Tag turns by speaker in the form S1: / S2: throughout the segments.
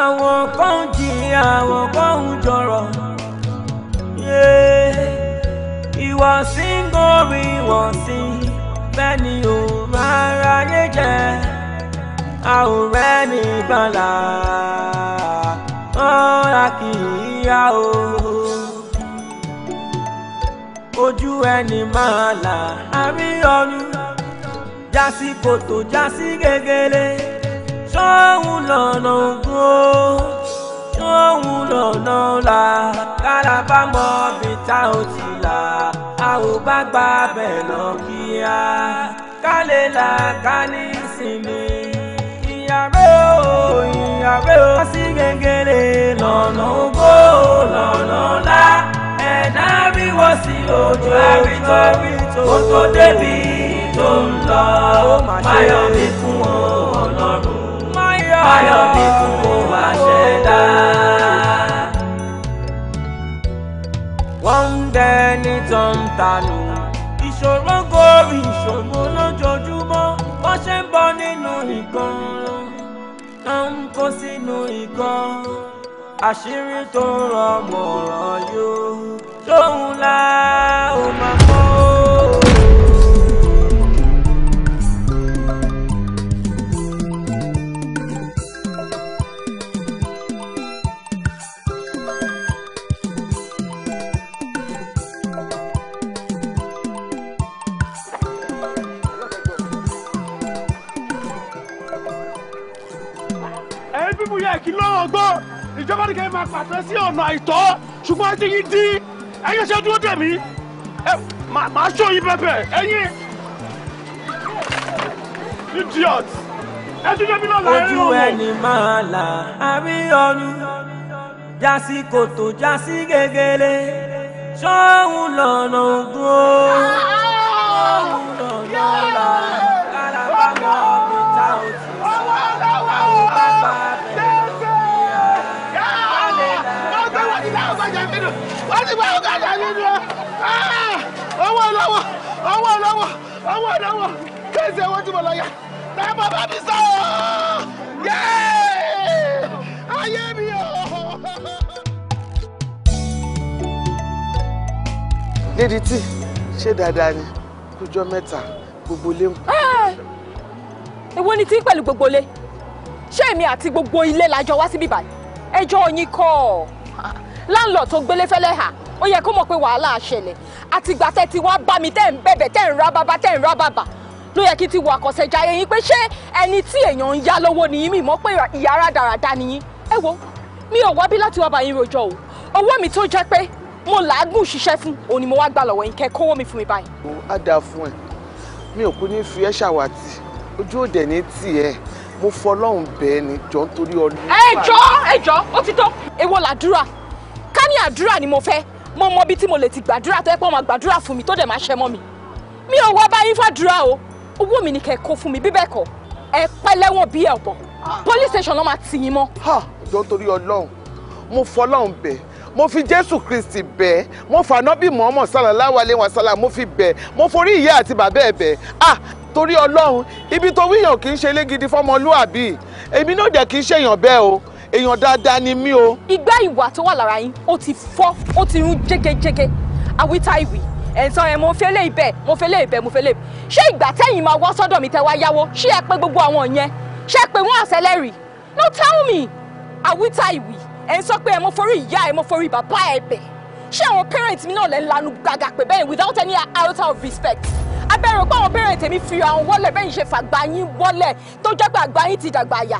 S1: àwọn kan jìyà àwọn kan jọrọ̀ ìwọ̀sí ń gorí ìwọ̀sí bẹ́ẹ̀ ni ò máa ráyé jẹ́ a ò rẹ́ni gbọ́là ọ̀la kì í yá o ojú ẹni máa là á rí ọdún jásí kòtò jásí gègèlè ṣóhun lọ́nà go, ṣóhun lọ́nà la. kára bá mọ ibi tá ò ti là a ò bá gba bẹ̀ lọ kíá ká lè là ká ní ìsinmi ìyàwó ìyàwó sí gègèrè lọ́nà ògo lọ́nà ọ̀la ẹ̀dá bí wọ́n sí ojú àwítọ́ kó tó débi tó fáyọ̀mí fún òun àṣẹdá. wọ́n ń bẹ ní tọ́ntàlù ìṣòro gorí ìṣòro lójoojúmọ́ wọ́n ṣe ń bọ́ nínú ìgbọ́n náà ń kó sínú ìgbọ́n àṣírí tó rọmọ ọ̀rọ̀ yóò tóun lá ó máa.
S2: iná ọgbọ́n ìjọba ní kẹ́ máa pàṣẹ sí ọ̀nà àìtọ́ ṣùgbọ́n ẹ ti yín dín ẹ̀yin ṣe dúró dè mí màá ṣó yín pẹpẹ
S1: ẹ̀yin idiot ẹ tún jẹ́ mi lọ́la ẹ̀rín ọ̀hún. ojú ẹni máa là àrí jásí kòtò jásí gègèlè ṣọ́hún lọ́nà ògùn ó.
S2: wọ́n ti gba ọ̀kadà nínú ẹ̀ ọwọ́ lọ́wọ́ ọwọ́ lọ́wọ́ ọwọ́ lọ́wọ́ kéèsì owó tí mo lọ yá náà bàbá mi sọ ọ́ yéé ayé mi ọ̀. nídìí tí ṣé dáadáa ni kújọ mẹ́ta gbogbo ilé ń. Ah! èwo ni tí pẹ̀lú gbogbo ilé
S3: ṣé èmi àti gbogbo ilé la jọ wá síbí báyìí ẹjọ́ yín láńlọ́ọ̀ tó gbélé fẹ́lẹ́ hà ó yẹ kó mọ̀ pé wàhálà ṣẹlẹ̀ àtìgbà tẹ́ ti wá bá mi tẹ́ ń bẹ̀bẹ̀ tẹ́ ń rá bàbá tẹ́ ń rá bàbá ló yẹ kí ti wà kọ̀sẹ̀já yẹn pé ṣé ẹni tí èèyàn ń yá lọ́wọ́ nìyí mi mọ̀ pé ìyá rádaràda nìyí ẹ wo mi ò wá bí láti wá bá yín rojọ́ o owó mi tó jẹ́ pé mo làágùn ṣiṣẹ́ fún òun ni mo wá gbà lọ́wọ́ yín kẹ́ kówó mi fún mi báyìí.
S2: ó dáa fún ẹ mi ò kú ní fi ẹ ṣàwàtì ojú òde ní tiẹ mo fọlọ́hún bẹ́ẹ̀ ni jọ nítorí ọdún. ẹ jọ ẹ
S3: jọ ó ti tó èwo làdúrà àdúrà ni mo fẹ́ mo mọ ibi tí mo lè ti gbàdúrà tó yẹ pé wọ́n gbàdúrà fún mi tó dẹ̀ máa ṣẹ mọ́ mi mi ò wá báyìí fàdúrà o owó mi ni kẹ́ kó fún mi bíbẹ̀ kọ́ ẹ pẹ́ lẹ́wọ̀n bíi ẹ̀bọ̀n
S2: police station ló máa tì yín mọ́. ha jọ nítorí ọlọ́run mo fọlọ́run bẹ̀ mo fi jésù kristi bẹ̀ mo fànábì mọ́mọ́ sàlàláwà lé wọn sàlà mo fi bẹ̀ mo forí ìyá àti bàbá ẹ̀ bẹ̀ ah torí ọlọ́run ibi tó wíyàn kì í ṣe lé gidi fọmọlúàbí èmi náà dẹ̀ kì í ṣèyàn bẹ́ẹ̀ o èèyàn dáadáa ni mí o. ìgbà ìwà tó wà lára yín ó
S3: ti fọ́ ó ti rún jégejége àwítá ìwì ẹ̀sán ẹ̀ mo fẹ́ lé ibẹ̀ mo fẹ́ lé ibẹ̀ mo fẹ́ lé ibẹ̀ ṣé ìgbà tẹ́yìn máa wá sọ́dọ̀ mi tẹ́ wá yáwó ṣé ẹ pé gbogbo àwọn yẹn ṣé ẹ pé wọ́n àṣẹlẹ́rì no tell me àwítá ìwì ẹ̀sán pé ẹ mo forí ìyá ẹ mo forí bàbá ẹ bẹ̀ ṣé àwọn parents mi náà lè lanu gàgà pé bẹ́ẹ̀ without any iota of respect abẹ́rẹ́ pé àwọn parents mi fi àwọn wọlé bẹ́ẹ̀ ṣe fàgbà yín wọlé tó jẹ́ pé àgbà yín ti dàgbà yà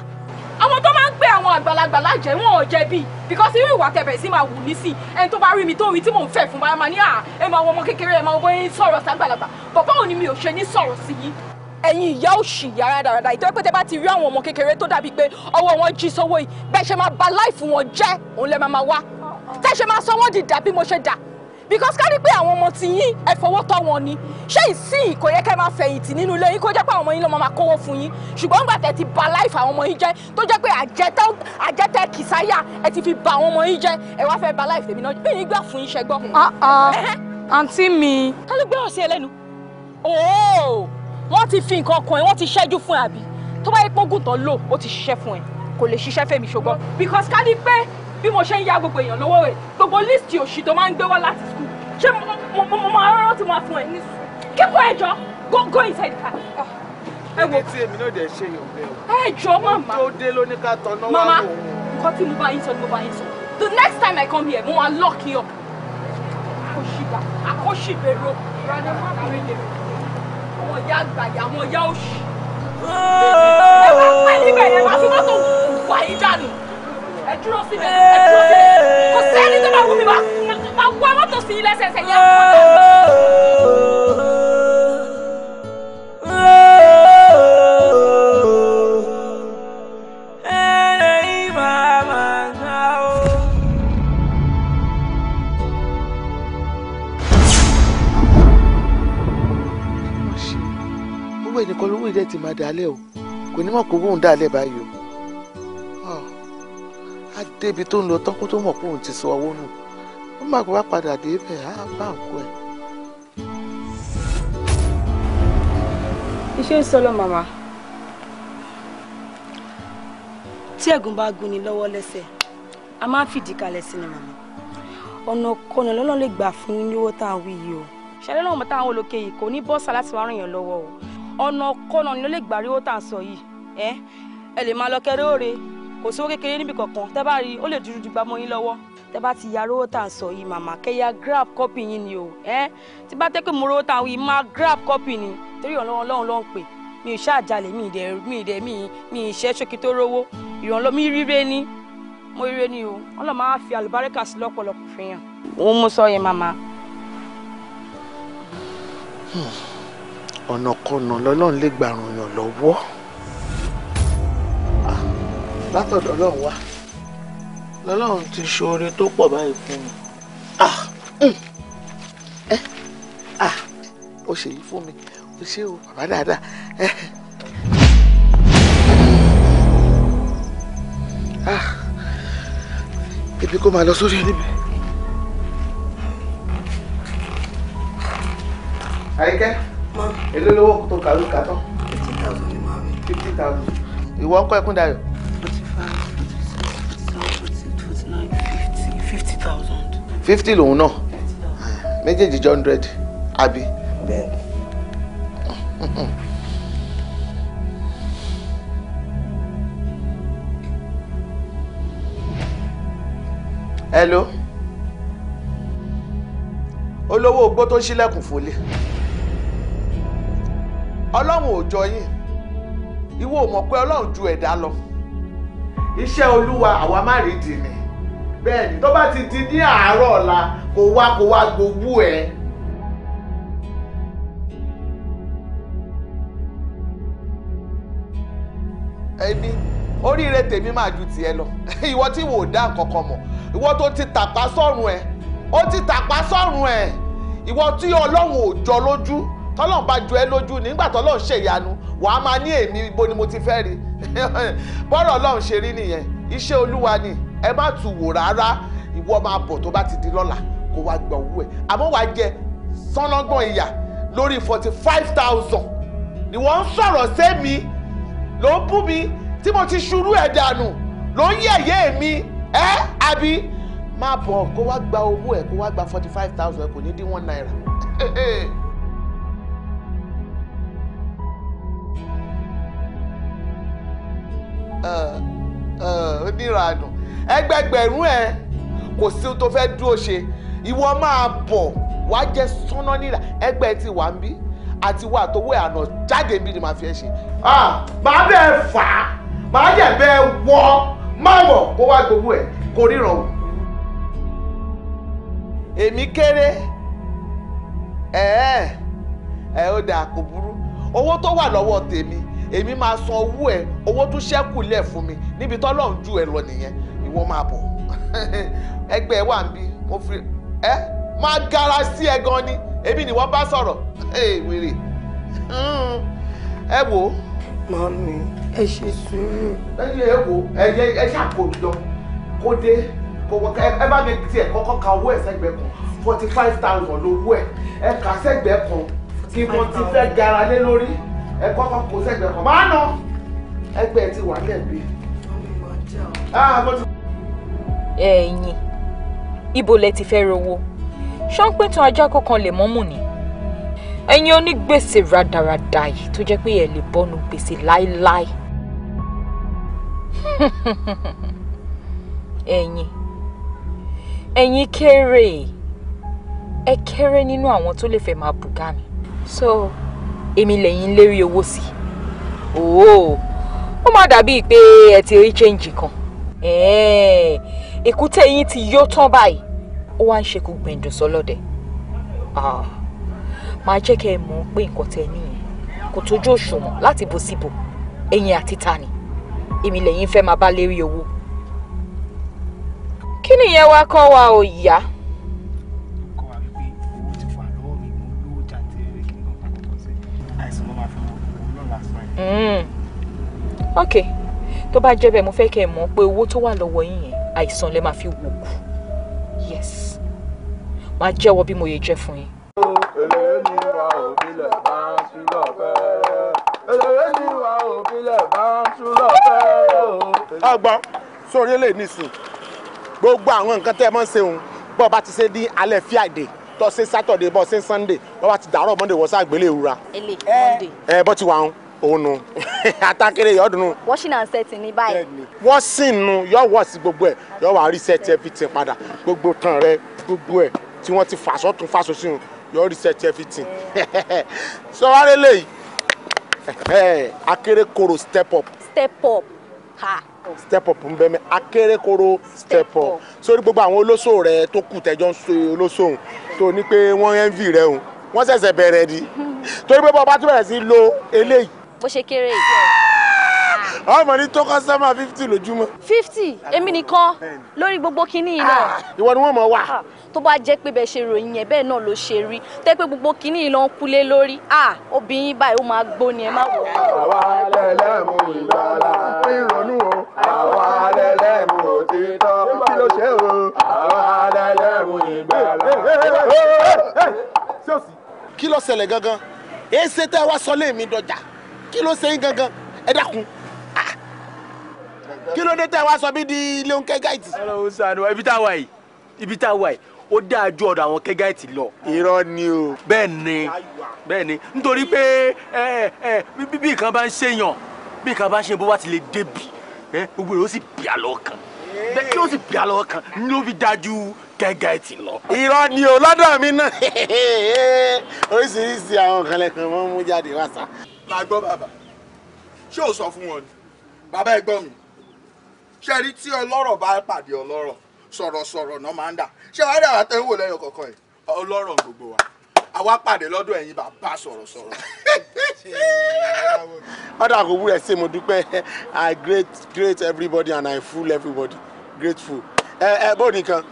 S3: àwọn tó máa ń gbé àwọn àgbàlagbà lájẹ wọn ò jẹ̀bi because irú ìwà tẹ̀bẹ̀ sí máa wù mí sí ẹni tó bá rí mi tó rí tí mò ń fẹ́ fún báyà máa ní à ẹ máa wọ ọmọ kékeré ẹ máa wọ ẹyin sọ̀rọ̀ sàgbàlagbà bàbá òní mi ò ṣe ní sọ̀rọ̀ sí yín ẹ̀yin ìyá òṣì yàrá dáradára ìtọ́ pé tẹ́ bá ti rí àwọn ọmọ kékeré tó dàbí pé ọwọ́ wọn jí sọ́wọ́ yìí bẹ́ẹ̀ ṣe máa bà láìfù wọn jẹ́ òun lẹ́ máa máa wá uh-uh. tẹ́ ṣe máa sọ wọ́n dìdà bí mo ṣe because ká ní pé àwọn ọmọ ti yín ẹ fọwọ́ tọ́ wọn ni ṣé ìsìn kò yẹ kẹ́ máa fẹ̀yìntì nínú ilé yín kó jẹ́ pé àwọn ọmọ yín ló máa kówó fún yín ṣùgbọ́n gbà ti ba life àwọn ọmọ yín jẹ́ tó jẹ́ pé àjẹtẹ́ kìsáyà ẹ ti fi ba àwọn ọmọ yín jẹ́ ẹ wá fẹ́ ba life tèmi náà bí yín gbà fún yín ṣẹgbọ́. Ah, ah. àǹtí mi. ká ló gbé ọ̀sẹ̀ ẹlẹ́nu wọ́n ti fi nǹkan kan ẹ̀ wọ́n ti ṣẹ́jú fún àbí tó bá yẹ pé ogún tán lò ó ti ṣiṣẹ́ fún because ká bí mo ṣe ń ya gbogbo èèyàn lówó rẹ̀ gbogbo líìsì òṣì tó máa ń gbé wá láti skul ṣé mo máa rọ́rọ́ tí mo fún ẹ ní sùn kíkọ́ ẹjọ́ go go inside car. Ah,
S2: ẹni tí èmi náà dẹ̀ ṣe yàn
S3: bẹ́ẹ̀ o. màmá
S2: tó dé lóní ká tanná wá lò. màmá
S3: nǹkan tí mo bá yín sọ ni mo bá yín sọ the next time I come here mo máa lock you up. àkóṣìgbà àkóṣìbèrò ìrànlọ́wọ́ máa bèrè lè ìyá àgbàyà ìyá òṣì.
S4: ẹ bá pẹ́ níbẹ̀
S3: yẹn bá fi mọ́tò wà yín dànù ẹ dúró síbẹ̀ ẹ dúró síbẹ̀ kò sẹ́ni tó máa wú mi máa wú amọ́tò sí ilé ẹsẹ̀ ẹsẹ̀ yẹn.
S2: owó ìdẹ́tì máa dalẹ̀ o kò ní mọ̀ kó wóun dalẹ̀ báyìí o débi tó ń lọ tán kó tó mọ̀ pé òun ti sọ owó nù ó má gbé wá padà débẹ̀ á bá nǹkó ẹ̀.
S5: iṣẹ́ sọlọ màmá tí ẹ̀gún bá gún ni lọ́wọ́ lẹ́sẹ̀ a máa ń fìdí kalẹ̀ sí ni màmá ọ̀nà kọ̀nà lọ́nà lè gbà fún yín lówó tá a wí yìí o ṣẹlẹ̀ náà mọ̀ táwọn olókè yìí kò ní bọ́sà láti wá ràn o ọ̀nà kọ̀nà ni ló lè gbà rí owó tá a sọ yìí ẹ ẹ lè máa lọ kẹrẹ́ òre kò sówó kékeré níbi kankan tẹ́ bá rí i ó lè dúró dùgbà mọ́ yín lọ́wọ́ tẹ́ bá ti ya rówó tà ń sọ yìí màmá kẹ́yà grab copy yín ni o ẹ́ tí bá tẹ́ pé mo rówó tà yìí máa grab copy ni torí ọlọ́run ọlọ́run ló ń pè mi ò ṣàjálè mi ìdẹ mi ìdẹ mi mi ìṣẹ́ ṣókí tó rówó ìrànlọ́ mi ríre ni mo ríre ni o ọlọ́run máa fi àlùbáríkà sí lọ́pọ̀lọpọ̀ fi hàn òun mo sọ yẹn màmá.
S2: Hmm. ọ̀nà kọ̀nà lọ́lọ́run lè gbàrún yàn lọ́wọ́ látọ̀dọ̀ ọlọ́run wá lọ́lọ́run ti ṣoore tó pọ̀ báyìí fún mi ó ṣe yìí fún mi ó ṣe o bàbá dáadáa. ibi kó máa lọ sórí níbi. àyíkẹ́ èlé lówó tó kàlù kàtọ́. fifty thousand. Fifty thousand. ìwọ ń kọ́ ẹkún dayọ̀.
S5: fifty thousand.
S2: fifty lòun náà méjèèjì jọ hundred àbí. bẹ́ẹ̀. hello olówó ogbó tó ṣílẹ̀kùn fòlé ọlọ́run ò jọ yín ìwọ ò mọ̀ pé ọlọ́run ju ẹ̀dá lọ iṣẹ́ olúwa àwa má rí dì ní bẹ́ẹ̀ni tó bá ti di ní àárọ̀ ọ̀la kó wá kó wá gbowó ẹ̀. ẹni oríire tèmi máa ju tiẹ̀ lọ ìwọ tí wò ó dá nǹkankan mọ̀ ìwọ tó ti tàpá sọ́run ẹ̀ ó ti tàpá sọ́run ẹ̀ ìwọ tí ọlọ́run ò jọ lójú tọ́lọ́run bá jọ ẹ́ lójú nígbà tọ́lọ́run ṣèyanu wàá máa ní èmi ibo ni mo ti fẹ́ rí bọ́rọ̀ ọlọ́run ṣe rí nìyẹn iṣẹ́ olúwa ni ẹ má tù wò rárá ìwọ máa bọ̀ tó bá ti di lọ́la kó wá gba owó ẹ̀ àmọ́ wàá jẹ sánágbọ̀n ìyà lórí forty five thousand ni wọ́n ń sọ̀rọ̀ sẹ́mi ló ń bú mi tí mo ti ṣurú ẹ̀ dànù ló ń yẹ̀yẹ́ mi ẹ́ àbí máa bọ̀ kó wá gba owó ẹ̀ kó wá gba forty five thousand ẹ̀ kò ní dín one naira. uh oníranù ẹgbẹgbẹ̀rún ẹ kò sí ohun tó fẹ́ dúró ṣe ìwọ máa bọ̀ wá jẹ́ súná nílà ẹgbẹ́ ti wà ń bí àti wà tó wẹ̀ àná jáde bí ni màá fi ẹ ṣe. màá bẹ́ẹ̀ fà á màá jẹ̀ bẹ́ẹ̀ wọ́ má wọ̀ kó wá gbogbo ẹ̀ kó ríran o. èmi kéré ẹ ẹ ó dáa kò burú owó tó wà lọ́wọ́ tèmi èmi máa san owó ẹ owó tún ṣẹ́kù lẹ̀ fún mi níbi tọ́lọ́run ju ẹ lọ nìyẹn ìwọ máa bọ̀ ẹgbẹ́ wà ń bí mo fi ẹ máa gara sí ẹ gan ni èmi ni wọ́n bá sọ̀rọ̀ wèrè ẹ wò. màmí ẹ ṣe sùúrù. ẹ yẹ ẹ wò ẹ yẹ ẹ ṣàkójọ kó dé ẹ bá mi tiẹ̀ kọ́kọ́ ka owó ẹ̀ sẹ́gbẹ̀ẹ́ kan forty five thousand lówó ẹ̀ ẹ kà sẹ́gbẹ̀ẹ́ kan kí mo ti fẹ́ gara lé lórí ẹ̀kọ́ kan kò sẹ́gbẹ̀ kan máa nà ẹgbẹ́ ti wà lẹ́bi. Ah, ẹ̀yin ibo
S3: lẹ ti fẹ́ rówó ṣọ́npẹ́ tán ajá kọ̀ọ̀kan lè mọ́mù ni ẹ̀yin onígbèsè rádaràda yìí tó jẹ́ pé ẹ̀ lè bọ́nu gbèsè láéláé ẹ̀yin ẹ̀yin kéré ẹ kéré nínú àwọn tó lè fẹ́ máa bùgá mi so èmi lẹ́yìn lérí owó sí ooo ó má dàbíi pé ẹ ti rí change kan èkúté yín ti yó tán báyìí ó wá ń ṣekú gbẹ̀ǹdùn sọlọ́dẹ ah, máa jẹ́ kẹ́ ẹ mọ̀ pé nǹkan tẹ nìyẹn kò tójú òṣùwọ̀n láti bò síbò ẹ̀yìn àti tani èmi lẹ́yìn fẹ́ máa bá lérí owó kí nìyẹn wá kọ́ wa ò yá. Hmm. ok tó bá jẹ́ bẹ́ẹ̀ mo fẹ́ kẹ́ ẹ mọ̀ pé owó tó wà lọ́wọ́ yín yẹn àìsàn lẹ máa fi wò kù yes máa jẹ́wọ́ bí mo yẹ jẹ́ fún yín. èlé ni wa òbí lẹ̀ bá ń sún
S2: ọgbọ́n sórí eléyìí nìsín gbogbo àwọn nǹkan tẹ́ ẹ mọ́ ṣe òun bọ́ọ̀ bá ti ṣe ní alẹ́ Friday tó ṣe Saturday bọ́ọ̀ ṣe Sunday bọ́ọ̀ bá ti dàárọ̀ Monday wọ́n ṣàgbélé ìwúra.
S3: ele Monday.
S2: ẹ bọ́ ti wà ń òun nu atakere yọ dunu.
S3: washing and setting ní báyìí.
S2: washing nu yọ wọ̀ sí gbogbo ẹ̀ yọ wà reset everything padà gbogbo tan rẹ gbogbo ẹ̀ tí wọ́n ti fàṣọ tún fàṣọ sí yọ reset everything. sọ wá lé léyìí akérèkòrò step up.
S6: step up ha.
S2: step up ń bẹ mẹ akérèkòrò step up sórí gbogbo àwọn olóṣò rẹ tó kù tẹjọ ń so olóṣò òun tó ní pé wọ́n envy rẹ òun wọ́n ṣẹ̀ṣẹ̀ bẹ̀rẹ̀ ni torí pé bọ́ọ̀ bá tún bẹ̀rẹ̀ sí lo eléyìí
S4: bó ṣe kéré yìí.
S2: ọmọ ní tó kọ́sọ́mà fifty lójúmọ́. fifty èmi nìkan lórí gbogbo kinní yìí náà. ìwọ ni wọn mọ wà.
S3: tó bá jẹ́ pé bẹ́ẹ̀ ṣe ròyìn yẹn bẹ́ẹ̀ náà ló ṣe rí tẹ́ pé gbogbo kinní yìí ló ń kulé lórí obìnrin báyìí ó máa gbó ni ẹ má wọ.
S1: àwa lẹ́lẹ́ mú ìgbàlá
S2: ìrònú o
S1: àwa lẹ́lẹ́ mú òtítọ́ kí ló ṣe o àwa lẹ́lẹ́
S2: mú ìgbàlá. kí ló ṣẹlẹ̀ gangan èsì tẹ́ wá sọ lé mi dọjà. Kilo ló ṣe yín gangan ẹ dákun kí ló tẹ wá sọ bí di ilé oúnjẹ gáìtì. Ọlọ́run ṣàánú ibi tá a wà yìí ibi tá a wà yìí ó dáa ju ọ̀dọ̀ àwọn kẹ́gáìtì lọ. irọ́ ni o. bẹ́ẹ̀ ni bẹ́ẹ̀ ni nítorí pé ẹ ẹ bí nǹkan bá ń ṣèyàn bí nǹkan bá ń ṣe bó bá ti lè débi gbogbo rẹ̀ ó sì bí àlọ́ kan bẹ́ẹ̀ kí ó sì bí àlọ́ kan ló fi dájú kẹ́gáìtì lọ. irọ́ ni o lọ́dọ̀ mi náà oríṣiríṣi àwọn kan mọ́ mú jáde wá sá. la gbọ́ bàbá ṣé ò sọ fún wọn ni bàbá ẹ gbọ́ mi ṣe rí tí ọlọ́rọ̀ bá pàdé ọlọ́rọ̀ sọ̀rọ̀sọ̀rọ̀ náà máa ń dà ṣé wàá rí àwọn tẹ́ ń wò lẹ́yìn kọ̀ọ̀kan yìí ọlọ́rọ̀ gbogbo wa àwa pàdé lọ́dọ̀ ẹ̀yin bàbá sọ̀rọ̀ ọ̀dà kò wúrẹ̀ sí mo dúpẹ́ i great great everybody and i full everybody grateful. ẹ ẹ bó nìkan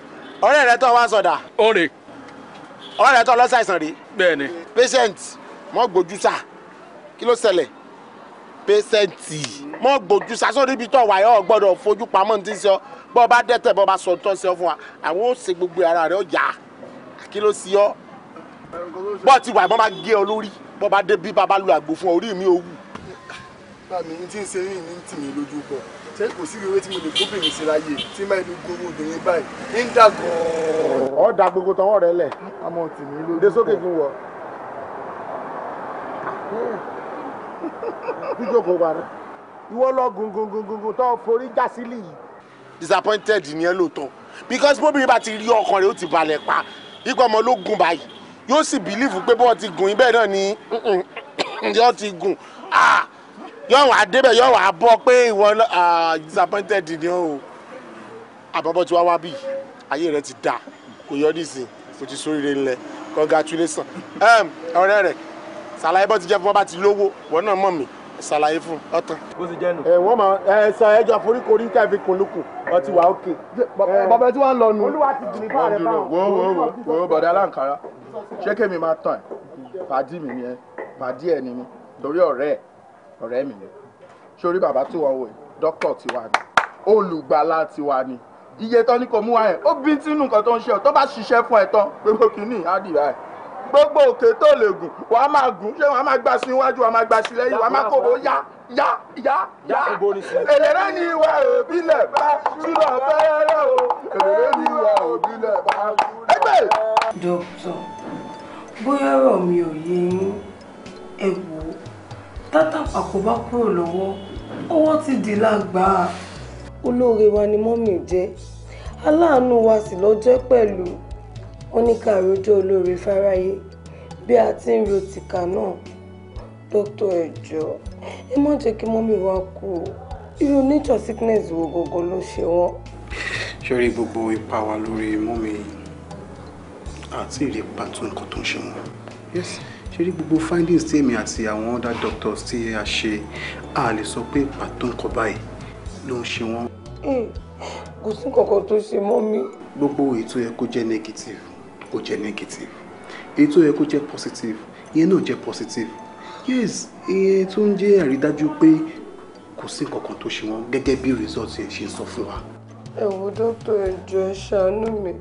S2: ọ̀rẹ́ rẹ tó wá sọ̀dà. ó rè. ọ̀rẹ́ rẹ tó lọ́sàìsàn rè. patient mọ́ gbójú sáà kí ló ṣẹlẹ̀ pẹ́sẹ́ǹtì mọ́ gbòjú sásọ́rí ibi tó wà yọ gbọ́dọ̀ fojú pamọ́ ní ti sọ bọ́ bá dẹ́tẹ̀ bọ́ bá sọ tó sọ fún wa àwọn ó ṣe gbogbo ara rẹ̀ ọjà kí ló sí ọ bọ́ ti wà bọ́ máa gé ọ lórí bọ́ bá dé bí bàbá lu àgbo fún ọ orí mi ò wù. báàmì ní tí ń ṣe yìí ní tì mí lójú pọ ṣé kò sí ìwé tí mo lè gbóbìnrin sí láyé tí máa fi gbogbo obìnrin báyìí ń dà gan ọ̀ da gbogbo tọwọ́ rẹ lẹ̀. àmọ́ tì mí lójú pọ̀ dé sókè bíjókòó wa rẹ ìwọ lọ gungungungun tó forí já sílẹ̀ yìí. disappointed ni ẹ lóòótọ́ because bóbi bá ti rí ọkàn rẹ ó ti balẹ̀ pa ipò ọmọ ló gun báyìí yóò sì bìlífù pé bọ́ọ̀ ti gùn ibẹ̀ náà ni yóò ti gùn ah! yóò wá débẹ̀ yóò wá bọ́ pé ìwọ ah, disappointed ni o àbábọ̀ tí wàá wá bì ayé rẹ ti dà kò yọ ọ́ dìsìn kò ti sóríire ńlẹ̀ congratulations ọ̀rẹ́ rẹ̀ ṣàlàyé bó ti jẹ́ fún ọ bá ti lówó wọn náà mọ̀ mí ṣàlàyé fún ọtán. ó sì jẹnu. ẹ wọ́n máa ẹ sọ ẹjọ́ foríkorí tẹ́ fi kun lukùn ọtí wà ókè. bàbá tí wọ́n lọ nù. olúwa ti jìnnì fún àrẹ báwọn. wo wo wo wo bọ̀dá aláǹkárá ṣé kémi máa tàn ẹ́ pàdí mi ni ẹ́ pàdí ẹ̀ ni mi torí ọ̀rẹ́ ẹ̀ ọ̀rẹ́ mi ni sórí bàbá tí wọ́n wò ẹ́ dókítà tiwa ni olùgbàlà tiwa ni iye tán ni kò mú wa yẹn ó bí tínú nǹkan tó ń ṣe ọ tó bá ṣiṣẹ́ fún ẹ tán pé mo kì í ní ìhádìí báyìí gbogbo òkè tó lè gùn wàá máa gùn ṣé wàá máa gbà sí iwájú wàá máa gbà sí lẹ́yìn wàá máa kó o yá yá yá yá èrèrè ni
S1: ìwà òbílẹ̀ bá ṣúlọ̀ fẹ́rẹ́ o èrèrè ni ìwà òbílẹ̀ bá ṣúlọ̀.
S5: dókítà bóyá ọ̀rọ̀ mi ò yé yín ẹ wò ó tátàpá kò bá kúrò lọ́wọ́ ọwọ́ ti dì lágbà. olóore wa ni mọ́mì jẹ́ aláàánú wa sì lọ jẹ́ pẹ̀lú ó ní ká rojọ́ olóore fáráyé bí a ti ń ro tìkà náà dókítà ẹ jọ̀ọ́ ẹ má jẹ́ kí mọ́mí wa kú o irú nature sickness wo gangan ló ṣe wọ́n.
S2: sórí gbogbo ipa wa lórí mọ́mí àti ìrè pàtó nǹkan tó ń ṣe wọn. yes ṣeré gbogbo findings tí èmi àti àwọn other doctors tí a ṣe a lè sọ pé pàtó nǹkan báyìí ló ń ṣe wọn. Hmm. kò sí kankan tó ṣe mọ́ gbogbo ètò ẹ kó jẹ́ negative ó jẹ́ negative èyí tó yẹ kó jẹ́ positive ìyẹn náà jẹ́ positive yes ìyẹn tó ń jẹ́ àrídájú pé kò sí nǹkan kan tó ṣe wọn gẹ́gẹ́ bí result yẹn ṣe sọ fún wa. ẹ wo dókítà ẹjọ ẹ ṣàánú mi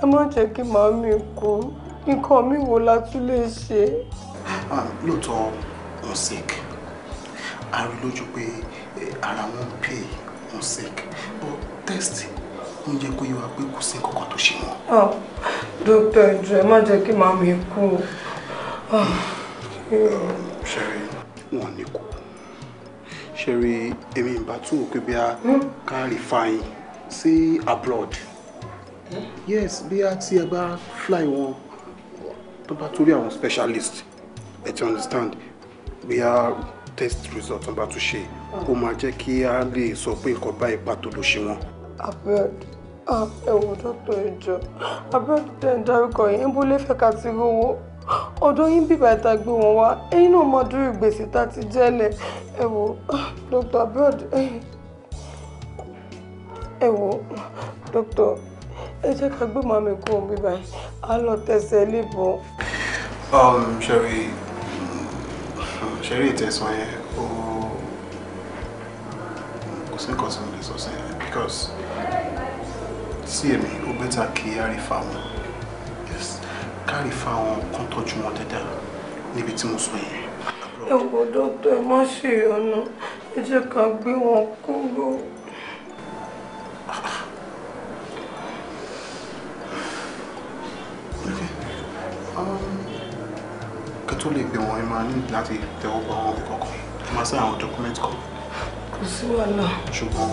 S2: ẹ má
S5: jẹ́ kí màámi kú nǹkan mi wo la tún lè ṣe.
S2: Ah, lóòótọ́ wọn sick a rí lójú pé eh, ara wọn pay wọn sick but test ó ń jẹ́ kó yé wa pé kò sí nǹkan tó ṣe wọn. dókítà ìjọ ẹ má jẹ́ kí màmí kú. Ah, ṣẹ́rí wọn ní kú ṣẹ́rí èmi ìbá tún òkè bí a ká refine sí abroad yes bí a ti ẹ bá fly wọn tó bá torí àwọn specialist ẹ ti understand bí a test result tó bá tún ṣe ó máa jẹ́ kí a lè sọ pé nǹkan báyìí pàtó ló ṣe wọn.
S5: abroad ẹ wò dókítà ẹjọ abúlé tẹ ń dárúkọ yẹn bó lè fẹ́ ká ti rówó ọ̀dọ̀ yín bíbá ìta gbé wọn wá ẹ̀yin
S2: náà mọ dúró gbèsè tá ti jẹ́lẹ̀ ẹ wò dókítà abúlé ẹ wò dókítà ẹ jẹ́ ká gbé màmí kú òun bíbá yìí á lọ tẹsẹ̀ lébọn.
S6: Um, ṣeré
S2: ṣeré ìtẹ̀sán yẹn kò sí nǹkan tí mo lè sọ sí yẹn because sí èmi ó bẹ́tà kí á rí fáwọn ká rí fáwọn kan tọ́jú wọn dáadáa níbi tí mo sọ yẹn. ẹ wo dọ́tọ̀ ẹ má ṣe ìyọnu ẹ jẹ́ ká gbé wọn kúrò. Um, tó lè gbé wọn ẹ máa ní láti tẹ́wọ́ gba wọn kọ̀ọ̀kan ẹ máa sẹ́ àwọn dọ́kúmẹ́ntì kan.
S5: kò sí wàhálà.
S2: ṣùgbọ́n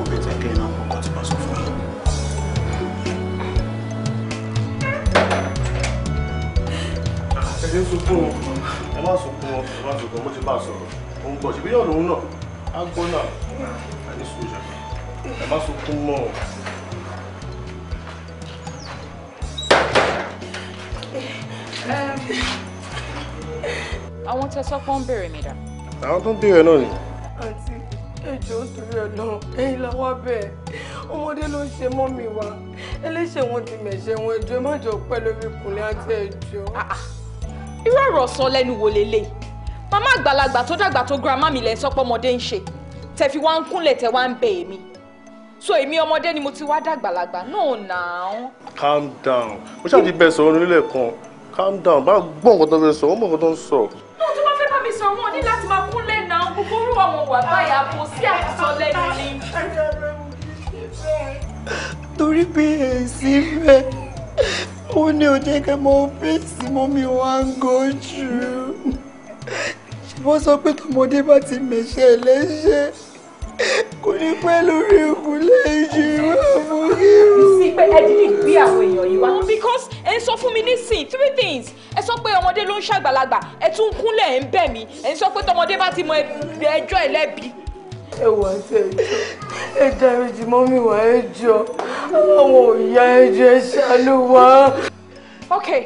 S2: ó bẹ̀tẹ̀ kẹ́yìn náà ti bá sọ fún yín. ṣe ń sunkún o ẹ má sunkún o ẹ má sunkún mo ti bá a sọ̀rọ̀ òun gbọ́ ṣe bí yóò lòun náà á gbọ́ náà á ní sùn ṣàkà ẹ má sunkún mọ́ o.
S5: àwọn tẹ sọpọ ń béèrè mi dà.
S2: àwọn tó ń béèrè náà ni.
S5: àǹtí ẹjọ́ torí ẹ̀ náà ẹ̀yin làwọn abẹ́ ọmọdé ló ń ṣe mọ́ mi wá ẹlẹ́ṣẹ̀ wọn ti mẹ̀ṣẹ̀
S2: wọn ẹjọ́ ẹ má jọ pẹ́ lórí ìkùnlé àti ẹjọ́. Ah, ah irú ọ̀rọ̀ sọ lẹ́nu wo lélẹ̀
S3: màmá àgbàlagbà tó dàgbà tó grandma mi lẹ́ sọ́pọ̀ ọmọdé ń ṣe tẹ̀ fi wá ń kúnlẹ̀ tẹ̀ wá ń bẹ̀ èmi so èmi ọmọdé ni mo ti wá dàgbàlagbà náà náà.
S2: calm down mo ṣáàjì bẹ́ẹ̀ sọ̀rọ̀ nílẹ̀ kan calm down bá gbọ́ nǹkan tó fẹ́ sọ ọmọ nǹkan tó ń sọ.
S3: náà tó bá fẹ́ bá mi sọ wọn ní láti máa kúnlẹ̀ náà gbogbo orú àwọn wà báyà kò sí àtúntò lẹ́nu ni.
S1: torí pé èsì fẹ́
S2: ó ní òjẹ́ kẹ́ mọ ọ́fíìsì mọ́ mi wá ń gojú ṣùgbọ́n sọ pé tọmọdé bá ti mẹ̀ṣẹ̀ ẹlẹ́ṣẹ̀ kò ní pẹ́ lórí ikú lẹ́yìn ìwà àmúhírù. sí pé ẹ dídì gbé àwọn èèyàn yìí wá.
S3: because
S1: ẹ wà tí ẹ jọ ẹ dáríjì mọ́mí wa ẹ jọ àwọn òyà ẹ jọ ẹ ṣàánú wa.
S3: okay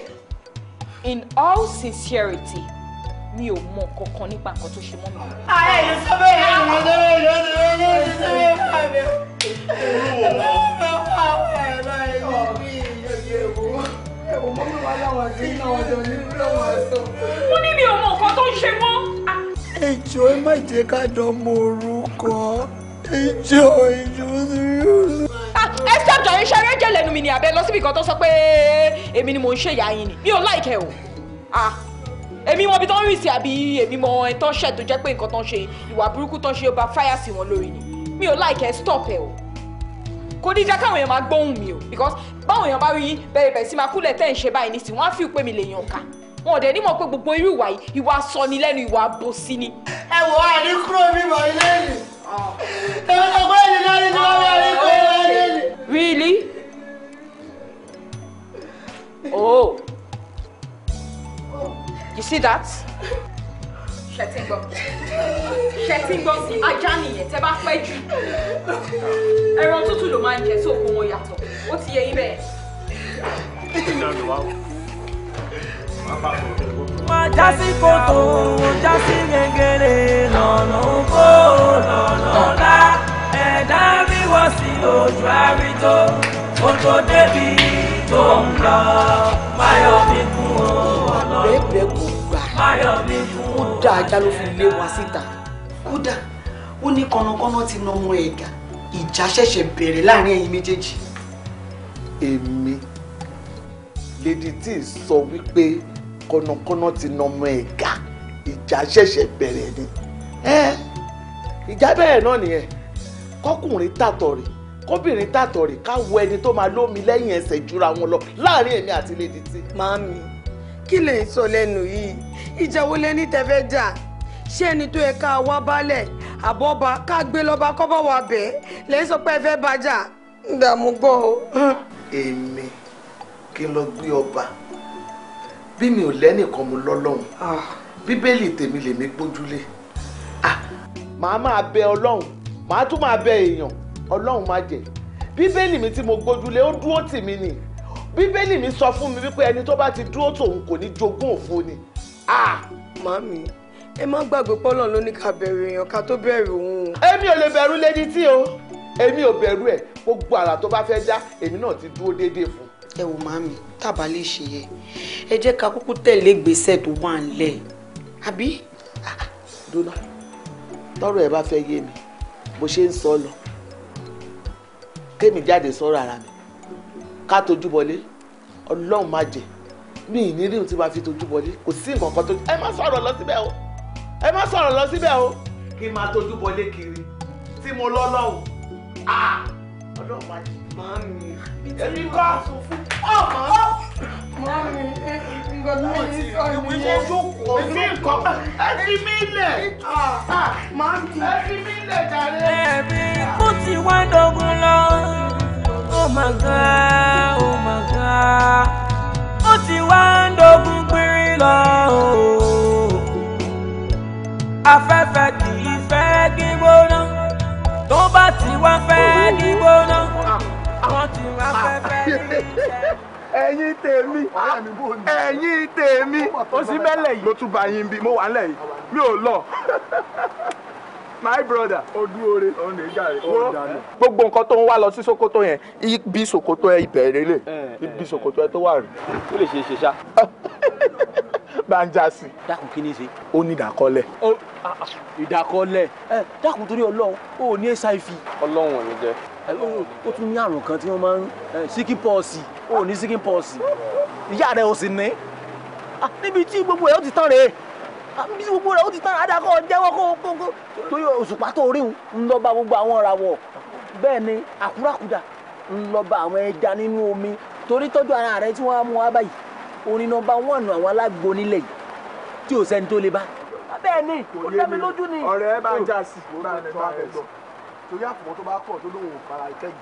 S3: in all sincerity mi ò mọ kankan nípa nǹkan tó ṣe mọ́mí. ayé ló sọ bẹ́ẹ̀ yẹn ló sọ bẹ́ẹ̀ ló sọ bẹ́ẹ̀ ló sọ bẹ́ẹ̀ fà
S1: mí. olúwo mọ. mo ní mi ò mọ nǹkan tó
S3: ń ṣe mọ́
S2: ẹ jọ̀ọ́ ẹ má jẹ́ ká dánmọ orúkọ ah, ẹ
S3: jọ̀ọ́
S4: ẹ jọ̀ọ́
S3: ẹ sábà ń ṣe rẹ́jẹ̀ lẹ́nu mi ni àbẹ lọ síbi kan tó sọ pé èmi ni mò ń ṣèyá yín ni mi ò láìkẹ́ o ah, èmi mọ ibi tó ń rìn sí àbí èmi mọ ẹ̀tọ́ ṣẹ̀ tó jẹ́ pé nǹkan tó ń ṣe ìwà burúkú tó ń ṣe ó fáyà sí wọn lórí ni mi ò láìkẹ́ stop ẹ o kò ní jẹ́ káwọn èèyàn máa gbóhùn mi o because báwọn èèyàn bá rí bẹ̀rẹ̀ bẹ̀rẹ̀ sí máa kúlẹ̀ tẹ́ ń ṣe báyìí nísìnyí wọ́n á fi pé mi lè yàn ká wọn ò dẹ̀ nímọ̀ pé gbogbo irú ìwà yìí ìwà sọ ni lẹ́nu ìwà àbòsí ni. ẹ wọ àní kúrò bíbọ ilé yìí ọgbẹ́ yìí lórí ni wọ́n wọ́n rí kó wọ́n rí ni. Really? Oh. You see that? ṣẹtìngbọ ṣẹtìngbọ ajá nìyẹn tẹ bá pẹ́ jù
S1: ẹran tútù ló máa
S3: ń jẹ sí òkú wọn yàtọ̀ ó ti yẹ yín
S1: má jásí kòtò jásí gègèrè lọ́nà ògbó lọ́nà ọ̀la ẹ̀dá wíwọ́ sí ojú àrító kòtò débi tó ń lọ máyọ̀mí kún ọ̀nà bẹ́ẹ̀ kò gbà máyọ̀mí kún ọ̀nà.
S5: ó dá ajá ló fi lé wa síta kódà ó ní kọ́nàkọ́nà ti na ọmọ ẹ̀gà ìjà ṣẹ̀ṣẹ̀ bẹ̀rẹ̀ láàrin ẹ̀yin méjèèjì.
S2: èmi lady tí ì sọ wípé kọ́nàkọ́nà ti nà ọmọ ẹ̀ ga ìjà ṣẹ̀ṣẹ̀ bẹ̀rẹ̀ ni ìjà bẹ̀rẹ̀ náà nìyẹn kọ́kùnrin tàtọ̀ rè kóbìnrin tàtọ̀ rè káwọ ẹni tó máa lómi lẹ́yìn ẹsẹ̀ jura wọn lọ láàrin èmi àti lady t. màámi kí lè sọ lẹ́nu yìí ìjà wo lẹ ní tẹ́fẹ́ jà ṣé ẹni tó yẹ ká wá balẹ̀ àbọ̀bà ká gbé lọ́ba kọ́bọ̀ wà bẹ́ẹ̀
S5: lẹ́yìn sọ pé ẹ fẹ́ bàjá ń gbọ́ o.
S2: èmi kí ló gbé ọba bí mi ò lẹ́nìkan mo lọ́lọ́run ah. bíbélì tèmi lèmi gbójúlé ah, màá máa bẹ ọlọ́run màá tún máa bẹ èèyàn ọlọ́run má jẹ́ bíbélì mi tí mo gbójúlé ó dúró tì mí ni bíbélì mi sọ fún mi wípé ẹni tó bá ti dúró tòun kò ní jogún òfo ni. Ah! màmí ẹ má gbàgbé pọ́lọ̀ ló ní ká bẹ̀rù èèyàn ká tó bẹ̀rù òun. èmi ò lè bẹ̀rù lẹ́ni tí o èmi ò bẹ̀rù ẹ̀ gbogbo àrà tó bá fẹ́ já èmi náà ti dúró déédéé fún.
S5: ẹ wò màmí tàbá lè ṣe yẹ ẹ jẹ́ ká kúkú tẹ̀lé ìgbésẹ̀ tó wà nílẹ̀ àbí.
S2: Ah, dúnà tọrọ ẹ bá fẹ́ yé mi bó ṣe ń sọ lọ kémi jáde sọ̀rọ̀ ara mi ká tójú bọlé Ọlọ́run má jẹ́ mi ì ní ríhùn tí máa fi tójú bọlé kò sí nǹkan kan tó ẹ má sọ̀rọ̀ lọ síbẹ̀ o ẹ má sọ̀rọ̀ lọ síbẹ̀ o kí n máa tójú bọlé kiri tí mo lọ́lọ́hùn ah! Ọlọ́run má jẹ́ èmi kọ́
S1: ọmọ mọ́ mi nǹkan tó ń sọ ìwé yẹn èmi kọ́ ẹtí mi lẹ̀ máa ń ẹtí mi lẹ̀ jàre. ẹ̀mí kú ti wá dógún lọ oh my God oh my God ó ti wá dógún péré lọ afẹ́fẹ́ kì í fẹ́ kí wọ́n.
S2: ẹ̀yin tèmi ẹ̀yin tèmi ó sì mẹ́lẹ̀ yìí mo tún bá yín bí mo wà nílẹ̀ yìí mi ò lọ my brother odúore gbogbo nǹkan tó ń wá lọ sí Sokoto yẹn ibi Sokoto ẹ ìbẹ̀rẹ̀ lè eh, eh, ibi eh. Sokoto ẹ tó wà rí. ó lè ṣe ṣe ṣá. banja sí. dákun kí ni ṣe. ó ní ìdákọ́lẹ̀.
S6: ìdákọ́lẹ̀ dákun torí ọlọ́run ó ní ẹ̀ṣá ìfì. ọlọ́run ò ní jẹ́ ó tún ní àrùn kan tí wọ́n máa ń síkí pọ́ọ̀sì ó ní síkí pọ́ọ̀sì ìyá rẹ̀ ò sì ní ah, níbi tí gbogbo rẹ̀ ó ti tán rèé
S2: ah, níbi tí gbogbo rẹ̀ ó ti tán adakọ̀ jẹ́wọ́ kó kó torí òṣùpá tó rí ń lọ bá gbogbo àwọn ìràwọ̀ bẹ́ẹ̀ ni àkúràkudà ń lọ bá àwọn ẹja nínú omi torí tọ́jú ara rẹ̀ tí wọ́n á mú wá báyìí orin nọmba wọ́ọ̀nù àwọn alágbo nílẹ̀ yìí tí ò sẹ́ni tó le bá bẹ́ẹ̀ ni ó dá mi lójú ni ọ̀rẹ́ ẹ máa já sí i torí àfọwọ́ tó bá pọ̀ tó lóun ò fara ìkẹ́jì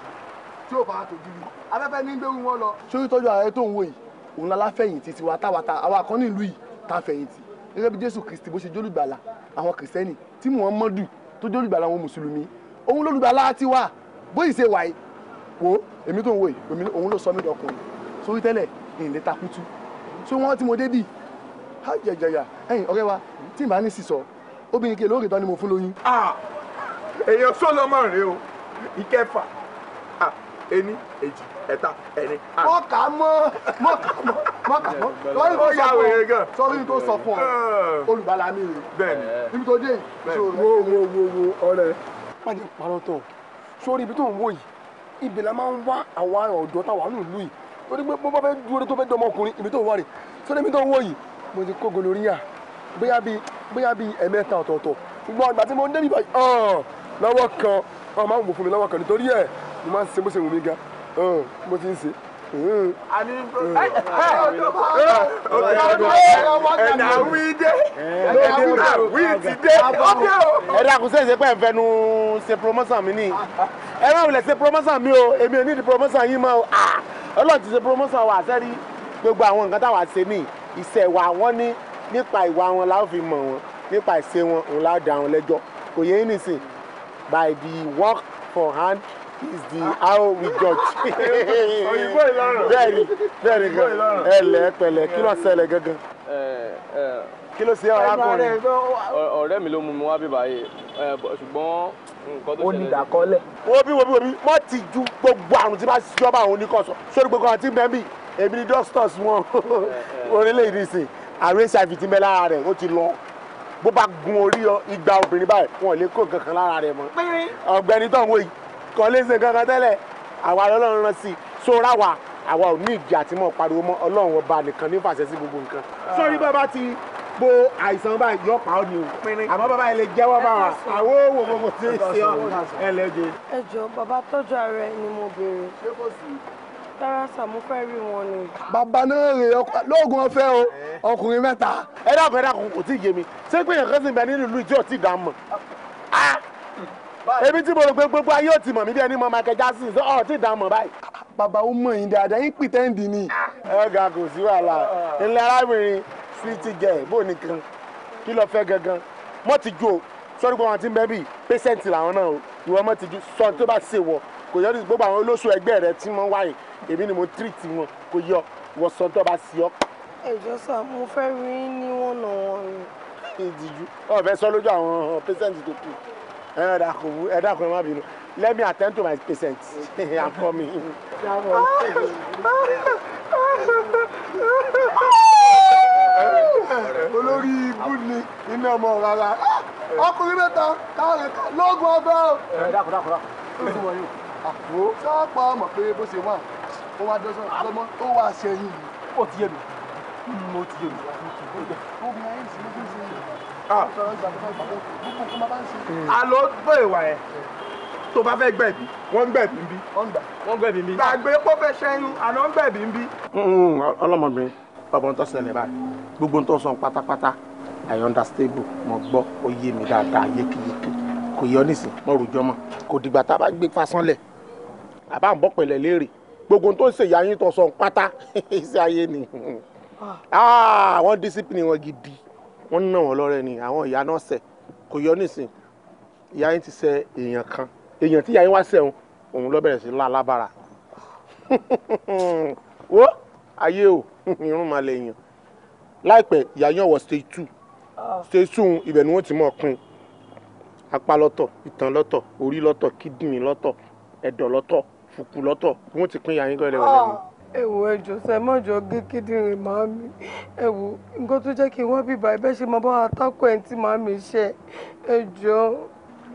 S2: tí ò fara tòjú rí afẹ́fẹ́ ní gbẹ́rù wọn lọ. sórí tọ́jú ààrẹ tó ń wò yìí òun la láfẹ̀yìntì tiwa táwata àwa kan nílùú yìí tá a fẹ̀yìntì gẹ́gẹ́ bí jésù kristi bó ṣe jólùgbàlà àwọn kìrìsẹ́nì tí muhammadu tó jólùgbàlà àwọn mùsùlùmí òun lólùgbàlà ti wà bóyì ṣe wà yìí wo èmi tó ń wò yìí òun ló sọ mí dọkùnrin sórí tẹ́lẹ̀ ìǹlẹ̀ takutu tí wọ́n ti mo débì ha jẹjẹrẹ ẹ̀yin ọ̀rẹ́ wa tí ìbá ní sísọ obìnrin kele oògùn tán ni mo fún lóyún èèyàn sọlọmọ rèé o ìkẹfà ení èjì ẹ̀ta ẹ̀rin. mọ̀kà mọ́ mọ̀kà mọ́ mọ̀kà mọ́ lọ́yìn tó sọ fún ọ sọ́yìn tó sọ fún ọ olùbàlà mi rè bẹ́ẹ̀ni ibi tó dé yìí. wo wo wo wo ọ̀rẹ́. má jẹ́ parọ́ tọ̀ sórí ibi tó ń wò yìí ibè la máa ń wá àwa ọ̀dọ́ táwa nù lù yìí torí pé bó bá fẹ́ dúró tó fẹ́ dọmọ ọkùnrin ibi tó wà rè sórí ibi tó ń wò yìí mo ti kó gonorrhea bóyá bíi bóyá bíi ẹ̀mẹ́ta ọ̀tọ̀ọ̀tọ̀ ṣùgbọ́n àgbà tí mo débi báyìí lọ́wọ́ kan wọn máa ń wò fún mi lọ́wọ́ kan nítorí ẹ̀ mo máa ń ṣe bó ṣe wù mí gan bó ti ń ṣe. Ani ẹna
S1: awi de ẹna awi ti
S2: de ọdẹ o. Ẹ dàkú sẹ́yìn sẹ́pẹ́ ẹ̀ fẹ́nu ṣe promotion mi ni. Ẹ máa wulẹ̀ ṣe promotion mi o, èmi ò ní di promotion yín mọ́ o. Ọlọ́run ti ṣe promotion wa sẹ́rí gbogbo àwọn nǹkan táwa ṣe ní iṣẹ́ wa wọ́n ní nípa ìwà wọn la fi mọ̀ wọn nípa ìṣe wọn òun la dá wọn lẹ́jọ́ kò yẹ yín nìsín by the work for hand is the how we judge. òyìnbó ìlọrùn. bẹ́ẹ̀ni bẹ́ẹ̀ni gan ẹlẹ pẹ̀lẹ́ kí ló ṣẹlẹ̀ gangan. Eh, eh. kí ló ṣe arákùnrin. ọ̀rẹ́ mi ló mú mi wá bí báyìí eh, ṣùgbọ́n nǹkan tó ṣẹlẹ̀. onídàkọlẹ. wo bí wo bí wo bí mo ti ju gbogbo àrùn tí bá ṣọba àwọn oníkọ̀sọ̀ sórí gbogbo àti mẹ́mí èmi ni dusters wọn orílẹ̀-èdè sìn àrùn hiv ti mẹ́ lára rẹ̀ ó ti lọ bó bá gun orí igba obìnrin báyìí wọn ò lè kó nǹkan kan lára rẹ mọ́ ọ̀gbẹ́ni tó ń wo kàn lè ṣe nǹkan kan àwa Ọlọ́run rán sí i sóra wa àwa ò ní ìjà tí mo pariwo mọ́ Ọlọ́run ọba nìkan ní fàṣẹ sí gbogbo nǹkan ah. sórí bàbá ti gbo àìsàn báyìí yọ pa ọ ni o àmọ́ bàbá yẹn lè jẹ́wọ́ bá wa àwọn òwò gbogbo tí ń ṣe ọ ẹ lẹjọ.
S5: ẹ jọ bàbá tọ́jú ara ẹ ni mo béèrè tara sàmú fẹ́ rí wọn ni.
S2: bàbá náà rè lóògùn ọ̀fẹ́ o ọkùnrin mẹ́ta. ẹ dábàá ẹ dákun kò tí ì yé mi ṣé pé èèyàn kan sì ń bẹ nínú ìlú ìjọ tí ì dá mọ̀ èmi ah! tí mo rò pé gbogbo ayé ò ti mọ̀ mí bí ẹni mọ̀ Michael Jackson ọ̀ tí ì dá mọ̀ báyìí. bàbá ó mọ̀ yín dáadáa yín pìtẹ́ǹdì ni. ẹ ga kò sí wàhálà ilẹ̀ arábìnrin sí ti gẹ̀ bó nìkan kí ló fẹ́ gangan mọ́ ti ju o sọ́ni gbogbo àwọn tí ń bẹ́ bíi pẹ́sẹ́ǹtì làwọn náà o ìwọ mọ́ ti ju sọ́ni tó bá ṣe wọ̀ kò yọ gbogbo àwọn olóṣù ẹgbẹ́ rẹ tí wọ́n wáyé èmi ni mo treat wọn kò yọ wọ́n sọ tó bá sí ọ.
S5: ẹjọ sá mo fẹ́ rí ní wọn nà wọn rìn.
S2: ìdíjú ọ̀fẹ́ sọ lójú àwọn patient tó kù ẹ dákun ẹ dákun ẹ má bínú let me attend to my patient i'm coming. olórí ibú ni iná ọmọ rárá ọkùnrin mẹ́ta káàrin lọ́gùn ọgbà. ẹ dákun dákun dákun. àpò sọ́ọ̀pọ̀ mọ̀ pé bó ṣe wà ó wá dọ́sọ̀ lọ́mọ ó wá ṣẹ́yìn mi. ó ti yé mi mo ti yé mi. Ah. àlọ́ gbọ́ ìwà ẹ̀ tó bá fẹ́ gbẹ̀bí wọ́n gbẹ̀bí ń bí. wọ́n gbẹ̀bí ń bí. gbàgbé kó fẹ́ ṣẹ́yún àná gbẹ̀bí ń bí. Hmm, ọlọ́mọbìnrin bàbá ń tọ́ sílẹ̀ gbogbo ń tọ́ pátápátá i understable mo gbọ́ ó yé mi dáadáa yékéyéké kò yọ nísìn mo rùjọ́ mọ́ kò dìgbà tá a bá gbé fasánlẹ̀ àbá ń bọ́ pẹ̀lẹ́ léèrè gbogbo tó ń ṣe ìyá yín tó sọ pátá iṣẹ́ ayé ni àwọn ah, discipline wọn gidi wọ́n ná wọn lọ́rẹ́ ni àwọn ìyá náà ṣẹ̀ kò yọ nísìn ìyá yín ti ṣe èèyàn kan èèyàn tí ìyá yín wá ṣẹ̀ òun òun ló bẹ̀rẹ̀ sí lá alábàárà wo ayé o irun máa lè yàn láìpẹ́ ìyá yín ọ̀wọ̀ stage two stage two ibẹ̀ ni wọ́n ti mọ̀ pin apá lọ́tọ̀ ìtàn lọ́tọ̀ orí lọ́tọ̀ kídìnrín lọ́tọ̀ ẹ̀dọ̀ lọ́tọ̀ fùkù lọ́tọ̀ kí wọ́n ti pín ìyá yín gan ẹlẹ́wọ̀n lẹ́nu.
S1: Ah, ẹ wo ẹjọ sẹ
S2: mọjọ gé kíndìnrín màámi ẹ wo nǹkan tó jẹ́ kí n wá bíbá ẹ bẹ́ẹ̀ ṣe máa bá wa tákọ ẹ̀ tí màámi ṣe ẹjọ.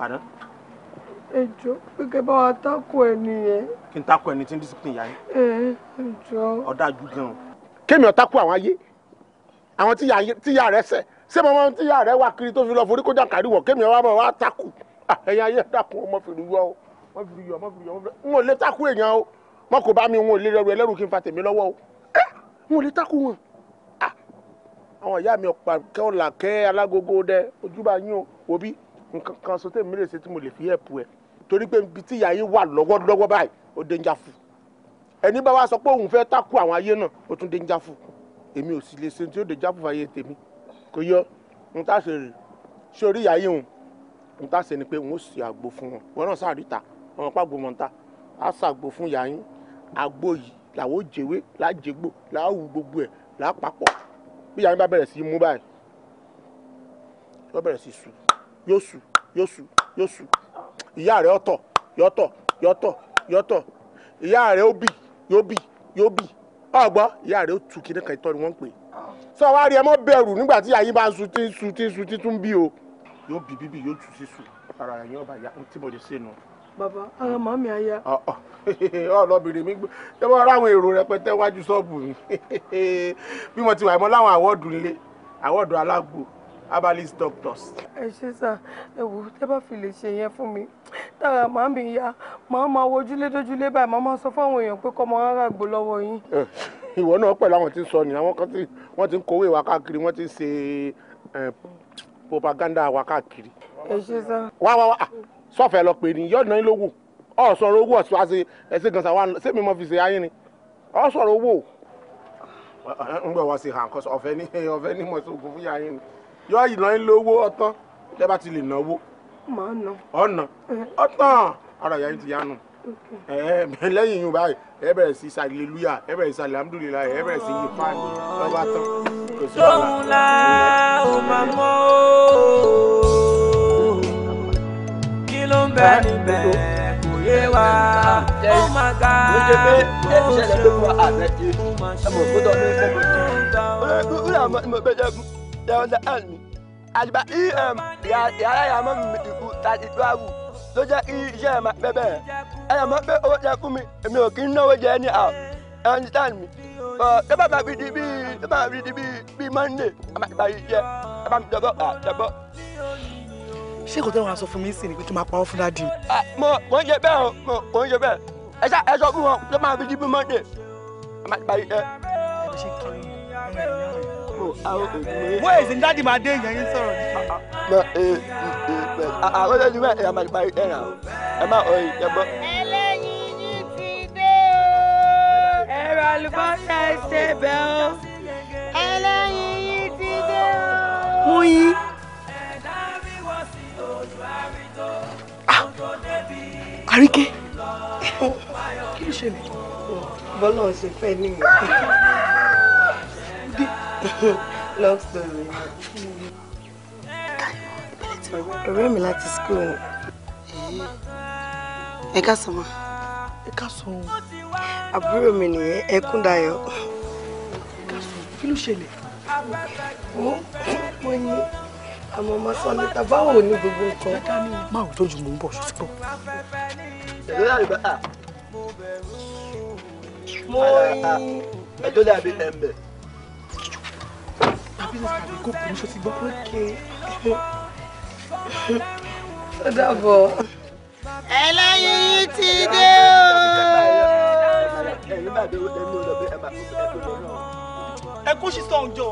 S2: àná. ẹjọ gẹ́gẹ́ bá wa tákọ ẹ nìyẹn. kí n tákọ ẹni tí ń discipline ìyá yín. ẹ ẹjọ. ọ̀dájú gan-an. kémi ọ̀tákù àwọn ayé àwọn tíyà rẹ sẹ̀ ṣé mo máa ń tíyà rẹ wá kiri tó fi lọ forí kó jà kárí wọ̀ kémi ọ̀ wá máa wá tákù ah, ẹ̀yin ayé ẹ̀dá ọmọ fèrè wọ́ mọ fi yọ mọ fi yọ n ò lè takú èèyàn o mọ kò bá mi n ò lè rẹrù ẹlẹ́rù kí n fa tèmi lọ́wọ́ o n ò lè takú wọn. àwọn ìyá mi ọ̀pá kẹ́ kẹ́ alágogo dẹ ojúbà yín o òbí nǹkan kan sọ tèmi lè ṣe tí mo lè fi ẹ̀pù ẹ̀ torí pé ibi tí ìyá yín wà lọ́wọ́lọ́wọ́ báyìí ó dẹ́njà fún ẹni bá wa sọ pé òun fẹ́ takú àwọn ayé náà ó tún dẹ́njà fún èmi ò sì lè ṣe tí ó dẹ́njà fún ayé tèmi kò yọ n ta ṣe rè ṣe orí ìyá yín ọmọ pàgbó mọ̀ta á ṣàgbó fún ìyá yín àgbo yìí làwọn jèwé lájègbò láwù gbogbo ẹ̀ lápapọ̀ bí ìyá yín bá bẹ̀rẹ̀ sí í mú báyìí yóò bẹ̀rẹ̀ sí í sù yóò sù yóò sù yóò sù ìyá rẹ̀ ọ̀tọ̀ yọ̀tọ̀ yọ̀tọ̀ yọ̀tọ̀ ìyá rẹ̀ ó bì yóò bì yóò bì ọ̀gbọ́ ìyá rẹ̀ ó tù kí nìkan ìtọ́ ni wọ́n ń pè é sọ wá rí ẹ mọ́ bẹ̀rù nígbà tí àyín bá ń sun tí ń sun tí ń sun tí tún bí o yóò bì bíbì yóò tù sí sùn ara ẹ̀yìn ọba ìyá tí mo lè ṣe nù bàbá ara màá mi àyà. ọlọbìnrin mi gbé ṣé wọn ráwọn èrò rẹpẹtẹ wájú ṣọ́ọ̀bù mi bí mo ti wà mọ́ láwọn àwọ́ọ̀dù nílé àwọ́ọ̀dù alágbo herbalist doctors.
S5: ẹ ṣe sà ẹ wò tẹ bá fi lè ṣe yẹn fún mi tára màá mi ya
S2: màá máa wojúlé dójúlé báyìí màá máa sọ fáwọn èèyàn pé kọmọ rárá gbò lọ́wọ́ yín. ìwọ náà pẹ̀lú àwọn tí ń sọ ni àwọn kan tí wọ́n ti ń kówó ìwà káàkiri wọ́n ti ń ṣe propaganda wa káàkiri. ẹ ṣe sá. wá wá wá sọfẹ lọ pè ní yọdún náà ló wù ọ sọ̀rọ̀ owó ọsùn àti ẹsẹ gansa wa sẹmi mọ fi ṣe ayé ni ọ sọ̀rọ̀ owó. n gbọ́ wá sí hàn kọ́sọ̀ ọ̀fẹ́ ní ọ̀fẹ́ ní mọ̀ sóògùn fún yàrá ni yọ ìnáyín lówó ọ̀tán lẹ́bà ti lè náwó. ọ̀nà ọ̀tán ara ìyá yín ti yánu lẹ́yìn yìí báyìí ẹ bẹ̀rẹ̀ sí sàlélúyà ẹ bẹ̀rẹ̀ sí alhamdulillah ẹ bẹ̀rẹ̀ sí yìí fáàlì
S1: bẹ níbẹ̀ kò yé wa oh ó mà ga ó ṣe ó mà ṣe àgbà em yàrá yàrá mọ́ mi ìkú tàbí tó àwù ló jẹ́ kí e, iṣẹ́ ẹ̀ máa ẹ yà mọ́ pé owó jẹ fún mi èmi ò kí ń náwó jẹ ní àwọn ẹ̀ ń tàn mí ẹ bá mi di bíi ẹ bá mi di bíi bíi Monday àmàgbà yìí jẹ ẹ mi jọ bọ́ àjọbọ́
S2: ṣé kò tẹ́ wọn aṣọ fún mi sí ni pé kí n máa pa ọ́ fún dáàdì.
S1: Ah, mo mo ń ṣe bẹ́ẹ̀ o mo mo ń ṣe bẹ́ẹ̀ ẹ ṣá ẹ sọ fún wọn ló máa fi di bí monday a máa ti parí ẹ. mo èsì ní dáàdì máa dé ìyẹn yín sọ̀rọ̀ ní. àwọn ọ̀dọ́ ti bẹ́ẹ̀ ẹ máa ti parí ẹ rà o ẹ má ọ̀ yìí ẹ bọ́. ẹlẹ́yin yìí ti dé o ẹ̀rọ àlùbọ́sà ẹsẹ̀ bẹ́ẹ̀ o ẹlẹ́yin yìí ti dé o.
S5: mo yín. àríkẹ́ kí ló ṣẹlẹ̀. bọ́lá ò ṣe fẹ́ nìyẹn love story ọ̀rẹ́ mi láti school ni. ẹ ká sọ wọn. ẹ ká sọ àbúrò mi nìyẹn ẹkún dayọ̀. ẹ ká kí ló ṣẹlẹ̀.
S1: mo ní àmọ́ ọmọ sọ́nìkà
S2: báwo ni gbogbo nǹkan. máa wò tójú mò ń bọ̀ ṣùtì bọ̀.
S1: ẹ̀rọ àlùbáà mo ẹjọ́ dàbí ẹ̀mbẹ̀.
S5: tàbí ní sàbí kò kún ṣùtì bọ̀. ó dàbọ̀.
S1: ẹlẹ́yin ti dé o. ẹ̀kú ṣiṣọ́ ọjọ́.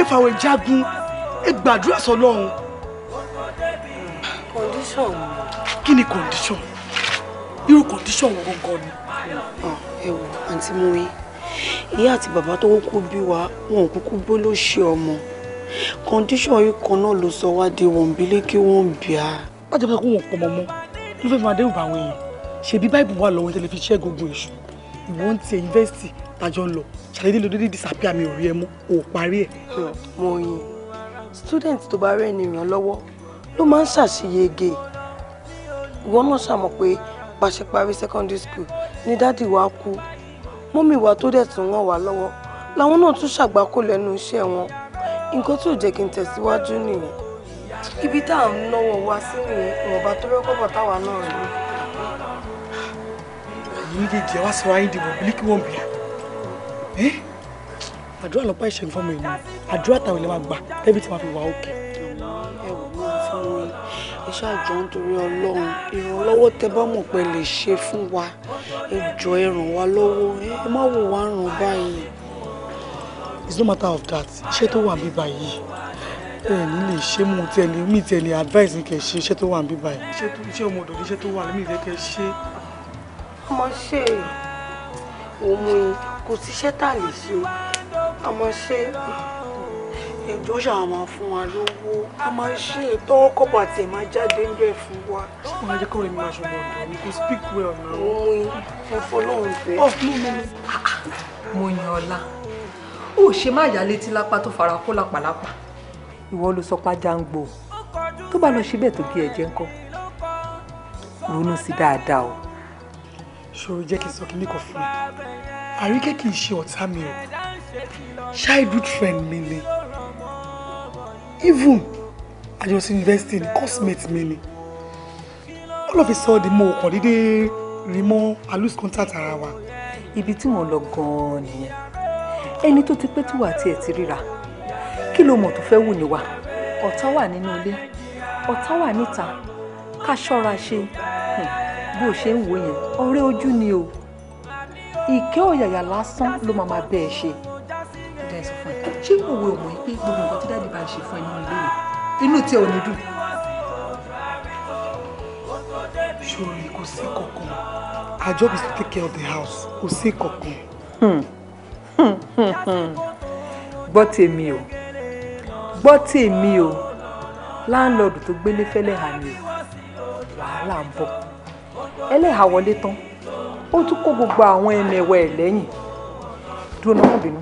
S2: ẹ fàwẹ̀ jagun ẹ gbàdúrà sọlọ́run.
S5: condition wo. kí ni condition irú condition wo gangan ni. Ah, ẹ wo àǹtí Mumi ìyá àti bàbá tó kúkú bí wa wọn kúkú bó ló ṣe ọmọ condition yìí kan náà ló sọ wá di wọn bí lékè wọn bíà. wọ́n jẹ́ pé kó wọn pọ̀ mọ́ mọ́ ló fẹ́ máa dẹ́rù bá àwọn èèyàn ṣebí
S2: báìbù wà lọ́wọ́ tẹ́lẹ̀ fi ṣẹ́gun èṣù ìwọ́n ti ẹ̀ yunifásitì tajọ ń lọ ṣàdédé ló dédé
S5: disappear mi ò rí ẹ mọ́ ò parí ẹ̀. mo yin student tó bá rẹ̀ ní ìrànlọ́wọ́ ló máa ń ṣàṣeyege ìwọ náà ṣàmọ̀ pé bá parí secondary school ni dádì wa kú mọ́mì wa tó dẹ̀ tún ràn wá lọ́wọ́ làwọn náà tún ṣàgbákò lẹ́nu iṣẹ́ wọn nǹkan tí ò jẹ́ kí n tẹ̀síwájú nìyẹn ibi tá à ń náwó wa sí nìyẹn ìwọ̀nba tó rẹ́kọ̀ bọ̀ táwa náà rí.
S2: èyí méjèèjì ẹ wá sọ ayé dìbò bílíkì wọ̀nbíà Eh? àdúrà lọ́pàá ìṣẹ́ fún ọmọ ènìyàn àdúrà táwọn ènìyàn máa gbà débi tí wọ́n fi wà òkè. ẹ wò ó
S5: fún mi ẹ ṣáàjọ nítorí ọlọ́run ìrànlọ́wọ́ tẹ bá mọ̀ pé lè ṣe fún wa ẹ ẹ ràn wá lọ́wọ́ ẹ má wò wá ràn báyìí.
S2: it's no matter of that iṣẹ́ tó wà bíbá yìí ẹ ní lè ṣe mú tẹ̀lé mí tẹ̀lé advice ní kẹ̀ ṣe iṣẹ́ tó wà bíbá yìí iṣẹ́ ọmọ ní iṣẹ́ tó wà mí
S5: kò síṣẹ́ tà lè ṣe o a máa ṣe ẹjọ́ ṣàwọn máa fún wa lówó a máa ṣe
S2: tọwọ́ kọ́pọ̀ àti ẹ̀ máa jáde ń fún wa. ó máa jẹ́ kọ́ ẹ̀mí aṣọ ọ̀dọ̀ mi kò speak well now. oyin ẹ fọlọ́run bẹ́ẹ̀. ọ mú mi.
S5: mo yan ọlá ó ṣe má yà létí lápá tó fara kó lápàlápà ìwọ ló sọ pá jáǹgbò
S2: tó bá lọ ṣe bẹ́ẹ̀ tó gé ẹ̀jẹ̀ ńkọ́ ronú sí dáadáa o. ṣòro jẹ́ kí n sọ kí ní kò fún mi àríkẹ́ kì í ṣe ọ̀tá mi o childhood friend mi ni even i just invest in cosmate mi ni all of a sudden mo kàn dédé rí mọ́ i lose contact ara wa. ibi tí wọ́n lọ gan-an nìyẹn ẹni
S5: tó ti pẹ́ tí wà á tiẹ̀ ti ríra kí ló mọ̀ tó fẹ́ wù ní wa ọ̀tá wà nínú ilé ọ̀tá wà níta ká ṣọ́ra ṣe bó ṣe ń wò yẹn ọ̀rẹ́ ojú ni o ìkẹ́ ọ̀yàyà lásán ló máa máa bẹ́ẹ̀ ṣe. ọ̀gá ẹ̀ sọ fún ẹ ṣé òwe ò mọ̀ pé gbogbo nǹkan tí dáàdì bá ń ṣe fún ẹ nínú ilé yìí inú tí ẹ ò ní dùn. ṣòrí kò sí kankan
S2: àjọbí to take care of the house kò sí kankan. Hmm. Hmm, hmm, gbọ́ tèmi o gbọ́ tèmi o láńlọ́ọ̀dù tó gbélé fẹ́lẹ́ hà ni o wàhálà ń bọ̀ ẹlẹ́hà wọlé tán ó tún kó gbogbo àwọn ẹmẹ̀wẹ̀ ẹ̀ lẹ́yìn dúró náà bínú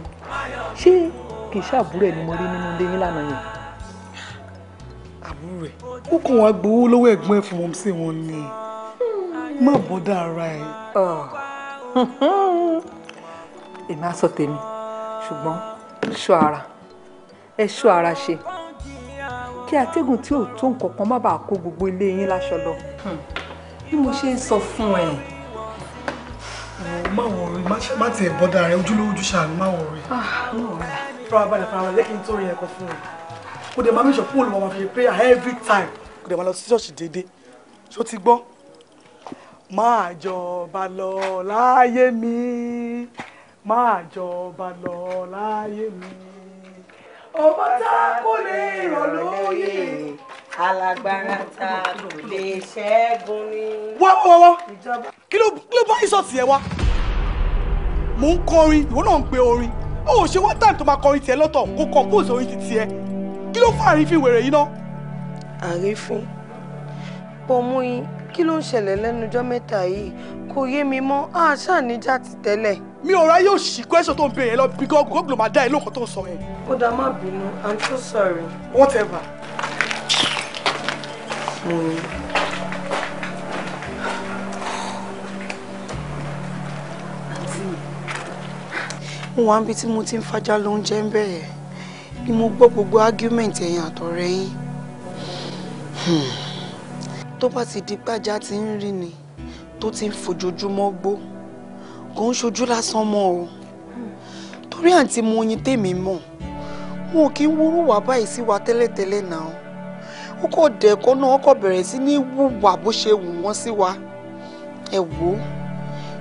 S2: ṣé kì í ṣàbúrò ẹ̀ mo rí nínú ilé yín yẹn. àbúrò ẹ̀ ó kàn wá gbowó lọ́wọ́ ẹ̀gbọ́n ẹ̀ fún wọn sí wọn ni má bọ́dà ara
S5: ẹ̀. èmi á sọ tèmi ṣùgbọ́n ṣọ́ ara ẹ ṣọ́ ara ṣe kí atẹ́gùn tí ò tó nǹkan kan má bàa kó gbogbo ilé yín láṣọ lọ hmm. bí mo ṣe ń sọ fún ẹ
S2: má wọrí má tiẹ̀ bọ́dà rẹ ojúlówó ojú ṣàánú má wọrí. Ah, farabalẹ̀ farabalẹ̀ lẹ́kìn tó rí ẹ̀kọ́ fún ọ máa jọba lọ láyé mi máa jọba lọ
S5: láyé mi ọmọ
S1: tá a kò lè rọ̀ lóyè
S5: alágbára lè ṣẹ́gun ni.
S1: wá kí
S2: ló kí ló bá ìsọ̀tì ẹ wá mò ń kọrin ìwọ náà ń pe orin ó ò ṣe wá táìmù tó máa kọrin tiẹ̀ lọ́tọ̀ kó compose orin ti tiẹ̀ kí ló fún àrífín wèrè yìí náà. àrífín
S5: pọ̀mùyín kí ló ń ṣẹlẹ̀ lẹ́nu mẹ́ta yìí kò yé mi mọ́ àṣà níjà ti tẹ́lẹ̀.
S2: mi ò ráyè òṣì kwẹ́sọ̀ tó ń bèèrè lọ bí gọ́ọ̀gù gọ́ọ̀gù ló máa
S5: dá ẹ lóko sọ yẹn. ó dá má bínú i'm so sorry. whatever mo yín. mo wá níbi tí mo ti ń fajá lóúnjẹ ń bẹ̀rẹ̀ ni mo gbọ́ gbogbo argument ẹ̀yin àtọ̀rẹ́ yín hmm. tó bá ti di gbájá tí ń rí ni tó ti ń
S2: fojoojúmọ́ gbó kò ń ṣojú lásán mọ́ o torí àǹtí mo yin tèmi mọ̀ wọn ò kí ń wúrú wà báyìí sí wa tẹ́lẹ̀tẹ́lẹ̀ náà ó kò dẹ̀kọ́ náà ó bẹ̀rẹ̀ sí ní wùwà bó ṣe wù wọ́n sí wa ẹ wò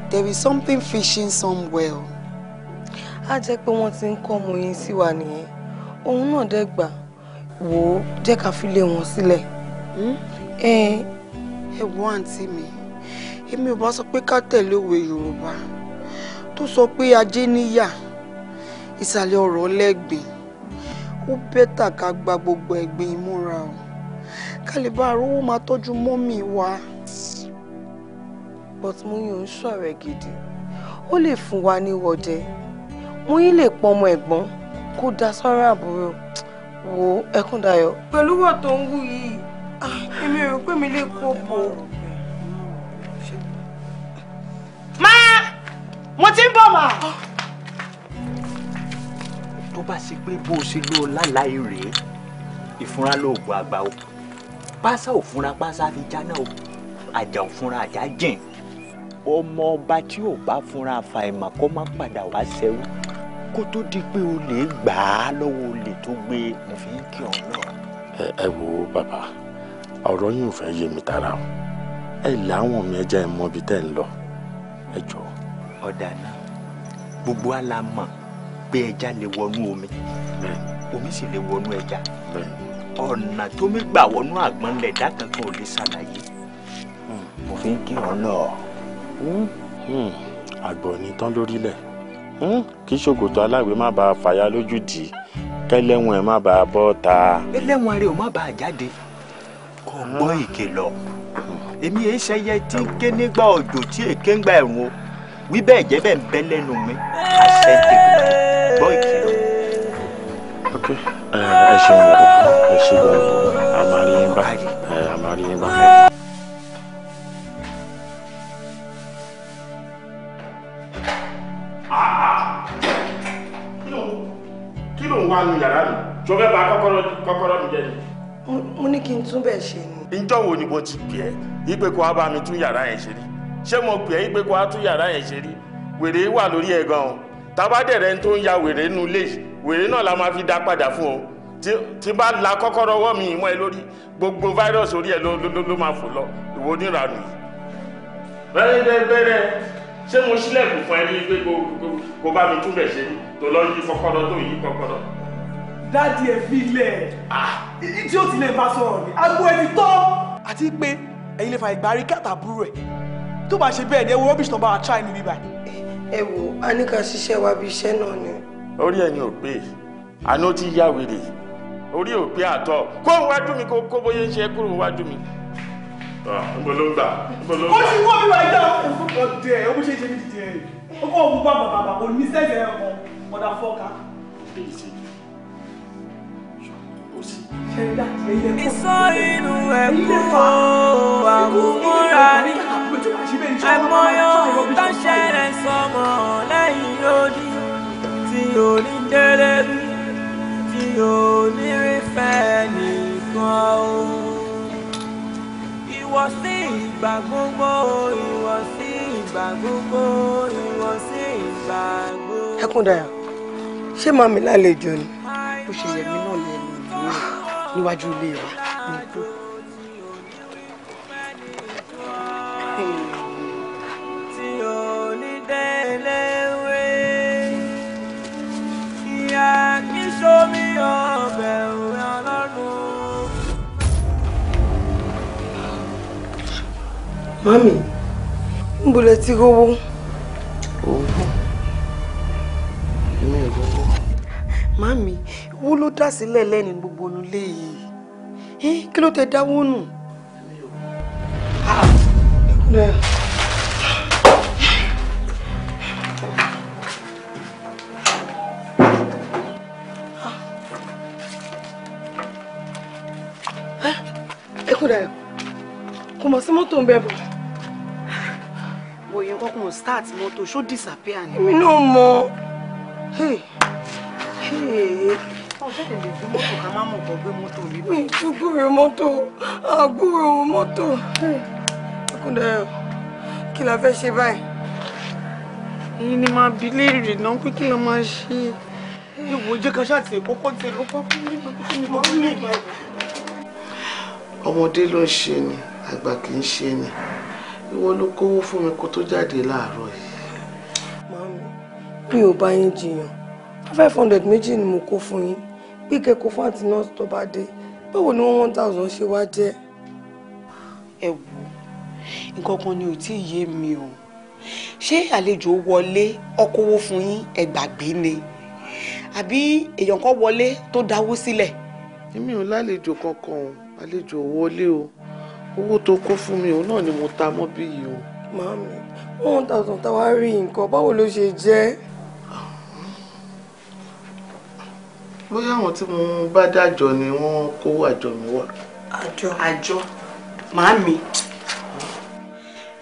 S5: there is something fishing somewhere. á jẹ́ pé wọ́n ti ń kọ́ ọmọ yín sí wa nìyẹn òun náà dẹ̀ gbà wò ó jẹ́ ká fi lé wọn sílẹ̀. Hmm? ẹ wò àǹtí mi èmi ò bá sọ pé ká tẹ̀lé òwe Yorùbá tó sọ pé ajé níyà ìsàlẹ̀ ọ̀rọ̀ lẹ́gbìn ó bẹ́tà ká gba gbogbo ẹ̀gbin ìmúra o kálíbà rówó máa tọ́jú mọ́mì wa but Múyìn ń ṣọ̀rẹ́ gidi ó lè fún wa ní wọdẹ Múyìn lè pọmọ ẹ̀gbọ́n kó da sọ́rọ̀ àbúrò wo Ẹkúndayọ̀. pẹ̀lú wọ̀ tó ń wú yìí èmi rò pé mi lè kópo. máa mo ti ń bọ̀ mà.
S2: tó bá ṣe pé bó o ṣe lọ láláì rèé ìfúnra lóògùn àgbà òkú pásá ò fúnra pásá fi jáná o àjà ò fúnra àjà jìn ọmọ ọba tí ò bá fúnra fàìmọ̀ kó má padà wá ṣẹ́wó kó tó di pé o lè gbà á lọ́wọ́ olè tó gbé e, mo fi ń kí ọ̀hún náà. ẹ ẹ wo bàbá ọ̀rọ̀ yìí ò fẹ́ yé mi tara o ẹ làwọn mi ẹja ẹ mọ ibi tẹ́ ń lọ ẹ jọ. ọ̀dà náà gbogbo àlá pé ẹja lè wọnú omi omi sì lè wọnú ẹja. bẹ́ẹ̀ ni ọ̀nà tó mi gbà wọnú àgbọn lẹ̀ dákankan ò lè ṣàlàyé hmm, mo fi ń kí ọ lọ. àgbọ̀ ni tán lórílẹ̀ hmm, kí ṣòkòtò aláwẹ̀ má bàa fàya lójú dì í kẹlẹ́wọ̀n ẹ̀ má bàa bọ́ ta. ẹlẹ́wọ̀n rẹ̀ ò má bàa jáde kò gbọ́ hmm. ìkìlọ̀ èmi èé ṣẹyẹ tí ké nígbà òjò tí èké ń gba ẹ̀rùn o wí bẹ́ẹ̀ jẹ́ bẹ́ẹ̀ ń bẹ́ lẹ́nu mi àṣẹ ìdèbò gbọ́ ìkìlọ̀ ok ẹ ṣeun ẹ ṣeun a máa rí yín bá a máa rí yín bá. kí ló ń wá nu yàrá mi tó fẹ́ bà kọ́kọ́rọ́ mi jẹ́ ni.
S5: mo ní kí n tún bẹ́ẹ̀ ṣe ni.
S2: ǹjọ́ wo ni mo ti pè ẹ́ ipe kó wá yàrá yẹn ṣe rí ṣé mo pè ẹ́ ipe kó wá ṣe rí wèrè wà lórí ẹ̀ gan-an tábàdẹ̀rẹ̀ tó ń ya wèrè nínú ilé wèrè náà la máa fi dá padà fún ọ tí bá la kọ́kọ́rọ́ ọwọ́ mi ìmọ̀ ẹ lórí gbogbo fáírọ̀sì orí ẹ ló máa fò lọ ìwọ oníranù bẹ́ẹ̀ bẹ́ẹ̀ ṣé mo ṣílẹ̀kùn fún ẹ pé kó bá mi túbẹ̀ ṣe tó lọ yí kọ́kọ́rọ́ tó yí kọ́kọ́rọ́. dáàdi ẹ fi ilẹ̀ ah! tí ó tilẹ̀ bá sọ̀rọ̀ ni agbo ẹni tọ́. àti pé ẹ̀yin lè fa ìgbà rí kàtà búrú ẹ̀ tó bá ṣe bẹ́ẹ̀ ni ẹ wo rọ́bìṣì tó bá wa try níbí báyìí
S5: ẹ wò a ní ká ṣiṣẹ́ wa bí iṣẹ́ náà ni. orí ẹni
S2: ò pé àná ó ti yá wèrè orí ò pé àtọ kó wájú mi kó bóyá ń ṣe kúrò wájú mi. níbo ń gbà ló ń gbà. ó ti wọ́ mi wá ìjà òkúkọ dẹ ó bó ṣe ṣe mí dìde ẹ̀ ó kọ́ bàbà bàbà òun ní sẹ́sẹ̀ ọkàn ọ̀dà fọ́ọ̀ká.
S1: ìsọ inú ẹ̀kọ́ àkúmọ́ra ní àìmọye ohun tó ń ṣẹlẹ̀ sọmọ lẹ́yìn odi tí ò ní délé tí ò ní rí fẹ́ nìkan o. ìwọ sí ìgbà gbogbo ìwọ sí ìgbà gbogbo ìwọ sí ìgbà
S2: gbogbo. Ẹkúndayà ṣé
S5: màmí lálejò ni bó ṣe yẹ mí náà lẹ́nu ìlú níwájú ilé wa.
S2: Mami, níbo lẹ ti
S5: Mami, owó ló dá sílẹ̀ lẹ́ni gbogbo onulé yìí. Ẹ kí ló tẹ dáwó Ah! Ẹ̀kúnlẹ̀. mọ̀ sí mọ́tò ń bẹ̀ bọ̀. wòye nǹkan kan ò start mọ́tò ṣó disappear ni. mi náà mọ.
S2: mi túgbúre mọ́tò àgbúrò mọ́tò. Akúndayọ̀ kí la fẹ́ ṣe báyìí. èyí ni màá bi léèrè náà pé kí la máa ṣe. ìwò jẹ́ ká ṣáà tiẹ̀ kọ́kọ́ tiẹ̀ lọ́kọ́ fún mi. ọmọdé ló ń ṣe ni àgbà kì í ṣe ni ìwọ ló kówó fún mi kó tó jáde láàárọ̀ yìí.
S5: màámi bí ò bá yín jiyàn five hundred
S2: méjì ni mo kó fún yín bí kẹ́kọ̀ọ́ fáǹtì náà tó bá dé báwo ni wọ́n one thousand ṣe wá jẹ́. ẹ wò nǹkan kan ni ò tí ì yé mi o ṣé àlejò wọlé ọkọwó fún yín ẹ gbàgbé ni àbí èèyàn kan wọlé tó dáwó sílẹ̀. èmi ò lálejò kankan o àlejò wọlé o owó tó kó fún mi òun náà ni mo ta mọ́ bí yìí o. màámi one thousand táwa rí nǹkan báwo ló ṣe jẹ́. bóyá àwọn tí mo bá dájọ ni wọ́n kó àjọ mi wá. àjọ àjọ màámi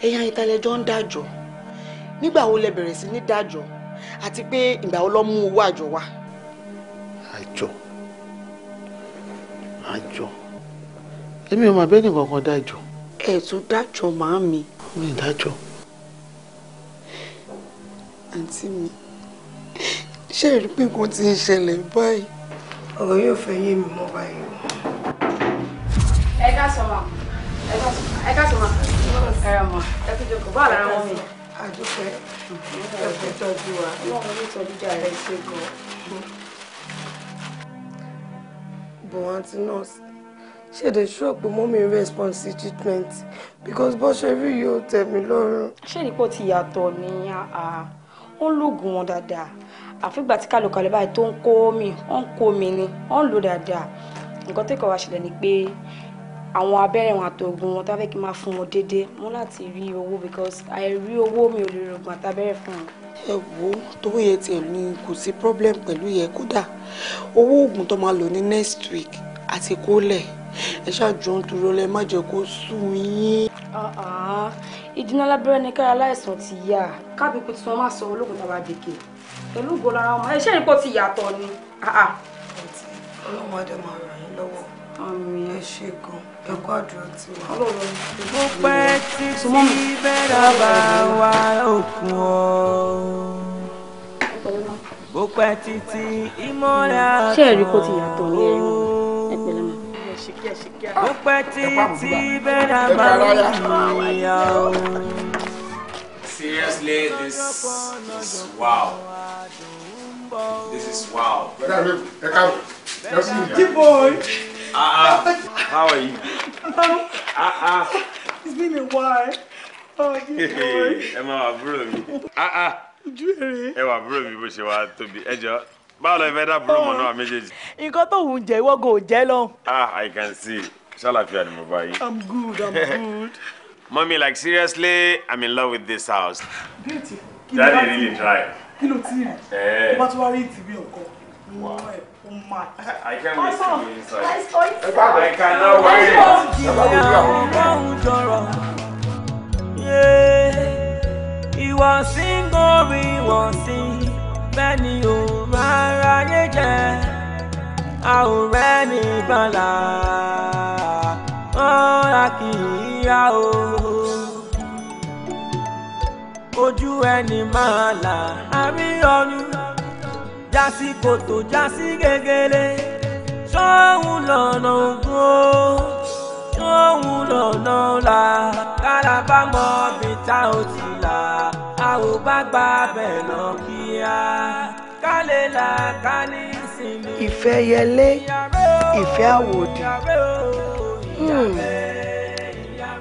S5: ẹ̀yin ìtàlẹ́jọ́ ń dájọ́
S2: nígbà wo lẹ bẹ̀rẹ̀ sí ní dájọ́ àti pé ìgbà wo lọ mú owó àjọ wá. àjọ àjọ èmi ò máa bẹ́ẹ̀ nìkan kan dájọ́. ẹ tún dájọ́ màá mi. mi dájọ́. àǹtí mi ṣé ìrí pé nǹkan ti ń ṣẹlẹ̀ báyìí. ọ̀rọ̀ yóò fẹ́ yé mi mọ́ báyìí o.
S5: ẹ ká sọ ma ẹ ká sọ ma ẹ rà mọ ẹ tó jókòó báwo lára wọn mi. àdúpẹ́ ẹ fẹ́ tọ́jú wa. ọlọ́run yóò tọ́jú jà rẹ̀ ṣe gan-an. bùhántí nọ́ọ̀sì ṣe dey sure pé mọ́mí respond sí treatment because bó ṣe rí yóò tẹ́ mi lọ́rùn. ṣé ìdípọ̀ ti yàtọ̀ ní wọ́n lògùn wọn dáadáa àfìgbà tí kálukàlẹ̀ báyìí tó ń kó mi wọ́n ń kó mi ni wọ́n ń lò dáadáa nǹkan tó kọ̀ wá ṣẹlẹ̀ ni pé àwọn abẹ́rẹ́ wọn àtògùn wọn tábẹ́ kí n máa fún wọn déédéé mú láti rí owó because àìrí owó mi ò lè rògùn àtàbẹ́rẹ́ fún wọn.
S2: ẹ wo tówó yẹn tiẹ̀ ní kò sí problem pẹ̀lú yẹn kódà owó oògùn tó máa lò ní next week àti kólẹ̀ ẹ ṣáàjú ń
S5: dúró lẹ má jẹ́ kó sùn yín. ìdínà lábẹ́rẹ́ ni kára láìsàn ti yá kábí pé tí wọ́n máa sọ ológun tàbá dèké pẹ̀lú ògo lára ọmọ ẹṣẹ́ ìrìnkò ti yàtọ̀ ni. ọlọ́run adé máa ràn yín lọ́wọ́ ẹ ṣe gan
S1: ẹ̀kọ́ àdúrà ti wà.
S5: mo pẹ́ títí bẹ́ẹ̀ bá wà
S1: òkun ọ́ bó pẹ́ títí ìmọ̀ra kan. ṣé ẹ̀rí kò ti yàtọ̀ ní ẹ̀rọ ó pẹ́ tí tí bẹ́ẹ̀ máa ń yíyá
S5: o.
S2: Seriously, this is wow. This is wow. Good boy. Uh -uh. How are you? Uh -uh. It's been a while. Oh, good boy. Ẹ máa wà búrò mi. Ẹ wà búrò mi bó ṣe wá tóbi. Ẹ jọ báwo lẹ fẹ́ dá búrò mọ́ ah. náà méjèèjì.
S1: nǹkan tó ń jẹ ìwọ́gun ò jẹ́ lọ.
S2: ah i can see ṣàlàfíà ni mo bá yín.
S1: i'm good i'm good.
S2: mọ́mí like seriously i'm in love with this house. déètì kí ló bá ti rí kí ló ti rí eh. tó bá tún wá rí ìtìbí ọkọ mọ ẹ o ma. i can't wait to go inside. ẹ bá bẹ̀rẹ̀ ká náà wá rí
S1: ẹ bá bẹ̀rẹ̀ ká wọ́n. ìwọ̀nsìn gorí ìwọ̀nsìn bẹ́ẹ̀ ni o bára yé jẹ́ a ò rẹ́ni gbọ́là ọ̀la kì í yá o. ojú ẹni máa là àrí ọdún jásí kòtò jásí gegele sóhun lọ́nà ògùn o sóhun lọ́nà ọ̀la kálábàámọ̀ bìtá ò ti là a ò bá gbà bẹ̀ lọ kíá ìfẹ́ yẹlé ìfẹ́ àwòdì
S5: hmm.